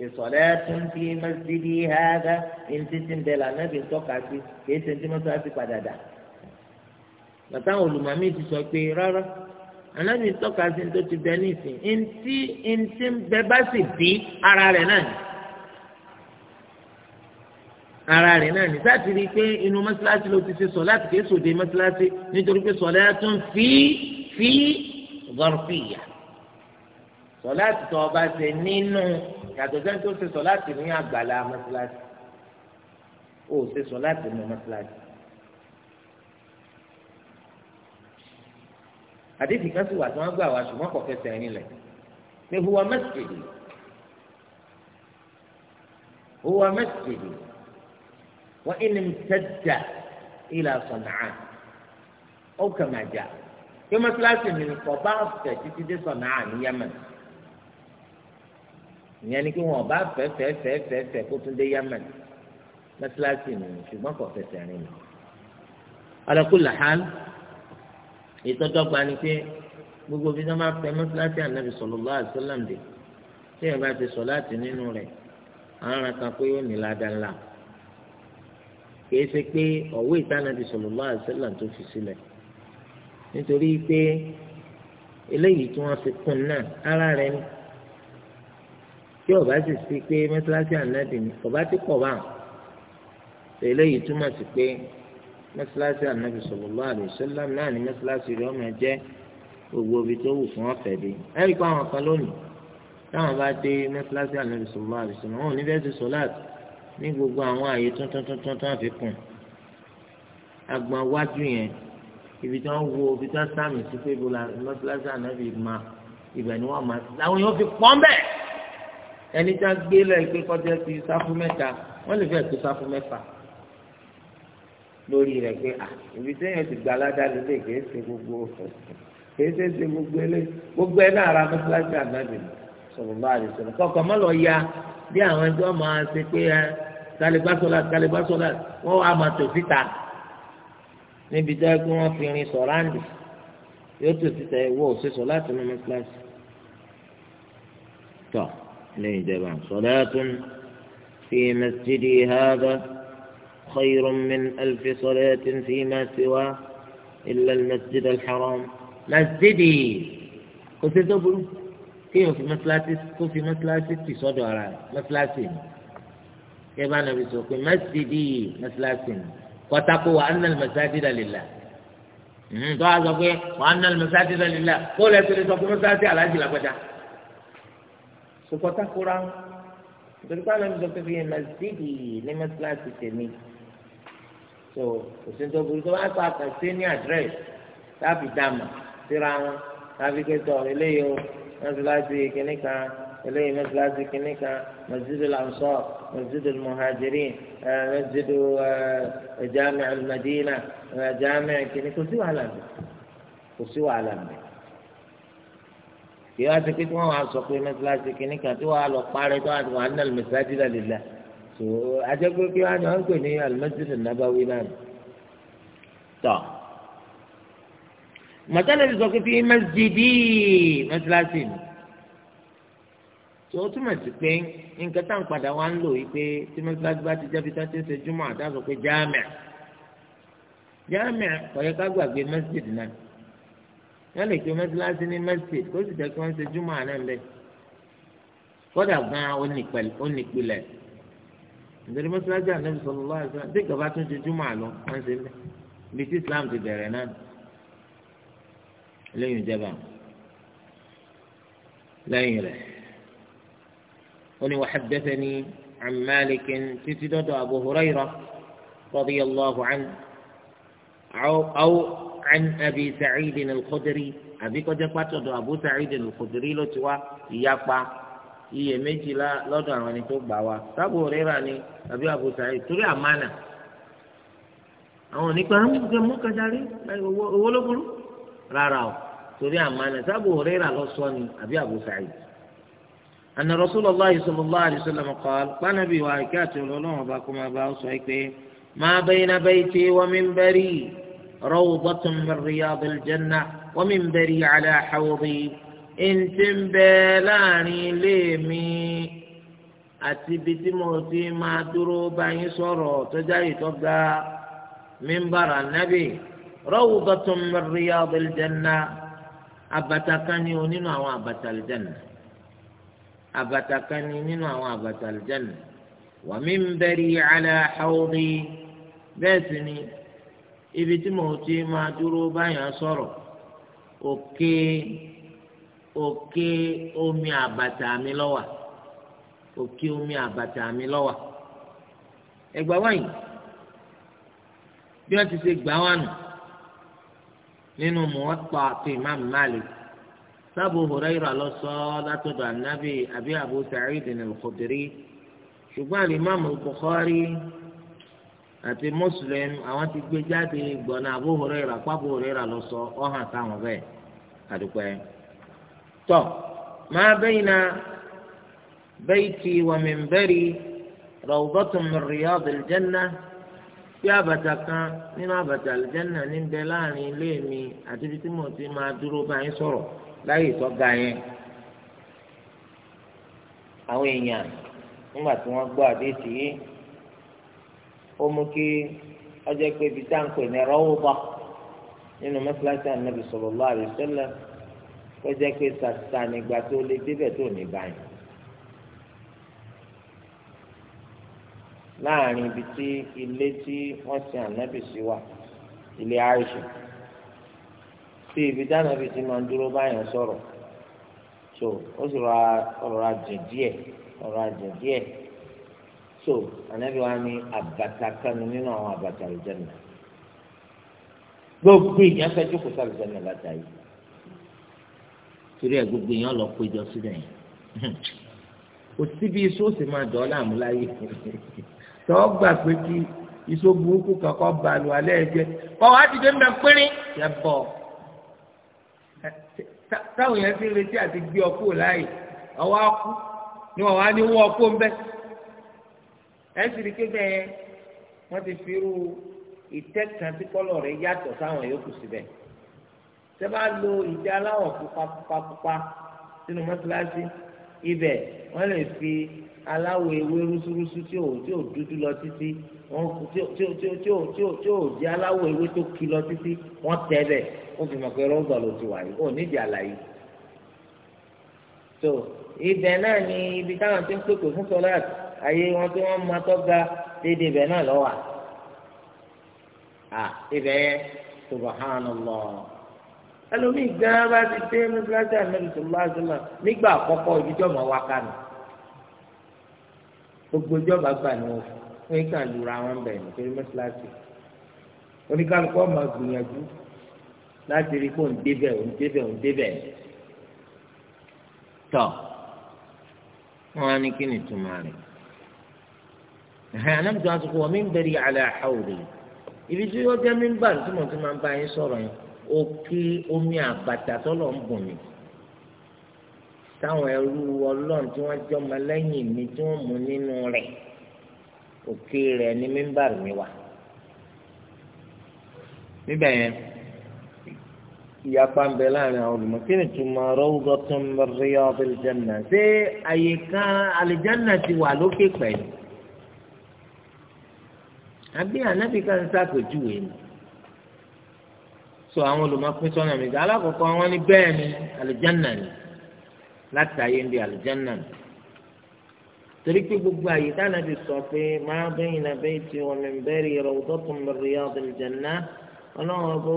ìsọ̀lẹ̀ tún fi masjidi hada ẹni títí ń bẹ lànà bí tọ́ka bàtà olùmọ̀mí ti sọ pé rárá ànábì tọ́ka sí ní tó ti bẹ ní ìsìn ntí ntí bẹ bá sì bí ara rẹ̀ náà ni ara rẹ̀ náà ni sáà ti rí i pé inú mọ́sálásí ló ti ṣe sọ láti ké sòde mọ́sálásí nítorí pé sọ̀lá tún fi fi gọ́rùfìyà sọ̀lá ti ọba ṣe nínú yàtọ̀ sẹ́ni ṣe sọ̀lá ní àgbàlá mọ́sálásí ó ṣe sọ̀lá ti nínú àdéhùn kan sì wà tí wọ́n gbà wá ṣùgbọ́n kò fẹsẹ̀ ẹni lẹ̀ pé huwa masjidi huwa masjidi wa in imtadda ila Sana'a ó kama jà pé mọ́sálásí mi kò bá fẹ̀ títí dé Sana'a ní Yemen ìyẹn ni kí wọn bá fẹ́ fẹ́ fẹ́ fẹ́ fẹ́ kó tún dé Yemen mọ́sálásí mi ṣùgbọ́n kò fẹsẹ̀ ẹni lẹ̀ ala ìtọ́jọ́gba ni pé gbogbo bí wọ́n bá fẹ́ mọ́sálásí ànábì sallallahu alaihi wasallam dé tí ẹ̀ bá ti sọ láti nínú rẹ̀ àárọ̀ kan pé ó ní ládàá ńlá kìí ṣe pé ọ̀wé ìtànàbì sallallahu alaihi wasallam tó fi sílẹ̀ nítorí pé eléyìí tí wọ́n fi kún náà ara rẹ̀ ni tí ọba sì sí pé mọ́sálásí ànábì ọba ti pọ̀ báà eléyìí túmọ̀ sí pé mẹsàlásì ànábì sallallahu alaihi wasallam náà ní mẹsàlásì rẹ ọmọ jẹ gbogbo ibi tó wù fún ọ̀fẹ́ dé ẹrí pa àwọn kan lónìí táwọn bá dé mẹsàlásì ànábì sallallahu alaihi wasallam wọn ò ní fẹ́ẹ́ ti sọláàtì ní gbogbo àwọn ààyè tuntun tuntun tó ń fi kùn agbọn wájú yẹn ibi tí wọn wo ibi tí wọn sàmì sí pé ibo la mẹsàlásì ànábì máa ibẹ̀ ni wọ́n máa làwọn yóò fi pọ́n bẹ́ẹ̀ ẹni tí wọ́n gbé lẹ́yìn pé kọjá lórí rẹ̀ pé à ah, ibi téèyàn ti gba aládàáni lè kèé ṣe gbogbo kèé ṣe ṣe gbogbo ẹlẹ́ gbogbo ẹ náà ra mọ́tíláṣí ànábì sọ̀rọ̀ bá rẹ̀ sọ̀rọ̀ kọ̀ọ̀kan má lọ ya bí àwọn ẹjọ́ máa ṣe pé ẹ eh, kálíbásọ́lá kálíbásọ́lá wọ́n wá máa tò síta níbi tó yẹ kí wọ́n fi rin sọ̀ráǹdì yóò tò síta ẹ̀ wọ́ òṣèṣọ́ láti inú mọ́tíláṣí. tọ́ lẹ́yìn ìjọba sọ̀rọ̀ خير من ألف صلاة فيما سوى إلا المسجد الحرام مسجدي قلت كيف في مسلاتي كيف في مسلاتي في صدر مسلاتي كيف أنا بسوق مسجدي مسلاتي وتقوى أن المساجد لله دعا وأن المساجد لله قول يا سيدي تقول مسلاتي على أجل أبدا سوق تقوى أن المساجد لله مسجدي لمسلاتي تميل so kò sí tó burú tó bá pa àkànṣe ní àdírẹ́sì láti dàmà síra wọn láti ké tọ eléyìí o mọ́sálásí kìnní kan eléyìí mọ́sálásí kìnní kan masjidul ansar masjidul muhajirin masjidu jami al-madina jami kìnní kò sí wàhálà mi kò sí wàhálà mi kí wọ́n ti pé kí wọ́n wá sọ pé mọ́sálásí kìnní kan tí wọ́n á lọ parí tó wà ní al-masajida lillah tó ajẹ́pẹ́ kí wọ́n á ní wọ́n ń pè ní alimẹ́sìlì ti sọ pé fi mẹ́sìdì ni tó o túmọ̀ sí pé nǹkan tá à ń padà wá ń lò yìí pé tí mẹ́sìlásì bá ti jẹ́bi tá a ti ń ṣe júmọ̀ àdáàbò pé jáàmẹ̀ jáàmẹ̀ ọ̀yẹ́ ká gbàgbé mẹ́sìdì náà wọ́n lè pe mẹ́sìlásì ní mẹ́sìdì kó sì jẹ́ kí wọ́n ṣe júmọ̀ àná ń bẹ́ẹ̀ kódà gan-an ó nìpìlẹ̀ nítorí mọ́sálásí ànábì sallallahu alaihi wasallam tí ìjọba tún ti júmọ̀ àlọ́ á ń ṣe ń bẹ̀ ibi tí Islam ti bẹ̀rẹ̀ náà lẹ́yìn ìjọba lẹ́yìn rẹ̀ ó ní وحدثني عن مالك títí dọ́dọ̀ Abu Hurairah رضي الله عنه أو عن أبي سعيد الخدري àbí kọjá pàtọ́dọ̀ Abu Sa'id al-Khudri ló ti wá ìyapa iyèméjì lọ́dọ̀ àwọn ẹni tó gbà wá sábò rírà ni àbí àbùsà yìí torí àmànà àwọn onígbà ń gbé mú kájàrí owó ló burú rárá o torí àmànà sábò rírà lọ sọ ni àbí àbùsà yìí. أن رسول الله صلى الله عليه وسلم قال قال بي وعكاته لولوه باكما باوس ما بين بيتي ومنبري روضة من رياض الجنة ومنبري على حوضي إن تنبالاني ليمي àti ibi tí mo ti máa dúró bá yín sọ̀rọ̀ tọ́jà ìtọ́gba mímbàrà nábì rawdatun min riyadil janna abata kan ni o nínú àwọn abata aljanna abata kan ni nínú àwọn abata aljanna wa minbari ala hawdi bẹ́ẹ̀ sì ni ibi tí mo ti máa dúró bá sọ̀rọ̀ òkè òkè omi abata mi ló òkè omi àbàtà mi lọ́wà ẹgbà wáyìn bí wọ́n ti ṣe gbà wá nù nínú Muwatta àti Imam Malik sábò Hurairah lọ sọ látọ̀dọ̀ ànábì àbí Abu Sa'id al-Khudri ṣùgbọ́n al-Imam al-Bukhari àti Muslim àwọn ti gbé jáde gbọ̀nà Abu Hurairah pápó Hurairah lọ sọ ọ̀hàn sáwọn bẹ́ẹ̀ àdúpẹ́ tọ́ máa bẹ́yìn náà. بيتي ومنبري روضة من رياض الجنة bí àbàtà kan nínú àbàtà àlùjáná ní bẹ láàrin ilé mi àti ibi tí mo ti máa dúró bá yín sọ̀rọ̀ láyé ìtọ́ga yẹn. àwọn èèyàn nígbà tí wọ́n gbọ́ àdéhùn yìí ó mú kí ọjọ́ pé ibi tá à ń pè ní rọ́wọ́bà nínú mọ́sálásí ànábì sallallahu alaihi wasallam ó jẹ́ pé sàtìsà nígbà tó lé débẹ̀ tó ní báyìí. láàrin ibi tí ilé tí wọ́n sin ànábì sí wà ilé Aisha tí ibi tí ànábì ti máa ń dúró báyọ̀ sọ̀rọ̀ so ó sì rọra jẹ̀ díẹ̀ rọra jẹ̀ díẹ̀ so ànábì wa ní àbàtà kanu nínú àwọn àbàtà àlùjànnà gbogbo èèyàn fẹ́ jókòó sí àlùjànnà látàrí torí ẹ gbogbo èèyàn lọ péjọ sílẹ̀ yẹn kò síbi iṣu ó sì máa dọ̀ ọ́ láàmú tọ́ gbà pé kí iṣó burúkú kankan bá lu alẹ́ ẹgbẹ́ kọ́ wá dìde mbẹ́ pínrín yẹ bọ̀ táwọn yẹn ti ń retí àti gbé ọkú láàyè ọwọ́ akú ni wọ́n wá ní wọ́ ọkú mbẹ́ ẹ̀ sì rí kébẹ̀ yẹn wọ́n ti fi irú ìtẹ́kàn tí kọ́lọ̀ rẹ̀ yàtọ̀ sáwọn yòókù síbẹ̀ tẹ́ bá lo ìdí aláwọ̀ pupa pupa pupa sínú mọ́tíláṣí ibẹ̀ wọ́n lè fi aláwọ̀ ewé rúṣurúṣu tí ò tí ò dúdú lọ títí wọn tí ò tí ò tí ò tí ò tí ò tí ò di aláwọ̀ ewé tó ki lọ títí wọn tẹ bẹ fi mọ̀ pé rọgbà ló ti wà yìí ó nídìí àlàyé so ibẹ̀ náà ni ibi táwọn ti ń pèpè fún sọlá ayé wọn tí wọn máa tọ́ ga déédéé ibẹ̀ náà lọ wà à ibẹ̀ yẹn subahánàlá ẹlòmíì gan bá ti dé mẹsàlásì àmì ìṣòwò àṣìlá nígbà gbogbo ìjọba gbà ní wọn fún yín kàn lura wọn bẹ̀ ní torí mọ́sálásì oníkálukú ọmọ gbìyànjú láti rí kó ń débẹ̀ ń débẹ̀ ń débẹ̀ tọ̀ wọn á ní kí ni túmọ̀ rẹ̀ ẹ̀hẹ́n anábìtàn àsìkò wọn mi ń bẹ̀rẹ̀ àlẹ́ àhàwòrè ibi tí ó jẹ́ mímbà tí mo ti máa ń bá yín sọ̀rọ̀ yẹn òkè omi àbàtà tọ́lọ̀ ń bùn mi táwọn ẹrú ọlọ́run tí wọ́n jẹ́ ọmọ lẹ́yìn mi tí wọ́n mú nínú rẹ̀ òkè rẹ̀ ní mímbàrú mi wà. níbẹ̀ yẹn ìyapa ń bẹ láàrin àwọn olùmọ̀ kí ni tuma rawdatun min riyadil janna ṣé àyè kan àlìjánà ti wà lókè pẹ̀lú àbí ànábì kan ṣàpèjúwe ni sọ àwọn olùmọ̀ pín sọ́nà mi alákọ̀ọ́kọ́ wọn ní bẹ́ẹ̀ ni àlìjánà ni. láti ayé ń di àlùjánà torí pé gbogbo àyè táwọn ti sọ pé máa bẹ́yìn náà bẹ́yìn tí wọn mi bẹ́rẹ̀ yẹrọ ọ̀dọ́ tó ń bẹ̀rẹ̀ yà ọ̀dọ̀ ìjànà ọlọ́run ọba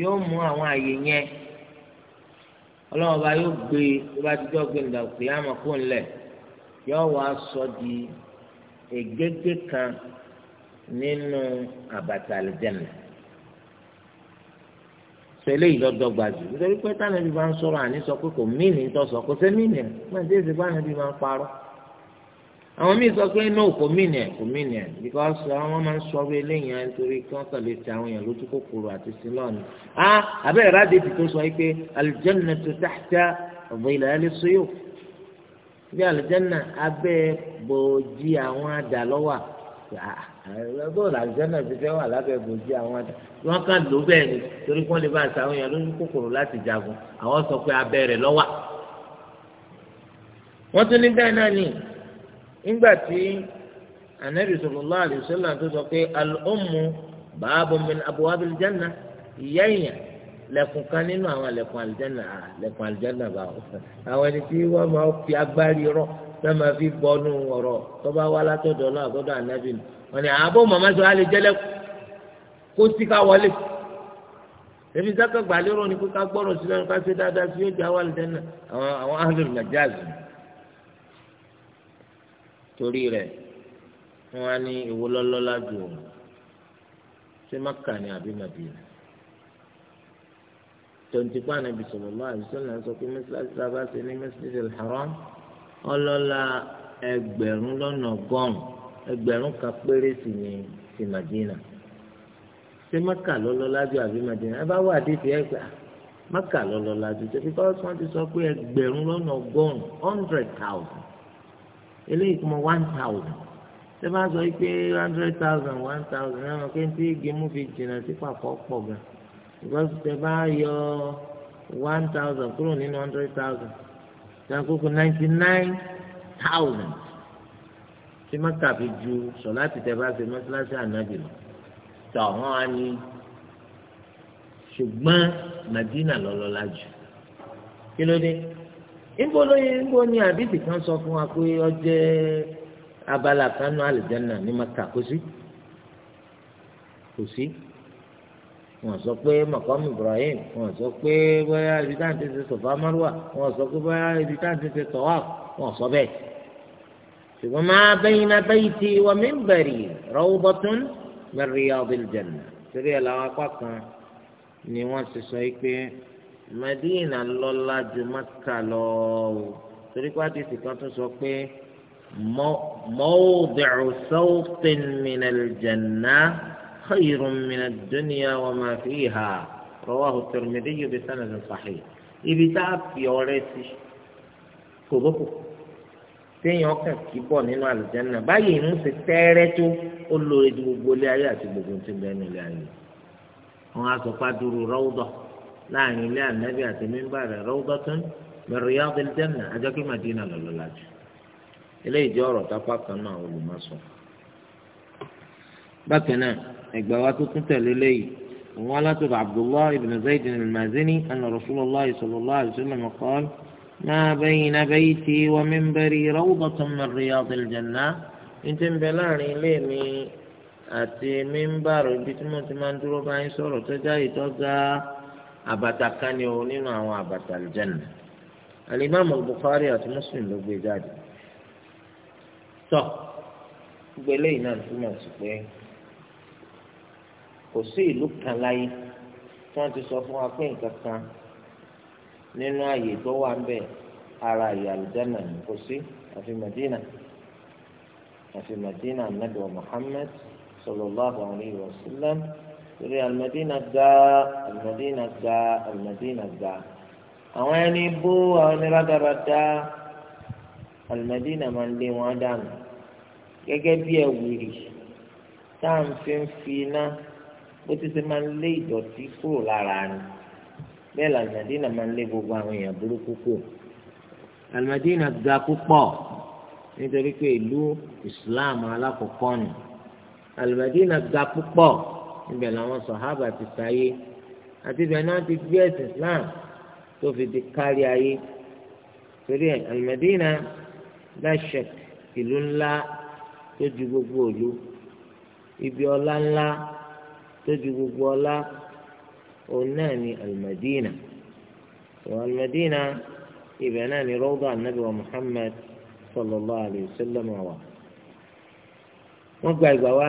yóò mú àwọn àyè yẹn ọlọ́run ọba yóò gbé tó bá ti jọ́ gbé nígbà àmọ́ kó ń lẹ̀ wá sọ di ègégé kan nínú àbàtà àlùjánà. tẹ̀lé ìlọ́dọ̀gba jù nítorí pé tánàbí máa ń sọ̀rọ̀ àní sọ pé kò míìnì ń tọ́sọ̀ kò sẹ́ míìnì ẹ̀ máa dé ìsìnkú ànábì máa ń parọ́ àwọn míì sọ pé no kò míìnì ẹ̀ kò míìnì ẹ̀ because àwọn máa ń sọ̀rọ̀ eléyìí ẹ̀ nítorí kí wọ́n kàn lè ti àwọn èèyàn lójú kòkòrò àti sílọ́ọ̀nù á abẹ́rẹ́ ráde ti tó sọ pé alìjẹ́nà tó dáadáa ọ̀bọ̀ ilẹ̀ ẹ̀ lè sọ́yò bí alìjẹ́nà abẹ́ bòójì Ah, bóòlù àlùjẹ́nà ti fẹ́ wà lábẹ́ bòjì àwọn àti wọ́n kàn ló bẹ́ẹ̀ ni torí kí wọ́n lè bá àṣà àwọn èèyàn lórí kòkòrò láti jagun àwọn sọ pé abẹ́ rẹ̀ lọ́wà. wọ́n tún ní bẹ́ẹ̀ náà nì nígbà tí anabi sallallahu alaihi wasallam tó sọ pé al-ummu babun min abwabil janna ìyá èèyàn lẹ̀kùn kan nínú àwọn lẹ̀kùn àlùjẹ́nà ah, lẹ̀kùn àlùjẹ́nà báwọn àwọn ẹni tí wọ́n máa fi agbárí rọ́ fẹ́ máa fi bọ́nú ọ̀rọ̀ tọ́ba wá látọ̀dọ̀ náà àgọ́dọ̀ ànábì nù wọ́n ní àbọ̀ màmá sọ alẹ́ jẹ́lẹ̀ kó sí ká wọlé ebi saka gbalero ni kó ká gbọ́rọ̀ sílẹ̀ ká ṣe dáadáa sí yóò jẹ́ àwọn àlùjẹ́nà àwọn àwọn ahlul majaz torí rẹ̀ wọ́n á ní ìwo lọ́lọ́lá ju òun ṣé maka ni àbí màdìyà tontigbọ́n ànábì sallallahu alaihi wasallam sọ ọlọ́lá ẹgbẹ̀rún lọ́nà ọgọ́rùn ẹgbẹ̀rún kan péré sì ni ti Madina ṣé maka lọ́lọ́lá jù àbí Madina ẹ bá wà dídì ẹgbà maka lọ́lọ́lá jù tó because wọ́n ti sọ pé ẹgbẹ̀rún lọ́nà ọgọ́rùn hundred thousand eléyìí kò one thousand ṣé bá sọ pé hundred thousand one thousand náà pé tí gímú fi jìnnà sí pàpọ̀ pọ̀ gan because ṣe bá yọ one thousand kúrò nínú hundred thousand jankoko ninety nine thousand tí maka fi ju sọláàtì tẹ bá ṣe mọ́ṣáláṣí ànábì lọ tà wọ́n ṣùgbọ́n Madina lọ́lọ́lá jù kí ló dé níbo ló yẹ níbo ni àdìsí kan sọ fún wa pé ó abala kanu alìjẹ́nà ni maka kò sí kò sí wọ́n sọ pé mọ̀kọ́mù Ibrahim wọ́n sọ pé bóyá ibi tá à ń ti ṣe sọ̀fà márùwà wọ́n sọ pé bóyá ibi tá à ń ti ṣe tọ́wà wọ́n sọ bẹ́ẹ̀. ṣùgbọ́n máa bẹ́yìn náà bẹ́yìn tí wọ́n mi ń bẹ̀rì rawdatun min riyadil janna. ẹ̀ làwọn apá kan ni wọ́n ti sọ pé Madina lọ́lá ju Mẹ́kà lọ o torí pé àdìsí kan tún sọ pé mawdi'u sawtin min al خير من الدنيا وما فيها رواه الترمذي بسند صحيح ibi tá a fi ọrẹ sí kòbókò téèyàn kàn kí bọ nínú àlùjáná báyìí ń ṣe tẹ́ẹ́rẹ́ tó ó lóore ju gbogbo ilé ayé àti gbogbo tí ń bẹ nínú ilé ayé wọn á sọ pé dúró rọ́wùdọ̀ láàrin ilé ànábì àti mímbà rẹ̀ rọ́wùdọ̀ tó ń bẹ̀rù yá ọ̀bẹ jẹ́nà ajọ́ kí màdínà lọ́lọ́ lájú eléyìí jẹ́ ọ̀rọ̀ tápá kan náà olùmọ̀sán bákan náà ẹgbẹ́ wa tó tún tẹ̀lé lẹ́yìn àwọn alátọ̀dọ̀ abdullahi ibn zayd al-mazini anna rasulullah sallallahu alayhi wa sallam qaal ma bayna bayti wa minbari rawdatun min riyadil jannah ní ti ń bẹ láàrin ilé mi àti mímbàrò ibi tí mo ti máa ń dúró bá yín sọ̀rọ̀ tó já ìtọ́gá àbàtà kan ni o nínú àwọn àbàtà àlùjánnà alimami Bukhari àti Muslim ló gbé jáde tọ́ gbogbo náà túmọ̀ sí pé kò sí ìlú kan láyé tí wọ́n ti sọ fún wa pé nǹkan kan nínú ààyè tó wà ń bẹ̀ ara àyè àlùjáná ni kò sí àfi Madina àfi Madina anabi wa Muhammad sallallahu alayhi wa sallam torí alimadina ga alimadina ga alimadina ga àwọn ẹni bó àwọn ẹni rádaràda alimadina máa ń lé wọn dànù gẹ́gẹ́ bí ẹwìrì tá à ń fi ń fi iná bó ti ṣe máa ń lé ìdọ̀tí kúrò lára ni bẹ́ẹ̀ làlùmọ̀dínà máa ń lé gbogbo àwọn èèyàn burúkú kù làlùmọ̀dínà ga púpọ̀ nítorí pé ìlú ìsìláàmù alákọ̀ọ́kọ́ ni àlùmọ̀dínà ga púpọ̀ ibẹ̀ làwọn sọ̀hábà ti sáyé àti ibẹ̀ náà ti gbé ẹ̀sìn islam tó fi di kárí ayé torí ẹ̀ àlùmọ̀dínà láṣẹk ìlú ńlá tó ju gbogbo ìlú ibi ọlá ńlá tójú gbogbo ọlá òun náà ni alimadina òun alimadina ibẹ̀ náà ni rọ́ọ̀dà anabi wa muhammad sallallahu alayhi wa sallam wa. wọ́n gba ìgbà wa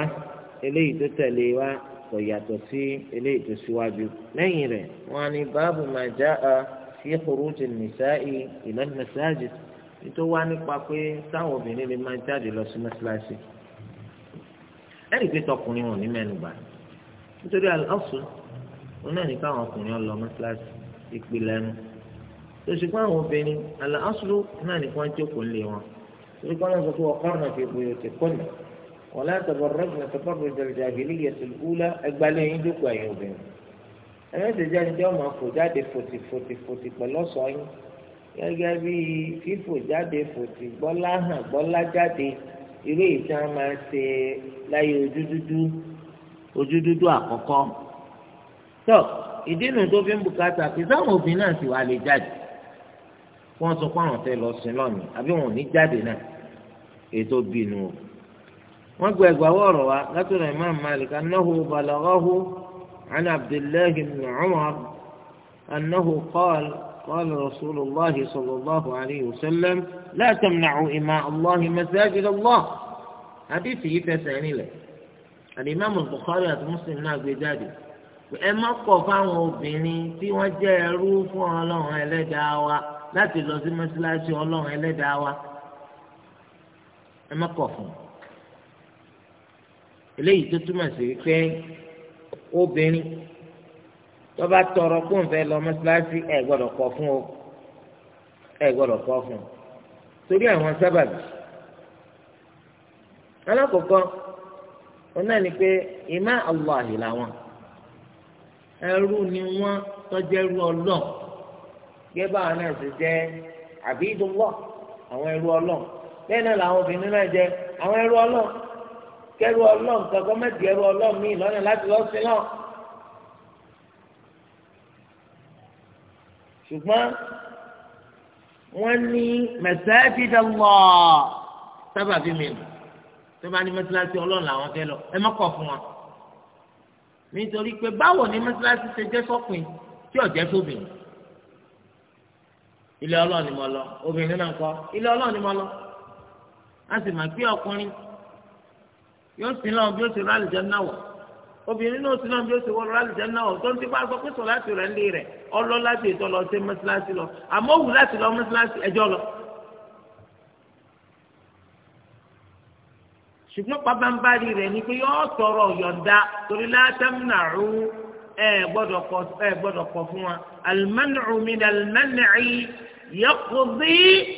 eléyìí tó tẹ̀lé wa kò yàtọ̀ sí eléyìí tó síwájú lẹ́yìn rẹ̀ wọ́n á ní báàbù máa já a fi khuruj an-nisa'i ila al-masajid nítorí wá nípa pé sáwọn obìnrin lè máa jáde lọ sí mọ́ṣáláṣí ẹ̀rí pé tọkùnrin wọn ní mẹ́nu bàá nítorí àlọ́sùn òun náà ní káwọn ọkùnrin ọlọ mọ́sálásí ìpìlẹ̀ ẹnu lọ́sùpọ̀ àwọn obìnrin àlọ́sùn náà ní kí wọ́n jókòó lé wọn torí kọ́ náà sọ pé ọkọ̀rùn àti ìbòyè ti kọ́ nà wọ́n láti bọ̀ rọ́gùn àti bọ́ọ̀rù jẹ̀rẹ̀jẹ̀ àgbélé yẹtùlù kúlá ẹgbàlẹ́ yín jókòó àyè obìnrin ẹ̀mẹ́sẹ̀ jáde jẹ́ yín gẹ́gẹ́ bí fífò ojú dúdú àkọ́kọ́ tó ìdí nu tó fi ń bùkátà pé sáwọn obìnrin náà sì wà lè jáde kí wọ́n sọ pé àwọn fẹ́ lọ sí lọ́nà àbí wọn ò ní jáde náà ètò bínú o wọ́n gba ẹgbàáwọ ọ̀rọ̀ wa látọ̀dọ̀ imam malik anahu balaghahu an abdullahi ibn anahu qaal قال رسول الله صلى الله عليه وسلم لا تمنعوا إماء الله مساجد الله حديث يفسعني لك alimami Bukhari àti Muslim náà gbé jáde ẹ má kọ̀ fáwọn obìnrin tí wọ́n jẹ́ ẹrú fún Ọlọ́run Ẹlẹ́dàá wa láti lọ sí mọ́ṣáláṣí Ọlọ́run Ẹlẹ́dàá wa ẹ má kọ̀ fún un eléyìí tó túmọ̀ sí pé obìnrin tó bá tọrọ kó n fẹ́ lọ mọ́ṣáláṣí ẹ gbọ́dọ̀ kọ̀ fún o ẹ gbọ́dọ̀ kọ̀ fún o torí àwọn sábàbí alákọ̀ọ́kọ́ wọn náà ni pé ìmá Allahi làwọn ẹrú ni wọn tọjẹrú Ọlọ́run gẹ́gẹ́ báwọn náà ṣe jẹ́ àbídúwọ́ àwọn ẹrú Ọlọ́run bẹ́ẹ̀ náà làwọn obìnrin náà jẹ́ àwọn ẹrú Ọlọ́run kẹrù Ọlọ́run kankan mẹ́tì ẹrú Ọlọ́run míì lọ́nà láti lọ́ọ́ sí náà. ṣùgbọ́n wọ́n ní mẹ̀sẹ́ẹ́dì sábàbí mi tó bá ní mọ́sálásí ọlọ́run làwọn fẹ́ lọ ẹ má kọ̀ fún wọn. nítorí pé báwo ni mọ́sálásí ṣe jẹ́ sọ́kùnrin tí ò jẹ́ sóbìnrin ilé ọlọ́run ni mo lọ obìnrin náà kọ́ ilé ọlọ́run ni mo lọ a sì máa gbé ọkùnrin yóò sin lọ́wọ́ bí ó ti rálì jẹ́ náwọ̀ obìnrin náà sin lọ́wọ́ bí ó ti wọ́n rálì jẹ́ náwọ̀ tó ń ti bá a sọ pé sọ láti rẹ̀ ń lé rẹ̀ ọlọ́ láti ètò ọlọ́ sí mọ́sálásí lọ. ṣùgbọ́n pabambari rẹ̀ ni pé yọ́ sọ̀rọ̀ yọ̀ǹda torí látàmúnàrú ẹ gbọ́dọ̀ kọ ẹ gbọ́dọ̀ kọ fún wa alimánìrú mi ni alimánìrì yaqdi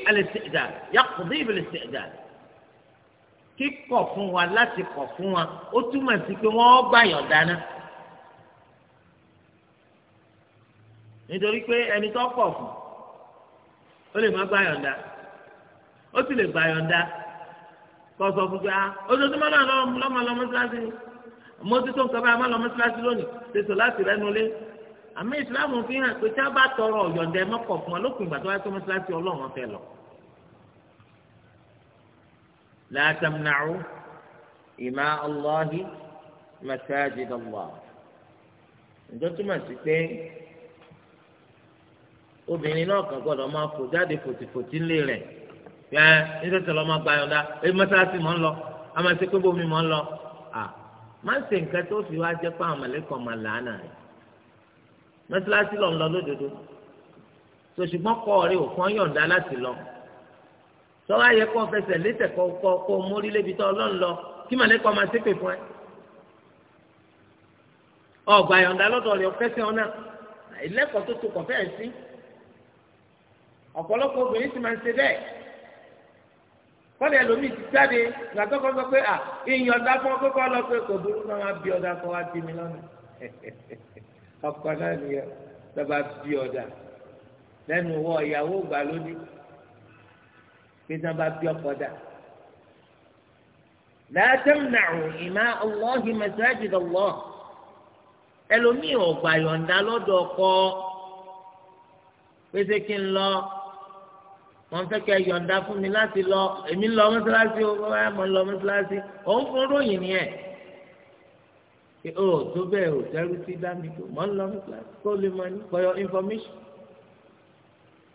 alẹ́sẹ̀dá yaqdi alẹ́sẹ̀dá kíkọ̀ fún wa láti kọ̀ fún wa ó túmọ̀ sí pé wọ́n gbà yọ̀ǹda náà nítorí pé ẹni tó kọ̀ fún ó lè má gbà yọ̀ǹda ó sì lè gbà yọ̀ǹda kọsọ fún pé ah ojoojúmọ́ náà lọ́mọ lọ́mọ síláṣí ni mo ti tó nǹkan báyìí má lọ́mọ síláṣí lónìí ṣe sọ láti rẹ́nu lé àmì ìsìláàmù fi hàn pé tá a bá tọrọ ọ̀yọ̀ǹdẹ mọ́kọ̀ fún wa lópin ìgbà tó wáyé tó mọ́ síláṣí ọlọ́run lọ. la tamna'u ima Allahi masajid ǹjọ́ túmọ̀ sí pé obìnrin náà kàn gbọ́dọ̀ máa fò jáde fòtìfòtì ńlé rẹ̀ yẹn nítorí lọ́mọ gba yọ̀ǹda èyí mọ́sálásí mọ́ ń lọ àmọ́ ṣe pé bómi mọ́ ń lọ à má ṣe nǹkan tó fi wá jẹ́ pé àwọn mọ̀lẹ́kọ̀ máa làánà rẹ̀ mọ́sálásí lọ́n lọ lódodo tó ṣùgbọ́n kọ́ ọ̀rẹ́ òfin yọ̀ǹda láti lọ tọ́wọ́ ayẹ kọ́ fẹsẹ̀ lẹ́sẹ̀ kọ́ kọ́ mórí lébi tọ́ ọlọ́run lọ kí mọ̀lẹ́kọ̀ máa ṣépè fún ẹ ọgbà yọ̀ǹda lọ́dọ̀ rẹ̀ fẹsẹ̀ ọ̀nà ìlẹ́kọ̀ọ́ tó tó kọ̀ fẹ́ẹ̀ sí ọ̀pọ̀lọpọ̀ obìnrin sì máa ń ṣe bẹ́ẹ̀ kọ́lẹ̀ ẹlòmíì ti jáde ìgbà tó kọ́ sọ pé à ìyìn ọ̀dà fún ọkọ̀ lọ pé kò burú náà wá bí ọ̀dà kan wá bí mi lọ́nà ọkọ náà ni lọ́ba bí ọ̀dà lẹ́nu wọ ìyàwó gbà lónìí pé tí bá bí ọkọ̀ dà. látẹ̀m nàrún ìmá ọlọ́hìn mẹsàájì lọ́wọ́ ẹlòmíì ọ̀gbà yọ̀ǹda lọ́dọ̀ ọkọ pé kí n lọ wọ́n fẹ́ kẹ́ yọ̀ǹda fún mi láti lọ èmi lọ mọ́ṣáláṣí o báyà mọ́ lọ mọ́ṣáláṣí òun fún ròyìn ni ẹ̀ o tó bẹ́ẹ̀ o dẹ́rù ti dá mi tó mọ́ lọ mọ́ṣáláṣí kó lè mọ ní for your information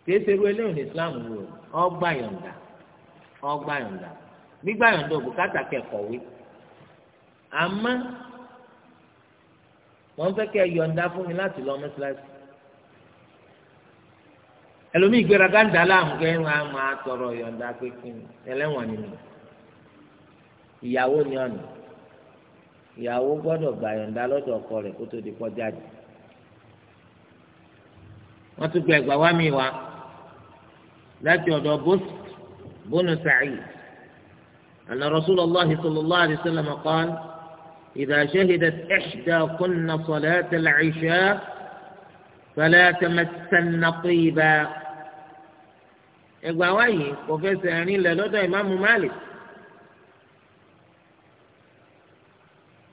kìí ṣe irú eléyìí ní Islam wò ó ọgbà yọ̀ǹda ọgbà yọ̀ǹda gbígbà yọ̀ǹda ò bùkátà kẹ́kọ̀ọ́wé àmọ́ wọ́n fẹ́ kẹ́ yọ̀ǹda fún mi láti lọ mọ́ṣáláṣí ẹlòmíì gbéraga ń dà láàmú kẹ́ ẹ máa máa tọrọ yọ̀ǹda pé kí ni ẹlẹ́wọ̀n ni mi ìyàwó ni ọ̀nà ìyàwó gbọ́dọ̀ gbà yọ̀ǹda lọ́dọ̀ ọkọ rẹ̀ kó tó di kọjá jù wọ́n tún gba ẹ̀gbà wá mi wá láti ọ̀dọ̀ bónú sàáyì àná Rasulullahi sallallahu alaihi wasallam qala idha shahidat ihdakunna salata al-isha fala tamassanna tiba ẹgbàá wáyé kò fẹsẹ̀ rìn lẹ̀ lọ́dọ̀ ìmáàmù Malik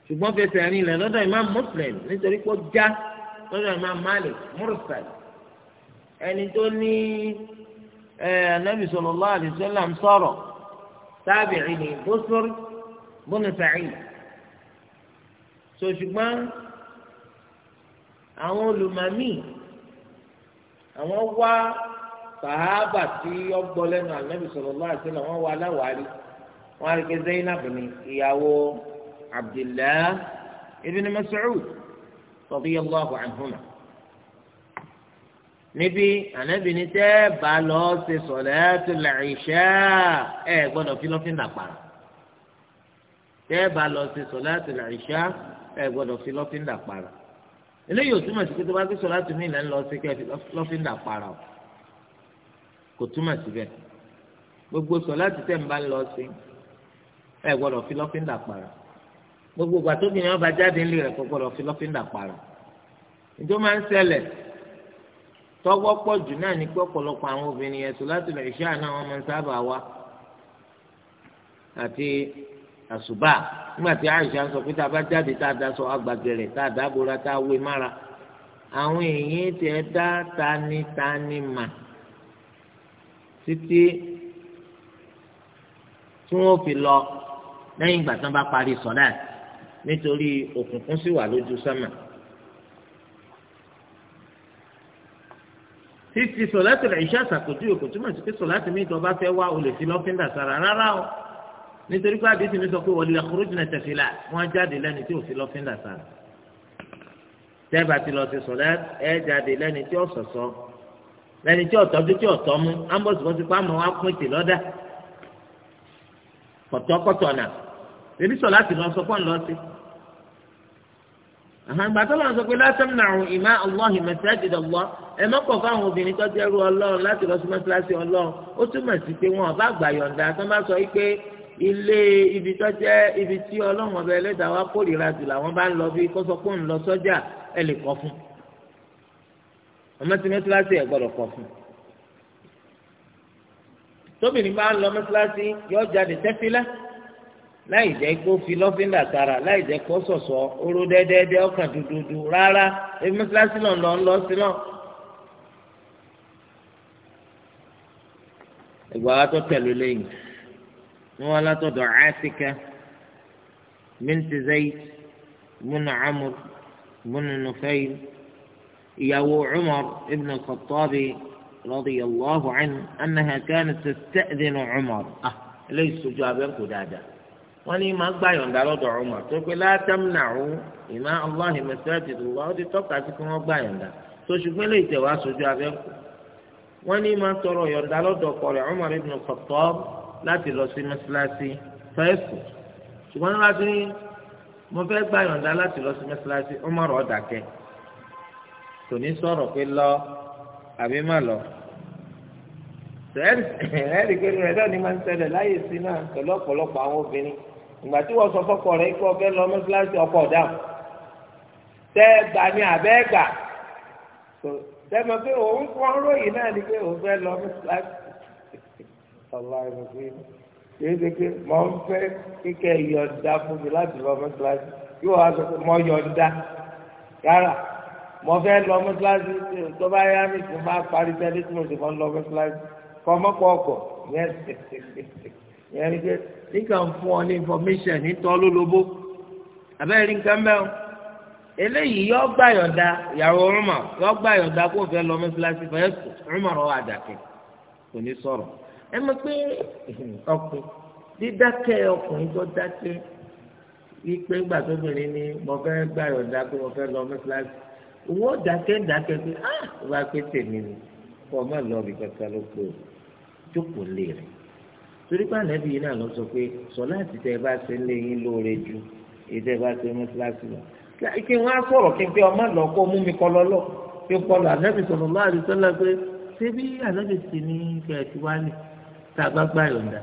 ṣùgbọ́n fẹsẹ̀ rìn lẹ̀ lọ́dọ̀ ìmáàmù Muslim nítorí pé ó já lọ́dọ̀ ìmáàmù Malik mursal ẹni tó ní anabi sallallahu alaihi wasallam sọ̀rọ̀ tábìrì ní Busr bun so ṣùgbọ́n àwọn olùmọ̀mí àwọn wá sàhábà tí ó gbọ́ lẹ́nu ànábì sallallahu alaihi wasallam wọ́n wá aláwárí wọ́n á rí pé Zainab ní ìyàwó Abdullah ibn Mas'ud radiyallahu anhuma níbi ànábì ní tẹ́ bá lọ ṣe salatul isha ẹ gbọ́dọ̀ fílọ́fín dàpàrà tẹ́ bá lọ ṣe salatul isha ẹ gbọ́dọ̀ fílọ́fín dàpàrà eléyìí ò túmọ̀ sí pé tó bá gbé sọ̀rọ̀ àtúnmí ìlànà lọ sí kẹ́ lọ́fíńdà para o kò túmọ̀ síbẹ̀ gbogbo sọ̀láàtì tẹ̀ ń bá lọ sí ẹ gbọ́dọ̀ fi lọ́fíńdà para gbogbo ìgbà tóbi ni wọ́n bá jáde ńlẹ̀ rẹ̀ kò gbọ́dọ̀ fi lọ́fíńdà para ìjọ máa ń ṣẹlẹ̀ tọ́wọ́ pọ̀ jù náà ní pé ọ̀pọ̀lọpọ̀ àwọn obìnrin yẹn sọ̀láàtì lọ ìṣe àná wọn máa ń sábà wá àti àṣùbà nígbà tí àìsà ń sọ pé tá a bá jáde tá a da sọ agbàgẹ̀rẹ̀ tá a dábòra tá a wé mára àwọn èèyàn tẹ dá tani tani mà títí tí wọ́n fi lọ lẹ́yìn ìgbà tí wọ́n bá parí sọ̀dá nítorí òkùnkùn sì wà lójú sánmà. títí sọ̀láàtì rẹ̀ iṣẹ́ àṣàkójú òkú túmọ̀ sí pé sọ̀láàtì mi ìtọ́ bá fẹ́ wá o lè fi lọ́fíńdà sára rárá o nítorí pé àdéhùn mi sọ pé wọlé ẹ̀kúrúdì náà tẹ̀sí là wọ́n jáde lẹ́ni tí ò fi lọ́fíńdà sára. tẹ́ẹ̀bà ti lọ sí sọ̀láàtì ẹ̀ jáde lẹ́ni tí ó sọ̀sọ́ lẹ́ni tí ọ̀tọ́ tó tí mú ambos kan ti pa àmọ́ wá pín tì lọ́dà kọ̀tọ́kọ̀tọ̀ nà ebi sọ láti lọ sọ fún ọ̀nà ọ̀sẹ̀ àwọn ìgbà tó lọ sọ pé látọ̀ nà ọ̀hún ìmá ọlọ́hìn mẹsàgì dọ̀gbọ́ ẹ mọ́kọ̀ fáwọn obìnrin tó jẹ́ rú ọlọ́run láti lọ sí mọ́sálásí ọlọ́run ó túmọ̀ sí pé wọn ọba àgbà yọ̀ǹda tó bá sọ wípé ilé ibi tó jẹ́ ibi tí ọlọ́run ọba ẹlẹ́dàá wa kórìíra jù làwọn bá ń lọ bí kó sọ pé òun lọ sọ́jà ẹ lè kọ́ fún un ọmọ tí mẹsàlásì ẹ gbọ́dọ̀ kọ fún tóbìnrin bá ń lọ mẹsàlásì yọ jáde tẹfílẹ láì jẹ́ kó fi lọ́fíńdà tara láì jẹ́ kó sọ̀sọ̀ oró dẹ́dẹ́dẹ́ ọkàn dúdúdú rárá ebi mẹsàlásì náà lọ ń lọ sí náà. ìgbà wa tó tẹ̀lé lẹ́yìn wọn wá látọ̀dọ̀ Atika bint Zayd ibn Amr ibn يو عمر ابن الخطاب رضي الله عنه أنها كانت تستأذن عمر أه ليس جابر قدادة وأني ما أقبل أن دارود عمر تقول لا تمنعوا إماء الله مساجد الله دي تقع فيكم أقبل أن تشوف تشوفون ليس واسو جابر وأني ما ترى يرد على قول عمر ابن الخطاب لا تلوسي مسلاسي فيسكت سبحان الله mo fẹ́ gbà yọ̀ǹda láti lọ sí mẹ́sàlásí ọmọ rọ̀ kò ní sọ̀rọ̀ pé lọ àbí má lọ ẹ̀rí pé rẹ̀ náà ni máa ń ṣẹlẹ̀ láyè sí náà pẹ̀lú ọ̀pọ̀lọpọ̀ àwọn obìnrin ìgbà tí wọ́n sọ fọ́kọ rẹ̀ kí ọbẹ̀ lọ mọ́sálásí ọkọ dáhùn tẹ́ gbà ní àbẹ́ gbà tẹ́mọ̀ pé òun kọ́ ròyìn náà ni pé òun fẹ́ lọ mọ́sálásí ọ̀la ìròyìn yéé ṣe pé mọ̀ ń fẹ́ kíkẹ́ yọ̀ǹda fún mi láti lọ mọ́sálásí yóò wá sọ pé mọ̀ yọ̀ǹda rárá mo fẹ́ lọ mọ́sálásí tó bá yá mi kò máa parí tẹ́lẹ̀ tí mo sì fọ́n lọ mọ́sálásí kọ́ mọ́kọ́ ọkọ̀ yẹn yẹn ni pé nígbà ń fún ọ ní information nítọ́ ló lobó abẹ́rẹ́ ní nǹkan bẹ́ẹ̀ o eléyìí yọ gbà yọ̀ǹda ìyàwó rúmà yọ gbà yọ̀ǹda kó fẹ́ lọ mọ́sálásí fẹ́ rúmà rọ àdàkẹ́ kò ní sọ̀rọ̀ ẹ mọ̀ pé ọkùn dídákẹ́ ọkùnrin tó dákẹ́ wípé gbàtóbìnrin ni mo fẹ́ gbà yọ̀ǹda pé mo fẹ́ lọ mọ́sálásí ìwọ dákẹ́ dákẹ́ pé á ah, wá pé tèmi ni kọ́ ọ má lọ bí kankan ló pé o jókòó lè rẹ̀ torí pé ànábì yìí náà lọ sọ pé sọlá àti tẹ ẹ bá ṣe ń lé yín lóore ju èyí tẹ ẹ bá ṣe mú kíláàsì lọ kí wọn á sọ̀rọ̀ kí n pé ọmọ lọ kó mú mi kọ lọlọ kí n lọ ànábì sọ̀rọ̀ lọ àti sọlá pé ṣébí ànábì sì ní kẹ ti wálé tá a bá yọ̀ǹda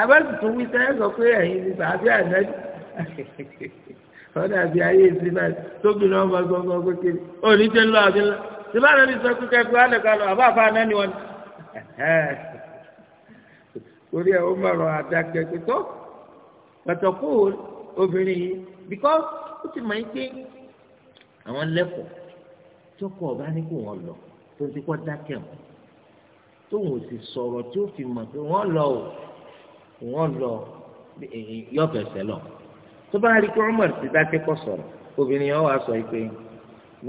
àbá tuntun wí sẹ́yìn sọ pé ẹ̀yin ti bàá bí ànábì ọ̀dà bíi ayé ìsìn náà tóbi náà ọmọ gbọ̀ngàn kékeré òní tẹ́ lọ àbí lọ síbá náà ní sọkú kẹfì alẹ́kọ̀ọ́ lọ àbá àfa náà ni wọn. torí ẹ̀ ó mọ̀rọ̀ àdàkẹ́ pẹ̀tọ́ pẹ̀tọ́kù obìnrin yìí because ó ti mọ̀ yín pé àwọn lẹ́kọ̀ọ́ tókọ̀ ọ̀bá ní kò wọ́n lọ tó ti kọ́ dákẹ́ wọn tóun ò sì sọ̀rọ̀ tí ó fi mọ̀ pé wọ́n lọ ò wọ́n lọ yọ̀fẹ̀sẹ̀ lọ tó bá rí i pé Umar ti dákẹ́ kọ́ sọ̀rọ̀ obìnrin yẹn wà sọ yìí pé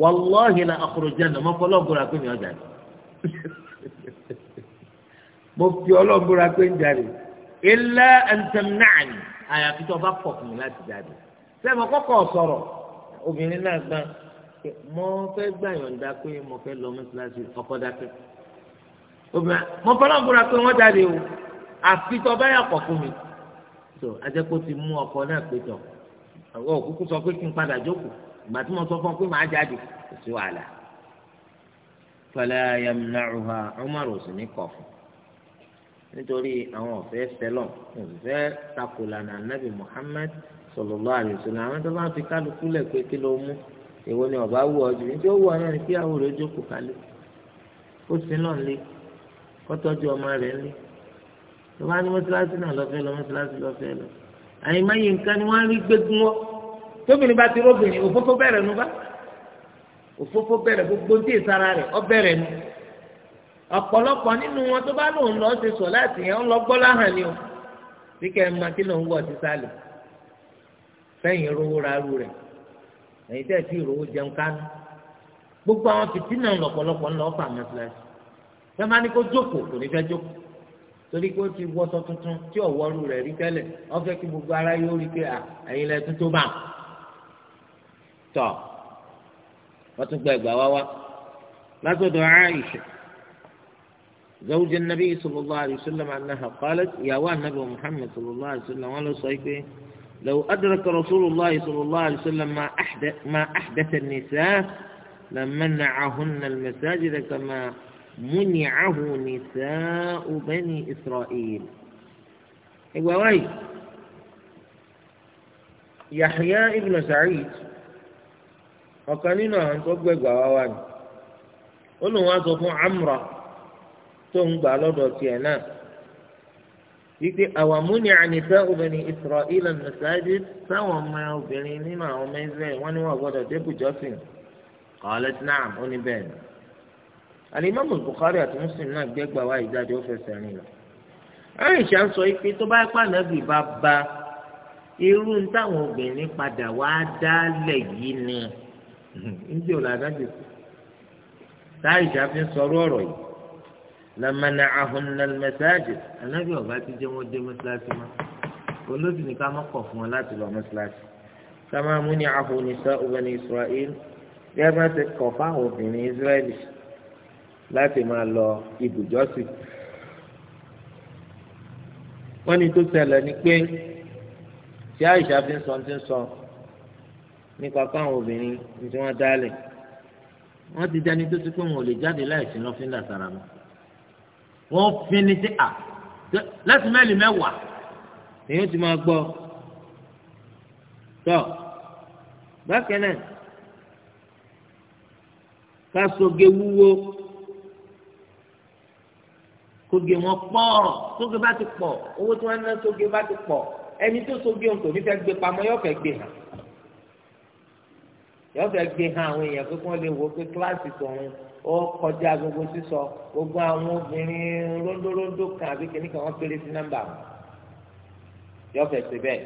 wàláhì la àkùrọ̀jẹ́nà mọ́ fọlọ́gbọ́ra pé mi ọjà ni mo fi ọlọ́gbọ́ra pé ń jáde ilẹ̀ ẹ̀ńtẹ̀mnáàni àyàfi tó bá pọ̀ fún mi láti jáde sẹ́mi kọ́kọ́ sọ̀rọ̀ obìnrin náà gbọ́n mo fẹ́ gbàyọ̀ǹda pé mo fẹ́ lọ mọ́sálásí ọkọ dákẹ́ obìnrin mo fọlọ́gbọ́ra pé wọ́n jáde o àfi tó bá yà pọ̀ fún mi tó ajẹ́kó ti mú ọkọ náà pé tọ̀ àwọn òkúkú sọ pé kí n padà jókòó ìgbà tí mo sọ fún ọ pé màá jáde kò sí wàhálà fala yamna'uha Umar sì ní kọ̀ fún nítorí àwọn ọ̀fẹ́ sẹlọ̀ ọ̀fẹ́ takolana nabi Muhammad sallallahu alaihi wasallam àwọn tó bá fi kálukú lẹ̀ pé kí ló mú èwo ni ọba wù ọ jù ní tí ó wù ọ náà ni kí àwọn òrò jókòó kalẹ̀ ó sì náà lé kọ́tọ́jú ọmọ rẹ̀ lé tó bá ní mọ́tíláṣí náà lọ́fẹ́ lọ mọ́tíláṣí lọ́fẹ́ lọ àyìnmáyé nǹkan ni wọ́n á rí gbégun wọ́n tóbìnrin bá ti róbìnrin òfófó bẹ̀rẹ̀ nu bá òfófó bẹ̀rẹ̀ gbogbo ní ìsara rẹ̀ ọ bẹ̀rẹ̀ nu ọ̀pọ̀lọpọ̀ nínú wọn tó bá lòun lọ ṣe sọ láti yẹn ń lọ gbọ́ láhàn ni o bí kẹ́ ẹ máa kí lòun wọ̀ sísàlẹ̀ fẹ́yìn rówó rárú rẹ̀ ẹ̀yin tẹ́ ẹ̀ tí ìrówó jẹun kánú gbogbo àwọn fìtínà lọ̀pọ̀lọpọ̀ ńlọ fà mọ́sálásí fẹ́ máa ní kó jókòó kò ní fẹ́ jókòó torí pé ó ti wọṣọ tuntun tí ọ̀wọ́rù rẹ̀ rí tẹ́lẹ̀ wọ́n fẹ́ kí gbogbo ara yóò rí pé à ẹ̀yin lẹ tuntun bá tọ̀ wọ́n tún gba ẹ̀gbà wá wá látọ̀dọ̀ Aisha زوج النبي صلى الله عليه وسلم أنها قالت يا النبي محمد صلى الله عليه وسلم ولو صيفه لو أدرك رسول الله صلى الله عليه وسلم ما أحدث, ما أحدث النساء لمنعهن المساجد كما منعه نساء بني إسرائيل إبواي يحيى ابن سعيد ọ̀kan nínú àwọn tó gbẹgbà wá wá ni ó lóun wá sọ fún amra tó ń gbà lọ́dọ̀ tiẹ̀ náà wípé àwàmúni ànìfẹ́ obìnrin israẹli mẹsàájì táwọn ọmọ obìnrin alimami Bukhari àti Muslim náà gbẹgbà wá ìjáde ó fẹsẹ̀ rìn lọ. Aisha ń sọ pé tó bá pa nàbì bá ba irú táwọn obìnrin padà wá dálẹ̀ yìí ni níbi ò làdájọ kù táyìjà fi ń sọ̀rọ̀ ọ̀rọ̀ yìí lamana ahunna mẹsáàjì anabi ọba ti jẹ wọn dé mọ́sálásí ma olóòtú ni ká má kọ̀ fún wọn láti lọ mọ́sálásí ká máa mú ahunisa ọba ní Israel bí a bá ti kọ̀ fáwọn obìnrin Israẹli láti máa lọ ibùjọ́sìn. wọ́n ní tó ṣẹlẹ̀ ni pé tí àìsà fi ń sọ ti ń sọ nípa káwọn obìnrin ní tí wọ́n dálẹ̀ wọ́n ti dání tó ti pé wọn ò lè jáde láìsí lọ fíńdà sára mọ́ wọ́n fi ni sí à láti mẹ́lì mẹ́wàá èyí ti máa gbọ́ tọ́ bákan náà ká soge wúwo kóge wọn pọ̀rọ̀ sóge bá ti pọ̀ owó tí wọ́n ná sóge bá ti pọ̀ ẹni tó sóge òun kò ní fẹ́ gbé pamọ́ yóò fẹ́ gbé hàn yóò fẹ́ gbé hàn àwọn èèyàn pé kí wọ́n lè wo pé kíláàsì tòun ó kọjá gbogbo sísọ gbogbo àwọn obìnrin rondórondó kan àbí kìnnì kan wọ́n péré sí nọ́mbà wọn yóò fẹ́ ṣe bẹ́ẹ̀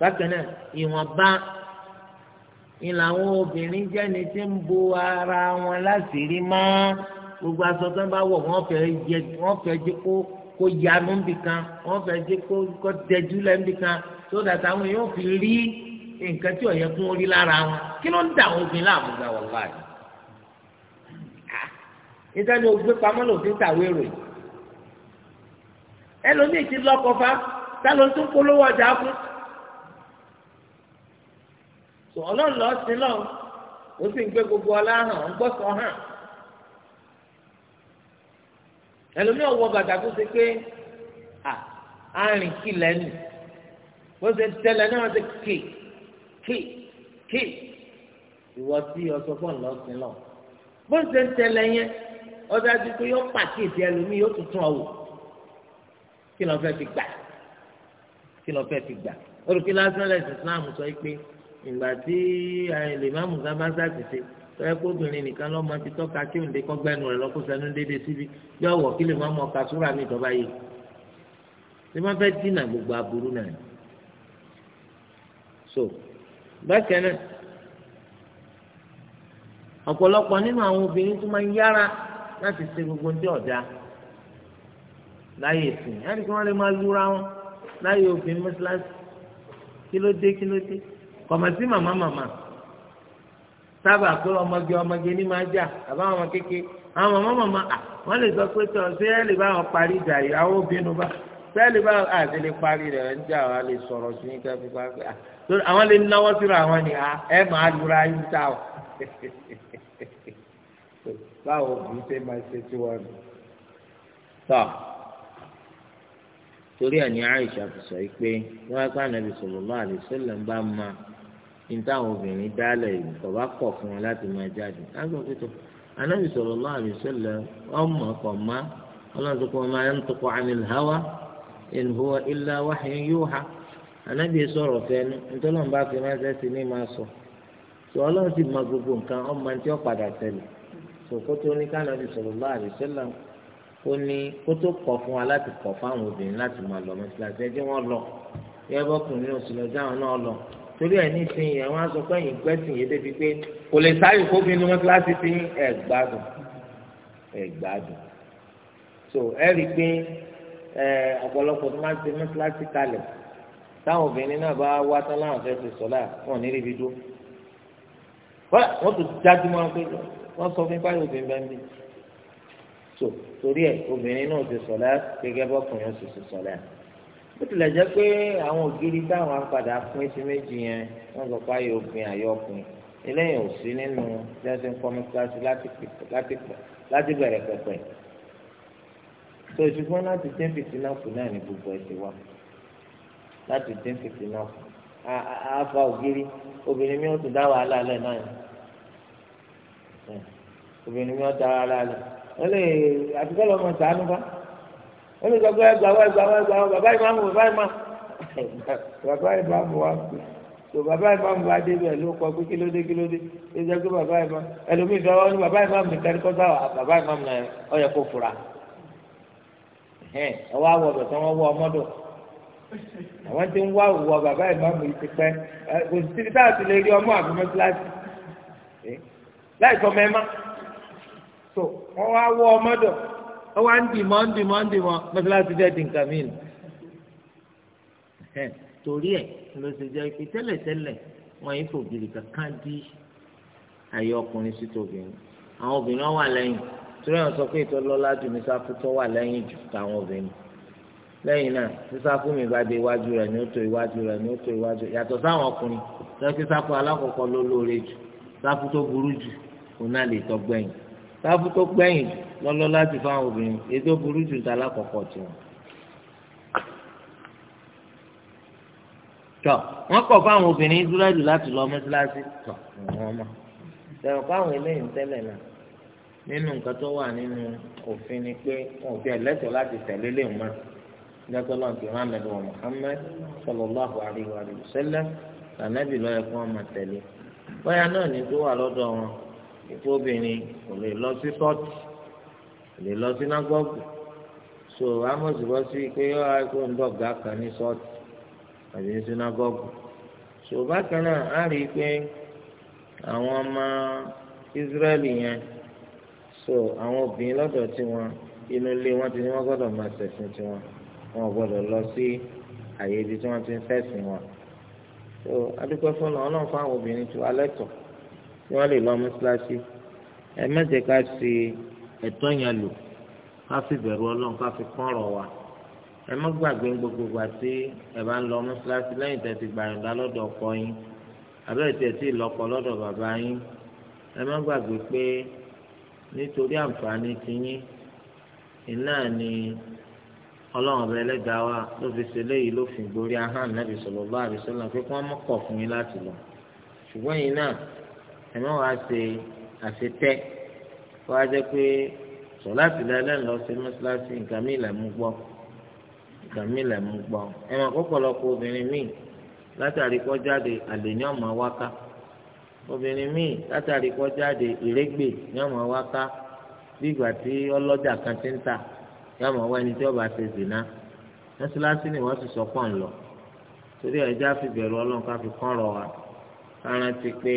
bákan náà ìwọ̀nba ìlànà obìnrin jẹ́ni tí ń bo ara wọn láti rí máa gbogbo aṣọ tó ń bá wọ̀ wọ́n fẹ́ yẹ wọ́n fẹ́ jẹ́ kó kó yanu níbi kan wọ́n fẹ́ jẹ́ kó kó dẹjú lẹ́ níbi kan tó dàtà àwọn èèyàn fi rí nǹkan tí ọ̀yẹ́ kún orí lára wọn kí ló ń dà àwọn obìnrin láàmú gbà wọ́n báyìí. nítorí o gbé pamọ́ lòfin tàwé rò yìí ẹlòmíì ti lọ́kọ̀ fa tá ló ń tún polówó ọjà fún. ọlọ́run lọ sí lọ́wọ́ ó sì ń gbé gbogbo ọlá hàn ń gbọ́sọ̀ hàn. ẹlòmíì ọwọ́ bàtà tó ṣe pé àárín kí lẹ́nu bó ṣe tẹlẹ náà ṣe kì kì kì ìwọ tí ọsọ fún ọlọsìn lọ bó ṣe tẹlẹ yẹn ọdọ àti pé yóò pàkíyèsí ẹlòmíì yóò tuntun ọwọ́ kí lọ fẹ́ fi gbà kí lọ fẹ́ fi gbà olùkí lásán lẹ́sìn Islam sọ pé ìgbà tí àìlèmáàmù sábà sáà ti tọ́yẹ kó obìnrin nìkan lọ́mọ ti tọ́ka kí òǹde kọ́ gbẹ́nu rẹ̀ lọ́kọ́ sẹ́nu dédé síbi yọ wọ̀ kí lè má mọ ọ̀ka súra mi tọ́ba yìí ṣé má fẹ́ dínà gbogbo aburú náà so bákan náà ọ̀pọ̀lọpọ̀ nínú àwọn obìnrin tó máa ń yára láti ṣe gbogbo ní ọ̀dà láyé ìsìn láti kí wọ́n lè máa lura wọn láyé obìnrin mọ́ṣáláṣí kí ló dé kí ló dé kọ̀mọ̀sí màmá màmá sábà pé ọmọge ọmọge ní máa jà àbáwọn ọmọ kéke àwọn màmá màmá à wọ́n lè sọ pé tọ́ ṣé ẹ lè bá wọn parí ìjà yìí àwọn obìnrin bá ṣé ẹ lè bá wọn àti lè parí rẹ̀ ń jà wọn lè sọ̀rọ̀ sí ní káfí pápẹ́ à torí àwọn lè náwó síra àwọn ni ẹ máa lura yín ta o báwo obìnrin ṣe máa ṣe tí wọ́n ní. tọ́ torí ẹ̀ ní Àìṣà fi sọ yìí pé wọ́n á gbá Ànábì sallallahu alaihi wasallam ń bá máa ní táwọn obìnrin dálẹ̀ yìí kò bá kọ̀ fún wọn láti máa jáde lágbọ̀n pé tó anábì sallallahu alaihi wasallam ọmọ ọkọ̀ má ọlọ́run tó kọ́ máa ń tó kọ́ anil hawa in huwa illa wahyun yuha anábì sọ̀rọ̀ fẹ́nu ntọ́lọ́run bá fi ránṣẹ́ sí ní máa sọ sọ ọlọ́run sì mọ gbogbo nǹkan ọmọ tí ó padà tẹ̀lé sòkòtò ní kánàbì sallallahu alaihi wasallam ó ní kó kọ̀ fún wa láti kọ̀ fáwọn obìnrin láti máa lọ mọ́síláṣí torí ẹ̀ nísìnyí àwọn aṣọ pẹ́yìn gbẹ́sìn yìí débi pé kò lè sáyò kófin ní wọn kíláàsì tí ẹ̀ gbádùn ẹ̀ gbádùn so ẹ̀ rí i pé ọ̀pọ̀lọpọ̀ tó máa ń ṣe ní kíláàsì kalẹ̀ táwọn obìnrin náà bá wá tán láwọn fẹ́ ṣe sọ́lá wọn ní ríbi dúró wọ́n tún dájú mọ́ pé wọ́n sọ fún báyìí obìnrin bẹ́ẹ̀ ń bì so torí ẹ̀ obìnrin náà ṣe sọ́lá gẹ́gẹ́ bọ́kùnrin ṣe ṣe sọ́lá yìí ó tilẹ̀ jẹ́ pé àwọn ògiri táwọn apàdà pín sí méjì yẹn wọ́n sọ pé ayé òpin ayé ọkùnrin eléyìí ò sí nínú jẹ́sìn kọ́mí kíláàsì láti bẹ̀rẹ̀ pẹ̀pẹ̀ tó ṣùgbọ́n láti dín fìtínà kù náà ní gbogbo ẹ̀sìn wa láti dín fìtínà kù àfa ògiri obìnrin mi ò tún dá wàhálà lẹ̀ náà obìnrin mi ò dá wàhálà lẹ̀ ó lè àtikọ́ lọ́mọ sàánú bá wọ́n lè sọ pé ẹgbàá wá ẹgbàá wá ẹgbàá wá bàbá ìmáàmù bàbá ìmáàmù bàbá ìmáàmù wá pè tó bàbá ìmáàmù bá dé bẹ́ẹ̀ ló kọ pé kílódé kílódé ló jẹ́ pé bàbá ìmáàmù ẹlòmíì fẹ́ wọ́n ní bàbá ìmáàmù nìkan ní kọ́sá wà bàbá ìmáàmù náà ọ yẹ kó fura ẹ wá wọ bẹ̀ tí wọ́n wọ ọmọdọ̀ àwọn tí ń wá wọ bàbá ìmáàmù yìí ti pẹ́ kò sí táà ti lè rí ọmọ ó wá ń dìmọ́ ń dìmọ́ ń dìmọ́ mọ́sálásí fẹ́ di nǹkan mí nù. torí ẹ̀ ló ṣe jẹ́ pé tẹ́lẹ̀tẹ́lẹ̀ wọ́n yìí fò gírí kankan dí àyè ọkùnrin sí tòbìnrin àwọn obìnrin wà lẹ́yìn torí àwọn sọ pé ìtọ́lọ́lá jù ní sáfù tó wà lẹ́yìn jù táwọn obìnrin lẹ́yìn náà sísáfù mi bá dé iwájú rẹ̀ ní ó tó iwájú rẹ̀ ní ó tó iwájú rẹ̀ yàtọ̀ sáwọn ọkùnrin lọ́sí sáfù alákọ̀ọ́kọ́ ló lóore jù sáfù tó burú jù òun náà lè tọ́gbẹ́yìn sáfù tó gbẹ̀yìn lọ́lọ́ láti fáwọn obìnrin ètò burú jù tá lákọ̀ọ́kọ́ tí wọn. tọ wọn kọ̀ fáwọn obìnrin israẹli láti lọ mọ́sálásí tọ wọn mọ tẹ̀wọ̀n fáwọn eléyìí tẹ́lẹ̀ náà nínú nǹkan tó wà nínú òfin ni pé wọn ò fi ẹ̀lẹ́tọ̀ láti tẹ̀lé léwu mọ́ lẹ́tọ́ náà ti rán ànábì wa Muhammad sallallahu alayhi wa sallam ànábì lọ́yẹ̀ fún ọmọ tẹ̀lé bóyá náà ní tó wà lọ́dọ̀ wọn ipò obìnrin kò lè lọ sí sọ́ọ̀tì kò lè lọ sí nágọ́ọ̀gù so amos bọ́ sí pé ó wá kó ń dọ̀gá kan ní sọ́ọ̀tì àbí ní sínágọ́ọ̀gù so bákan náà á rí i pé àwọn ọmọ Ísírẹ́lì yẹn so àwọn obìnrin lọ́dọ̀ tiwọn inú ilé wọn ti ní wọ́n gbọ́dọ̀ máa ṣẹ̀sìn tiwọn wọn ò gbọ́dọ̀ lọ sí àyè ibi tí wọ́n ti ń fẹ̀sìn wọn so adúpẹ́ fún ọlọ́run fún àwọn obìnrin tó alẹ́ tọ̀ tí wọ́n lè lọ mọ́ṣáláṣí ẹ má jẹ́ ká ṣe ẹ̀tọ́ yẹn lò ká fi bẹ̀rù ọlọ́run ká fi kún ọ̀rọ̀ wa ẹ má gbàgbé gbogbo gbà tí ẹ bá ń lọ mọ́ṣáláṣí lẹ́yìn tẹ́ ti gbàyànjá lọ́dọ̀ ọkọ yín abẹ́rẹ́ tẹ́ ti lọ́kọ lọ́dọ̀ bàbá yín ẹ má gbàgbé pé nítorí àǹfààní tiyín iná ni ọlọ́run ọba ẹlẹ́dàá wa ló fi ṣe léyìí ló fi ahán nàbì sallallahu alaihi pé kí wọ́n mọ̀kọ̀ fún yín láti lọ ṣùgbọ́n yín náà ẹ̀mọ́ wàá ṣe àṣetẹ́ wàá jẹ́ pé sọ̀láàtì lálẹ́ ńlọ sí mọ́ṣáláṣí nǹkan mi lẹ̀ mú gbọ́ nǹkan mi lẹ̀ mú gbọ́ ẹ̀mọ́ kọ́kọ́lọ́kọ́ obìnrin míì látàrí kọ́ jáde àlè ní ọ̀mọ̀ wáká obìnrin míì látàrí kọ́ jáde ìrégbè ní ọ̀mọ̀ wáká bí ìgbà tí ọlọ́jà kan ti ń ta ní ọ̀mọ̀ wá ẹni tí ọba ṣe zìnà mọ́ṣáláṣí ni wọ́n ti sọ pọ̀ ńlọ torí ẹ̀já fi bẹ̀rù ọlọ́run ká fi kọ́ ọ̀rọ̀ wa rántí pé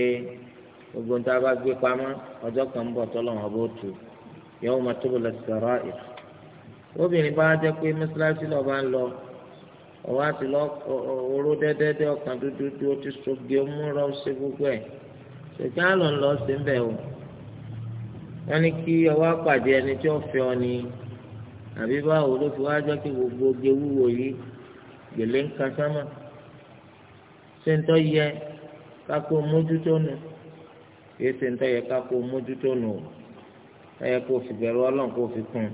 gbogbo níta bá gbé pamọ́ ọjọ́ kan ń bọ̀ tọ́lọ́wọ́n bó tu yẹ́wò máa tóbi lọ sọ̀rọ̀ ẹ̀. obìnrin bá jẹ́ pé mọ́ṣáláṣí lọ bá ń lọ ọwọ́ àti lọ oró dẹ́dẹ́dẹ́ ọkàn dúdú tí ó ti soge múra ó ṣe gbogbo ẹ̀ ṣèkí àlọ́ ń lọ sí ń bẹ̀ o. wọ́n ní kí ọwọ́ àpàdé ẹni tí ó fẹ́ ọ ni àbí báwo ló fi wá jẹ́ kí gbogbo oge wúwo yìí gèlè ń ka sámà ń tọ́ yẹ kákó mójútó nù yìí ṣe ń tẹ́ yẹ ká kó mójútó nù ẹ yẹ kó fi bẹ̀rù ọlọ́run kó fi kún un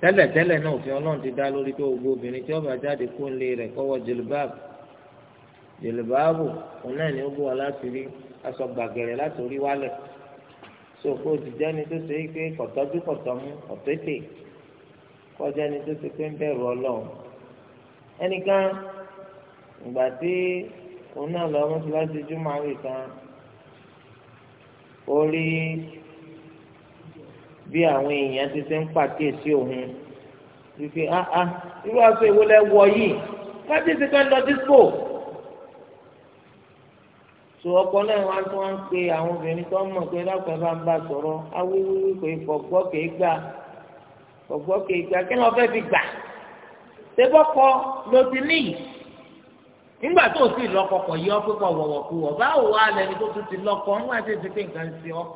tẹ́lẹ̀tẹ́lẹ̀ náà òfin ọlọ́run ti dá lórí pé gbogbo obìnrin tí ó bá jáde kó lé rẹ̀ kọ́wọ́ jìlìbáàbù jìlìbáàbù òun náà ni ó bọ̀ láti rí aṣọ gbàgẹ̀rẹ̀ láti orí wálẹ̀ sòkò òjìjẹ́ ni tó ṣe pé kọ̀tọ́jú kọ̀tọ́mú ọ̀tẹ́tẹ̀ kọjá ni tó ṣe pé ń bẹ̀rù ọlọ́run ẹnìkan ìgbà tí òun náà lọ mọ́ṣáláṣí júmọ́ àwìn kan ó rí bí àwọn èèyàn ti ṣe ń pàkíyèsí òun wípé ah ah irú aṣọ ìwo lẹ wọ yìí kájí ti fẹ́ lọ disco so ọkọ náà wá tí wọ́n ń pe àwọn obìnrin tó ń mọ̀ pé lápẹ́ bá ń bá sọ̀rọ̀ awíwíwí pé kọ̀gbọ́ kìí gbà kọ̀gbọ́ kìí gbà kí ni wọ́n fẹ́ fi gbà ṣé bọ́kọ ló ti níyì nígbà tó o sì lọ́kọ kọ̀ yọ pípọ̀ wọ̀wọ̀ kú wọ̀ báwo wá lẹni tó tún ti lọ́kọ nígbà tí èsì pé nǹkan ń ṣe ọ́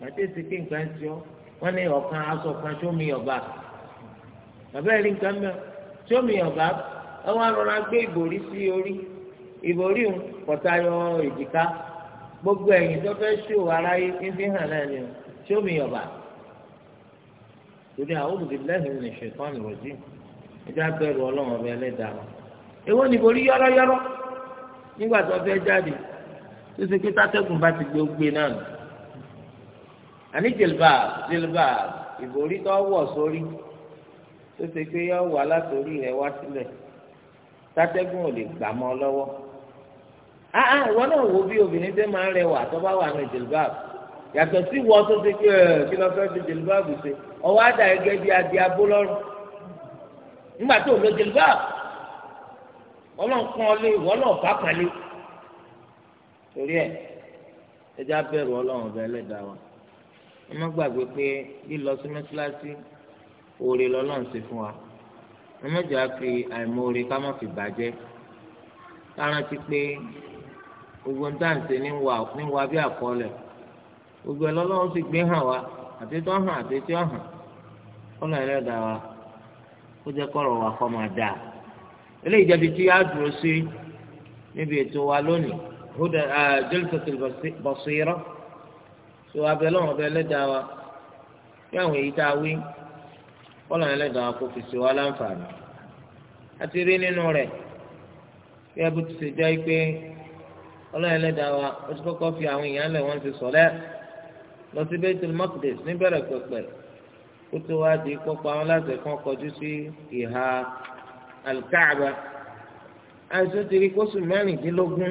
nígbà tí èsì pé nǹkan ń ṣe ọ́ wọ́n ní ọ̀kan aṣọ kan sómi ọ̀bà bàbá ẹ̀rí nǹkan mọ́ sómi ọ̀bà ẹ wá rọra gbé ìbòrí sí orí ìbòrí ń kọ̀tayọ èjìká gbogbo ẹ̀yìn tó fẹ́ ṣó aráyé ń fi hàn náà ni sómi ọ̀bà torí àwọn olùdílẹ́hìn lè ṣètọ́ ànìrọ̀jì ẹjọ́ ọlọ́run ọba ẹlẹ́dàá èwo nìbò rí yọ́rọ́yọ́rọ́ nígbà tó fẹ́ jáde tó ṣe pé tátẹ́gùn bá ti gbé gbé náà nù. àní jìlbà jìlbà ìbòrí tó wọ̀ sórí tó ṣe pé yọ wà látòrí rẹ̀ wá sílẹ̀ tátẹ́gùn ò lè gbà mọ́ lọ́wọ́. àá ah, ah, ìwọ náà wo bí obìnrin tẹ́ máa ń rẹwà tó bá wà ní jìlbà yàtọ̀ sí wọ tó ṣe pé kí lọ́ọ́ fẹ́ fi jìlbà ṣe ọwọ́ àdá ẹgẹ́ bí adìabó lọ́rùn nígbà tó lọ jìlbà ọlọ́nkún ọlé ìwọ náà bá pẹ̀lú. torí ẹ ẹja bẹ̀rù ọlọ́run ọbẹ̀ ẹlẹ́dàá wa ẹ má gbàgbé pé lílọ sí mẹ́síláṣí oore lọ́lọ́run ṣe fún wa ẹ má jà fi àìmoore ká má fi bàjẹ́ ká rántí pé gbogbo ntáǹsì níwà bí àkọọ́lẹ̀ gbogbo ẹ lọ́lọ́run sì gbé hàn wa àti tó hàn àti tó hàn ọlọ́run ẹlẹ́dàá wa ó jẹ́ kọ́rọ̀ wa kọ́ máa dáa eléyìí jẹbi tí a dúró sí níbi ètò wa lónìí huda jalsatul basira tó abẹ́lẹ́ wọn bẹ́ẹ̀ lẹ́dàá wa kí àwọn èyí tá a wí kọ́lọ̀ yẹn lẹ́dàá wa kò fi sí wa láǹfààní àti rí nínú rẹ̀ kí ẹbí ti ṣe jẹ́ pé kọ́lọ̀ yẹn lẹ́dàá wa ó ti kọ́kọ́ fi àwọn èèyàn lẹ̀ wọ́n ti sọ̀lẹ́ lọ sí Baitul Maqdis níbẹ̀rẹ̀ pẹ̀pẹ̀ kó tó wá di pọ́pọ́ àwọn láti kàn kọjú sí ìhà alikaaba àìsàn ti rí kóṣù mẹ́rìndínlógún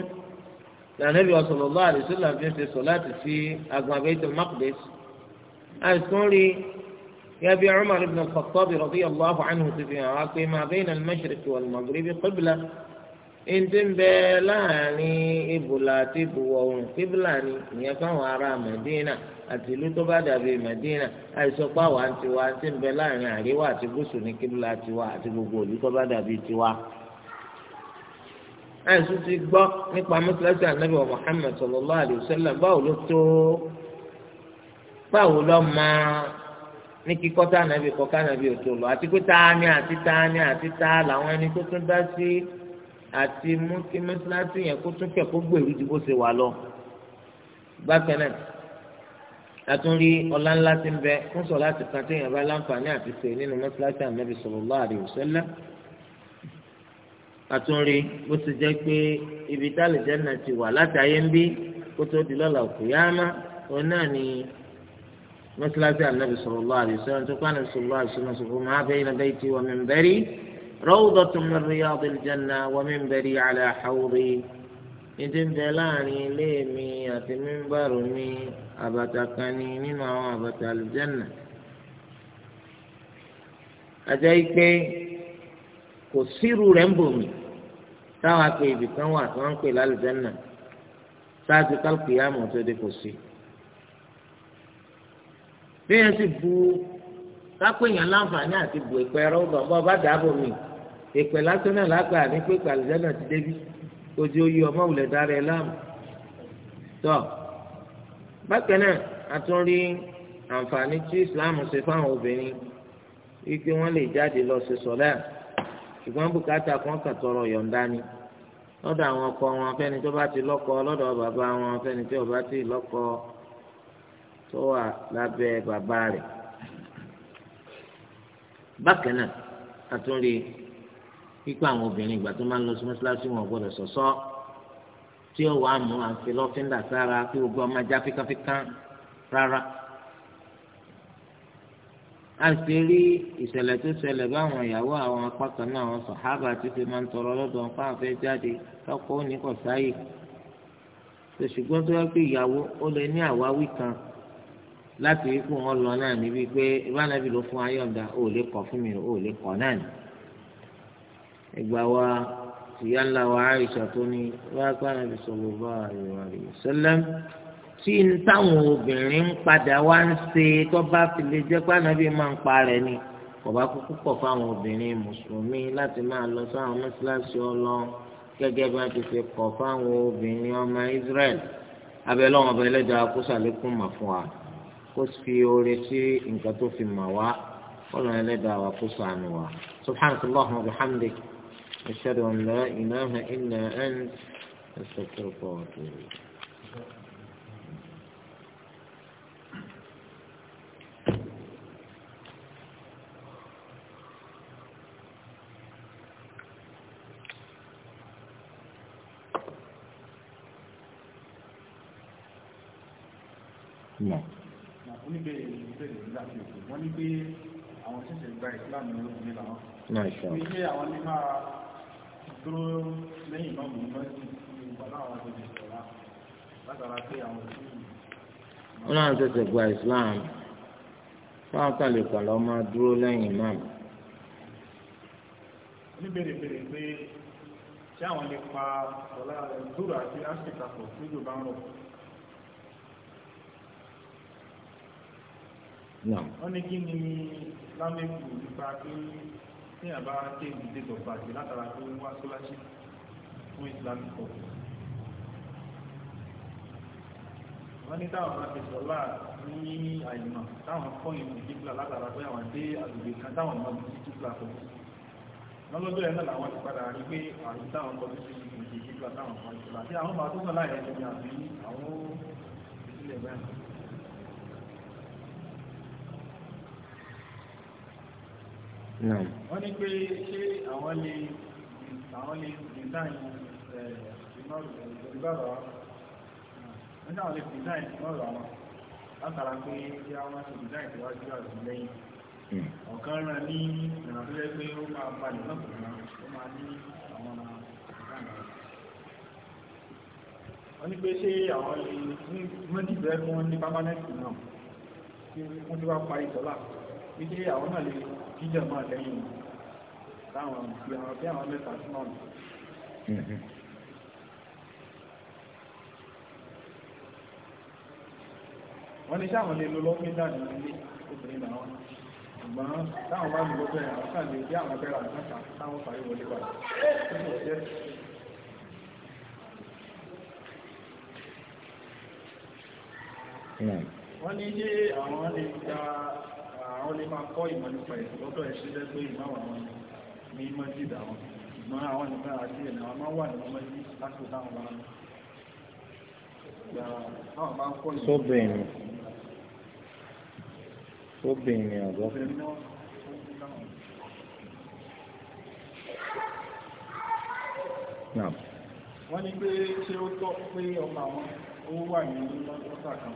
lànàbí sallallahu alaihi wasallam fi ṣe sọ̀láàtì sí agbọ̀n Baitul Maqdis àìsàn rí yàbí Umar ibn al-Khattab radiyallahu anhu ti fi hàn wá pé ma bayna al-mashriqi wal-maghribi qibla. ẹnití ń bẹ láàrin ibùlà àti ibùwọ̀ oòrùn kíbùlà ni ìyẹn fáwọn ará Mẹdínà àti ìlú tó bá dàbí Mẹdínà àìsọpá wa ti ti ń bẹ àríwá àti gúúsù tiwa àti gbogbo ìlú tó bá dàbí tiwa. ti gbọ́ nípa mọ́tíláṣí wa báwo ló tó báwo máa ní kíkọ́ tá ànábì kọ́ ká ànábì lọ àti pé a ní àti tá a ní àti tá a làwọn ẹni tó tún dá àti mú kí mẹsàlásì yẹn kó tún kẹkọọ gbèrú ju bó ṣe wà lọ bákan náà àtúnrí ọlá ńlá ti ń bẹ fún sọlá ti kan téèyàn bá láǹfààní àti ṣe nínú mẹsàlásì ànábì sallallahu alaihi wasallam àtúnrí bó ṣe jẹ́ pé ibi táàlì jẹnà ti wà láti ayé ń bí kó tó di lọ́la òkúyàmá òun náà ni mẹsàlásì ànábì sallallahu alaihi wasallam tó kánà sallallahu wa minbari rawdatun min riyadil janna wa minbari ala hawdi ìdí ń bẹ láàrin ilé mi àti mímbàrò mi àbàtà kan ní nínú àwọn àbàtà àlùjànnà àjẹ́ pé kò sírù rẹ̀ ń bò mí táwọn akpè ibìkan wà tí wọ́n ń pè lálùjànnà ṣáàtú kálukú yá mọ̀ tó dé kò sí. bí yẹn ti bu kápẹ́yìn aláǹfààní àti bu ìpẹ́rọ bàbá ọba dàbò mi ìpè lásán náà lágbà ní pé kàlùjánà ti débi ojú oyè ọmọ òwúlẹ̀ dára ẹ láàmú. tọ́ bákan náà a tún rí àǹfààní tí Islam ṣe fáwọn obìnrin wípé wọ́n lè jáde lọ ṣe sọ̀lá ṣùgbọ́n bùkátà kan kà tọrọ yọ̀ǹda ni lọ́dọ̀ àwọn ọkọ wọn fẹ́ni tó bá ti lọ́kọ lọ́dọ̀ bàbá wọn fẹ́ni tó bá ti lọ́kọ tó wà lábẹ́ bàbá rẹ̀ bákan náà a tún rí i pípé àwọn obìnrin ìgbà tó máa ń lọ sí mọ́ṣáláṣí wọn gbọ́dọ̀ sọ̀sọ́ tí ó wàá mú àǹfẹ́ lọ́fíńdà sára kí gbogbo ọmọ ajá fíkánfíkán rárá. a sì rí ìṣẹ̀lẹ̀ tó ṣẹlẹ̀ báwọn ìyàwó àwọn apá kan náà àwọn sàhábà tí fi máa ń tọrọ lọ́dọ̀ wọn fáwọn jáde lọ́kọ́ òní kò sáàyè. ṣùgbọ́n tó yẹ pé ìyàwó ó lè ní àwáwí kan láti rí kó wọn lọ náà níbi pé ìbánabì ló fún ayọ̀ǹda ó lè kọ̀ fún mi ó lè kọ̀ náà nìyí ìgbà wa ìyá ńlá wa Aisha tó ní wá pa Ànábì sallallahu alaihi wasallam tí n táwọn obìnrin ń padà wá ń ṣe tó bá fi lè jẹ́ pé Ànábì máa ń pa rẹ̀ ni kò bá kúkú pọ̀ fáwọn obìnrin mùsùlùmí láti máa lọ sáwọn mọ́ṣáláṣí ọlọ́run gẹ́gẹ́ bí wọ́n ti fi kọ̀ fáwọn obìnrin ọmọ Israẹli abẹ́lẹ́ wọn bẹ́ẹ̀ lẹ́dọ̀ mà fún wa kó fi oore sí nǹkan tó fi mà wá kọ́lọ́n ẹlẹ́dọ̀ àwọn akúṣàánú wa subhanahu wa ta'ala أشهد أن لا إله إلا أنت أستغفرك وأتوب إليك نعم. نعم، Nice. One. dúró lẹ́yìn náà mú mẹ́sì pẹ̀lú àwọn ọmọdé sọ̀rọ̀ látara pé àwọn òṣèlú. wọn náà tẹsẹ̀ gba Islam fáwọn kan imam. oníbèrèbèrè pé ṣé àwọn lè pa ọ̀la dúró àti áfíríkà pọ̀ tí yóò bá ń rọ̀. wọ́n ní kí ni lámẹ́kù nípa pé tí àbá kéèmù date of birth látara tó wá scholarship fún islamic court. wọ́n ní táwọn máa fèsì ọlá ní àìmọ̀ táwọn fọ́yìn ní kíkla látara pé àwọn dé àgbègbè kan táwọn máa fi kíkla fún un. wọ́n lọ́jọ́ ẹ̀ náà làwọn ti padà rí pé àyè táwọn kọ́ sí ìgbèjì kíkla táwọn fọ́yìn. àti àwọn máa tó sọ láì ẹni wọ́n ní pé ṣé àwọn lè àwọn lè design ìmọ̀rọ̀ nínú àwọn lè design ìmọ̀rọ̀ àwọn látara pé kí àwọn ṣe design ìwájú àti lẹ́yìn hmm. ọ̀kan rán ní ìrànlọ́wọ́ pé ó máa balẹ̀ lọ́kùnrin ó máa ní àwọn wọ́n ní pé ṣé àwọn lè ní mọ́tìbẹ́ fún ní pámánẹ́tì náà tí wọ́n ti wá parí sọ́lá wípé àwọn náà lè jíjà máa lẹ́yìn táwọn bí bí àwọn mẹ́ta sí náà mm-hmm. wọ́n ní sáwọn lè lo lọ́fíńdà nínú ilé obìnrin làwọn ṣùgbọ́n táwọn bá lò lọ́fẹ́ àwọn kan lè bí àwọn abẹ́rẹ́ àtúntà táwọn parí wọlé padà mm. wọ́n ní ṣé àwọn lè gba àwọn lè máa kọ́ ìmọ̀ nípa ẹ̀sìn lọ́dọ̀ ẹ̀ṣẹ́ lẹ́gbẹ́ ìmáwà wọn ní mọ́jìd àwọn ìmọ̀ àwọn ìgbà àti ẹ̀nà àwọn máa wà ní mọ́jì láti táwọn bá àwọn bá ń kọ́ ìmọ̀. sóbìnrin sóbìnrin ọ̀gọ́. wọ́n ní pé ṣé ó tọ́ pé ọmọ àwọn ó wà ní lọ́sà kan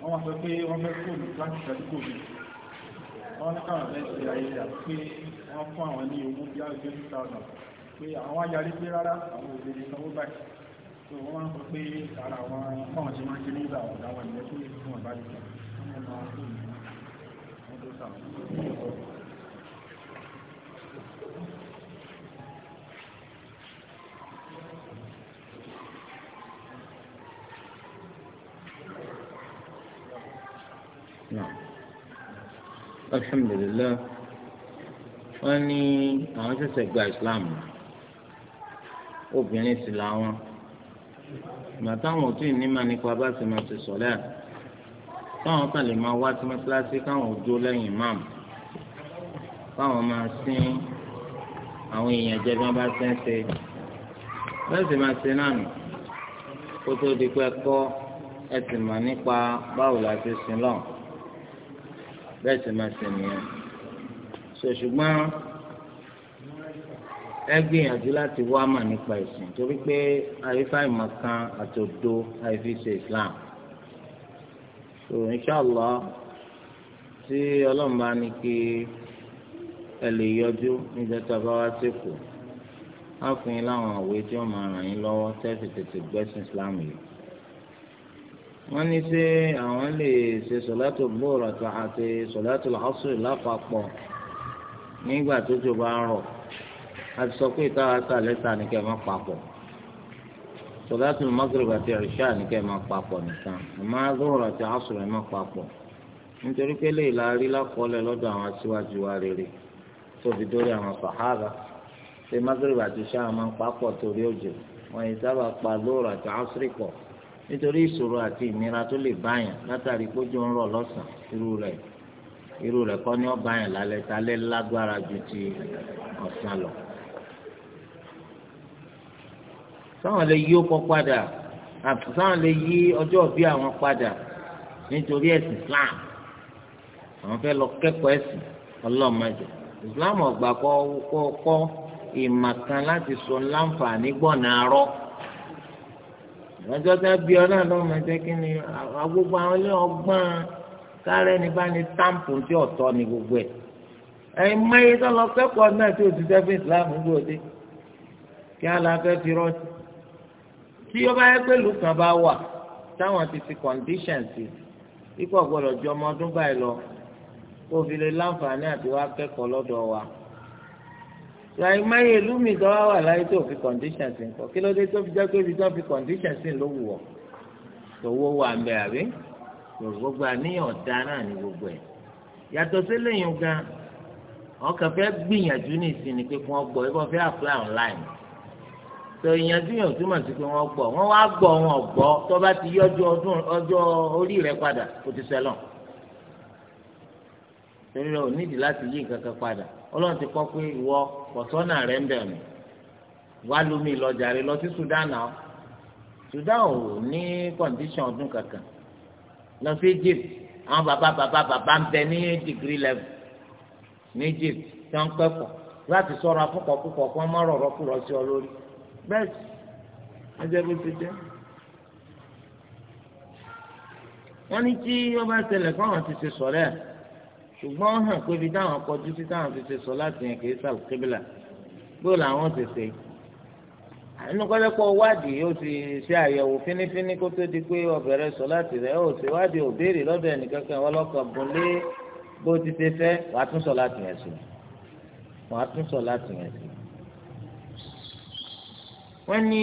wọ́n wá sọ pé wọ́n fẹ́ kóòlù láti ṣàdúgbò mi wọ́n ní káwọn fẹ́ ṣe ayẹyẹ pé wọ́n fún àwọn ní owó bí àwọn twenty thousand pé àwọn ayarí pé rárá àwọn òbèrè sanwó báyìí tó wọ́n máa ara àwọn fáwọn ṣe máa ń nígbà ọ̀dà wọn fún ọ̀bá alhamdulilayi wọ́n ní àwọn ṣẹ̀ṣẹ̀ gba islam obìnrin sì làwọn ìgbà táwọn ò tí ì nímọ̀ nípa bá ṣe máa ṣe sọ̀lẹ́ à táwọn kan lè máa wá sí mọ́ṣáláṣí káwọn ò dúró lẹ́yìn imam káwọn máa sin àwọn èèyàn jẹ bí wọ́n bá ṣe ń ṣe bẹ́ẹ̀ sì máa ṣe náà nù kó tó di pé kọ́ ẹ sì mọ̀ nípa báwo la ṣe sin lọ́hùn bẹ́ẹ̀ sì máa ṣe nìyẹn so ṣùgbọ́n ẹ gbìyànjú láti wá mà nípa ìsìn torí pé àyíká ìmọ̀ kan àtòdo àyífi ṣe Islam so inṣàlá tí ọlọ́run bá ní kí ẹ lè yọjú níjọ́ tá a bá wá sẹ́kù á fún yín láwọn àwé tí wọ́n máa ràn yín lọ́wọ́ tẹ́sí tètè gbẹ́sìn Islam yìí wọ́n ní ṣé àwọn lè ṣe sọ̀látò bóòrò àti sọ̀látò làásù lápapọ̀ nígbà tó jò bá ń rọ̀ àti sọ pé ìta àtà lẹ́tà ni kẹ́ máa papọ̀ sọ̀látò mọ́gìrìbà àti ìrìṣà ni kẹ́ máa papọ̀ nìkan àmọ́ bóòrò àti àásù rẹ̀ máa papọ̀ nítorí pé lè la rí lákọọ́lẹ̀ lọ́dọ̀ àwọn aṣíwájú wa rere tóbi dórí àwọn sàhábà ṣé mọ́gìrìbà àti ìṣà máa papọ̀ torí òjò wọ́n yìí sábà pa lóòrò àti àásù nítorí ìṣòro àti ìnira tó lè báyàn látàrí pójú ń rọ̀ lọ́sàn irú rẹ̀ irú rẹ̀ kọ́ ni lálẹ́ talẹ́ ju ti ọ̀sán lọ. sáwọn lè yí ọkọ padà sáwọn lè yí ọjọ́ àwọn padà nítorí Islam àwọn fẹ́ lọ kẹ́kọ̀ọ́ ẹ̀sìn ọlọ́mọdé Islam ọ̀gbà kọ́ ìmọ̀ kan láti sọ láǹfààní gbọ̀nà arọ́. ìrànjọ́ tá a bí ọ náà lọ́mọ jẹ́ kí ni gbogbo àwọn ilé ọgbọ́n sáré ní bá ní táǹpù tí ọ̀tọ̀ ni gbogbo ẹ̀ ẹ̀yin mẹ́yẹ tó lọ kẹ́kọ̀ọ́ náà tí òṣìṣẹ́ fún ìsìláàmù gbòde kí á la fẹ́ fi rọ́ọ̀tì tí ó bá yẹ pé lùkàn bá wà táwọn ti fi conditions sí ikú ọ̀gbọ́dọ̀ ju ọmọ ọdún báyìí lọ kó o fi lè láǹfààní àti wá kẹ́kọ̀ọ́ lọ́dọ̀ wa àìmáyé ìlú mi tó wá wà láyé tó fi condition sí nǹkan kí ló dé tó fi jẹ́ pé ibi tó fi condition sí ló wù ọ́ tòwó wà ń bẹ àbí gbogbo àníyàn ọ̀dá náà ní gbogbo ẹ̀ yàtọ̀ sílẹ̀yìn gan ọkàn fẹ́ gbìyànjú ní ìsinmi pé kí wọ́n gbọ́ ibà fẹ́ apply online tó ìyànjú yẹn ò túmọ̀ sí pé wọ́n gbọ́ wọ́n wá gbọ́ wọn gbọ́ tó bá ti yọjú ọdún ọjọ́ orí rẹ padà kò ti sẹ́lọ̀ torí rẹ ò nídìí láti yí nǹkan kan padà ọlọ́run ti kọ́ pé ìwọ pọ̀sọ́nà rẹ̀ ń bẹ̀rù wá lómi lọ́jà lọ sí Sudan náà Sudan ò ní kọ́ndíṣàn ọdún kankan lọ sí Egypt àwọn bàbá bàbá bàbá ń bẹ ní dìgírí level ní Egypt tí wọ́n ń pẹ́kọ̀ọ́ láti sọ̀rọ̀ afúnkọ̀kúkọ̀ kí wọ́n má rọ̀rọ̀ kúrọ̀ sí ọ lórí bẹ́ẹ̀ sì ẹjẹ́ bó ti jẹ́. wọ́n ní tí wọ́n bá fún àwọn ti ṣe sọ̀rẹ́ ẹ̀ ṣùgbọ́n hàn pé ibi táwọn kọjú sí táwọn ti ṣe sọ láti yẹn kìí sàlù kébìlà gbọ́dọ̀ làwọn ti ṣe. àánú kọ́lẹ́pọ̀ wádìí ó ti ṣe àyẹ̀wò fínífíní kó tó di pé ọ̀bẹ̀rẹ̀ sọ láti rẹ̀ ó ṣe wádìí ò béèrè lọ́dọ̀ ẹnìkankan wọn lọ́kàn bùn lé bó ti ṣe fẹ́ wàá tún sọ láti yẹn sùn wàá tún sọ láti yẹn sùn. wọ́n ní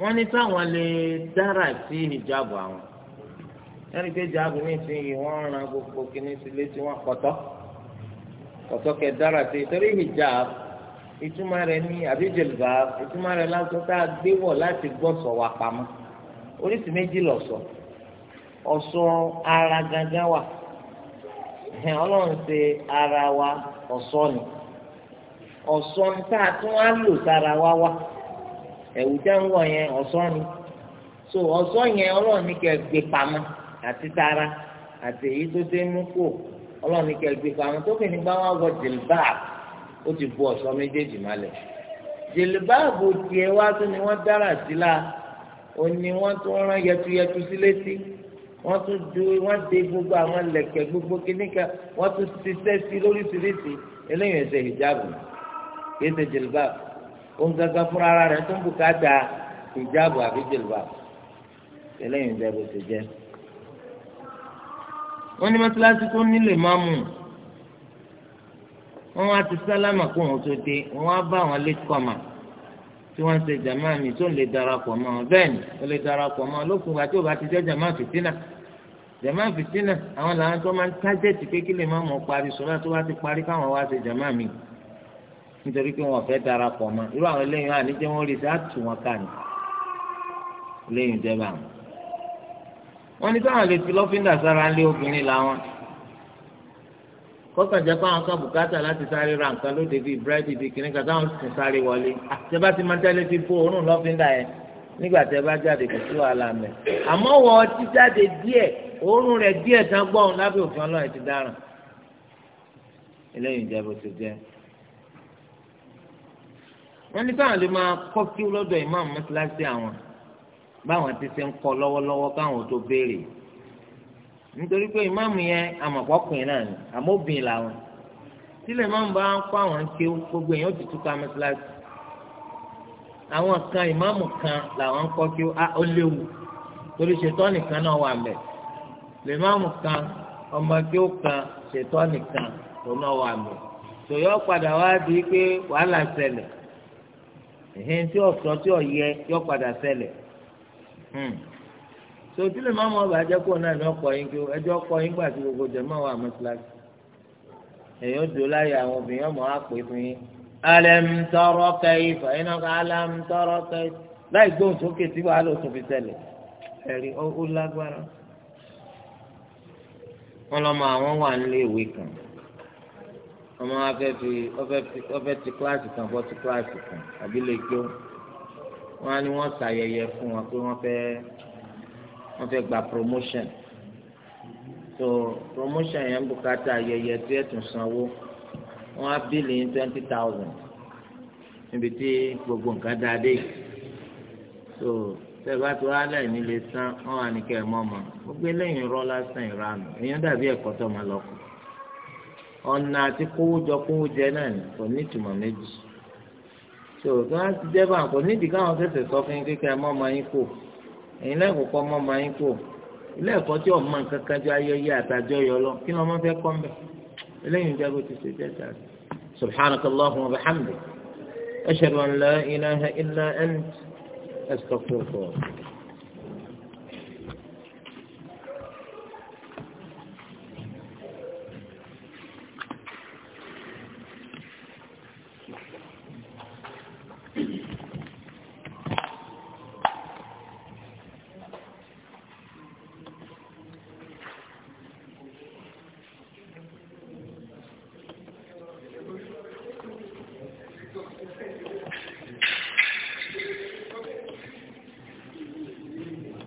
wọ́n ní táwọn lè dára sí ìjábọ̀ àwọn yẹn ní jáàbù ní ìsinyìí wọ́n ran gbogbo kìíní sí létí wọn kọ́tọ́ kọ́tọ́ kẹ sí torí hijab ìtumọ̀ rẹ̀ ní àbí jilbab ìtumọ̀ rẹ̀ tá a gbé wọ̀ láti sọ: wà pamọ́ oríṣi méjì lọ̀sọ̀ ọ̀ṣọ́ ara ara wa ọsọ ni Ọsọ ni tá a tún wa ewu ẹ̀wù ń ni so ọsọ yẹn ọlọ́run ní gbé àti tara àti èyí tó ṣe ń mú kó ọlọ́run ní kẹ́ gbé pa àwọn tóbìnrin bá wà wọ jìlbáàb ó ti bu ọ̀ṣọ́ méjèèjì mọ́lẹ̀ jìlbáàbù tiẹ̀ wá tó ni wọ́n dára sí la ó ní wọ́n tún rán yẹtuyẹtu sí létí wọ́n tún ju wọ́n de gbogbo àwọn lẹ̀kẹ̀ gbogbo kìnnìkan wọ́n tún ṣiṣẹ́ sí lóríṣiríṣi eléyìí ẹsẹ̀ hijabu kìí ṣe jìlbáàbù ó ń gángan fúnra ara rẹ̀ tó ń bùkátà hijabu àbí jìlbáàbù eléyìí ń bó ṣe jẹ́ wọ́n ní mọ́tíláṣí tó nílò máa mú wọ́n wá ti sálámà kó wọn tó dé wọ́n wá bá àwọn late comer tí wọ́n ń ṣe jàmá mi tó lè darapọ̀ mọ́ wọn bẹ́ẹ̀ ni ó lè darapọ̀ mọ́ lókun àti òbá ti jẹ́ jàmá fìtínà jàmá fìtínà àwọn làwọn tó máa ń tájẹ́tì pé kí lè má mọ̀ parí sọ́lá tó bá ti parí káwọn wá ṣe jàmá mi nítorí pé wọn fẹ́ darapọ̀ mọ́ irú àwọn eléyìí wọn àníjẹ́ wọn rí sí àtúwọn ká ní eléyìí jẹ́ báwọn wọ́n ní sáwọn lè fi lọ́fíńdà sára lé obìnrin làwọn kọ́kàn jẹ́ pé àwọn kan bùkátà láti sáré ra nǹkan lóde bíi búrẹ́dì bíi kìnìkà táwọn sì sáré wọlé àti ah, bá ti máa tẹ́lẹ̀ fi bó òórùn lọ́fíńdà yẹn nígbà tẹ́ bá jáde kò sí wàhálà mẹ́ àmọ́ wọ́n ti jáde díẹ̀ òórùn rẹ̀ díẹ̀ tán gbọ́n lábẹ́ òfin ọlọ́run ti dáràn eléyìí jẹ́ bó ti jẹ́ wọ́n ní sáwọn lè máa kọ́ kí lọ́dọ̀ ìmáàmù mọ́tíláṣí àwọn báwọn ti ṣe ń kọ́ lọ́wọ́lọ́wọ́ káwọn tó béèrè nítorí pé ìmáàmù yẹn àmọ̀pọ̀kùnrin náà ni àmọ́bìnrin làwọn sílẹ̀ máa ń bá ké gbogbo èèyàn ti túká mẹ́sàlásì àwọn kan ìmáàmù kan làwọn ń kọ́ kí ó léwu torí ṣètọ́ nìkan náà wà mẹ́ kan ọmọ kí ó kan ṣètọ́ nìkan tó náà wà mẹ́ tòyọ́ padà wá di pé wàhálà ṣẹlẹ̀ ẹ̀hìn tí ọ̀sọ́ tí ọ̀yẹ yọ padà ṣẹlẹ̀ Hmm. so tí lè má mọ ọba ajẹ́ kó náà ní ọkọ̀ yín kí ẹjọ́ ọkọ̀ yín gbà tí gbogbo jẹ̀mọ́ wà mọ́sálásí èèyàn dò láyé àwọn obìnrin ọmọ wa pè fún yín alẹ́mtọ́rọ́ kẹ́yì alẹ́mtọ́rọ́ kẹ́yì láì gbóhùn sókè tí wàá ẹ̀rí ó lágbára wọn kan ọmọ wa fi ti kíláàsì kan kíláàsì kan àbí lè wọ́n á ní wọ́n ṣàyẹyẹ fún wọn pé wọ́n fẹ́ wọ́n fẹ́ gba promotion so promotion yẹn ń bùkátà ayẹyẹ tí ẹ tún sanwó wọ́n á bíìlì ní twenty thousand níbi tí gbogbo nǹkan dáa dé so tẹ́gbà tó wá lẹ̀ nílé sán wọ́n wà ní kẹ́ ẹ̀ mọ́ ọmọ gbogbo eléyìí rọ́ lásán ìranù èèyàn dàbí ẹ̀kọ́ tó máa lọ ọ̀nà àti kówó jọ náà kò ní ìtumọ̀ méjì so tí wọ́n ti jẹ́ báńkò nídìí káwọn fẹsẹ̀ sọ fún yín kékeré mọ́ ọmọ yín kò ẹ̀yin lẹ́kọ̀ọ́ kọ́ mọ́ ọmọ yín kò ilé ẹ̀kọ́ tí ọmọ nǹkan kan jọ ayẹyẹ àtàjọ yọ lọ kí ni ọmọ fẹ́ kọ́ mbẹ́ eléyìí jẹ́ bó ti ṣe jẹ́ sáré subhanaka allahumma wa bihamdik ashhadu an la ilaha illa ant astaghfiruka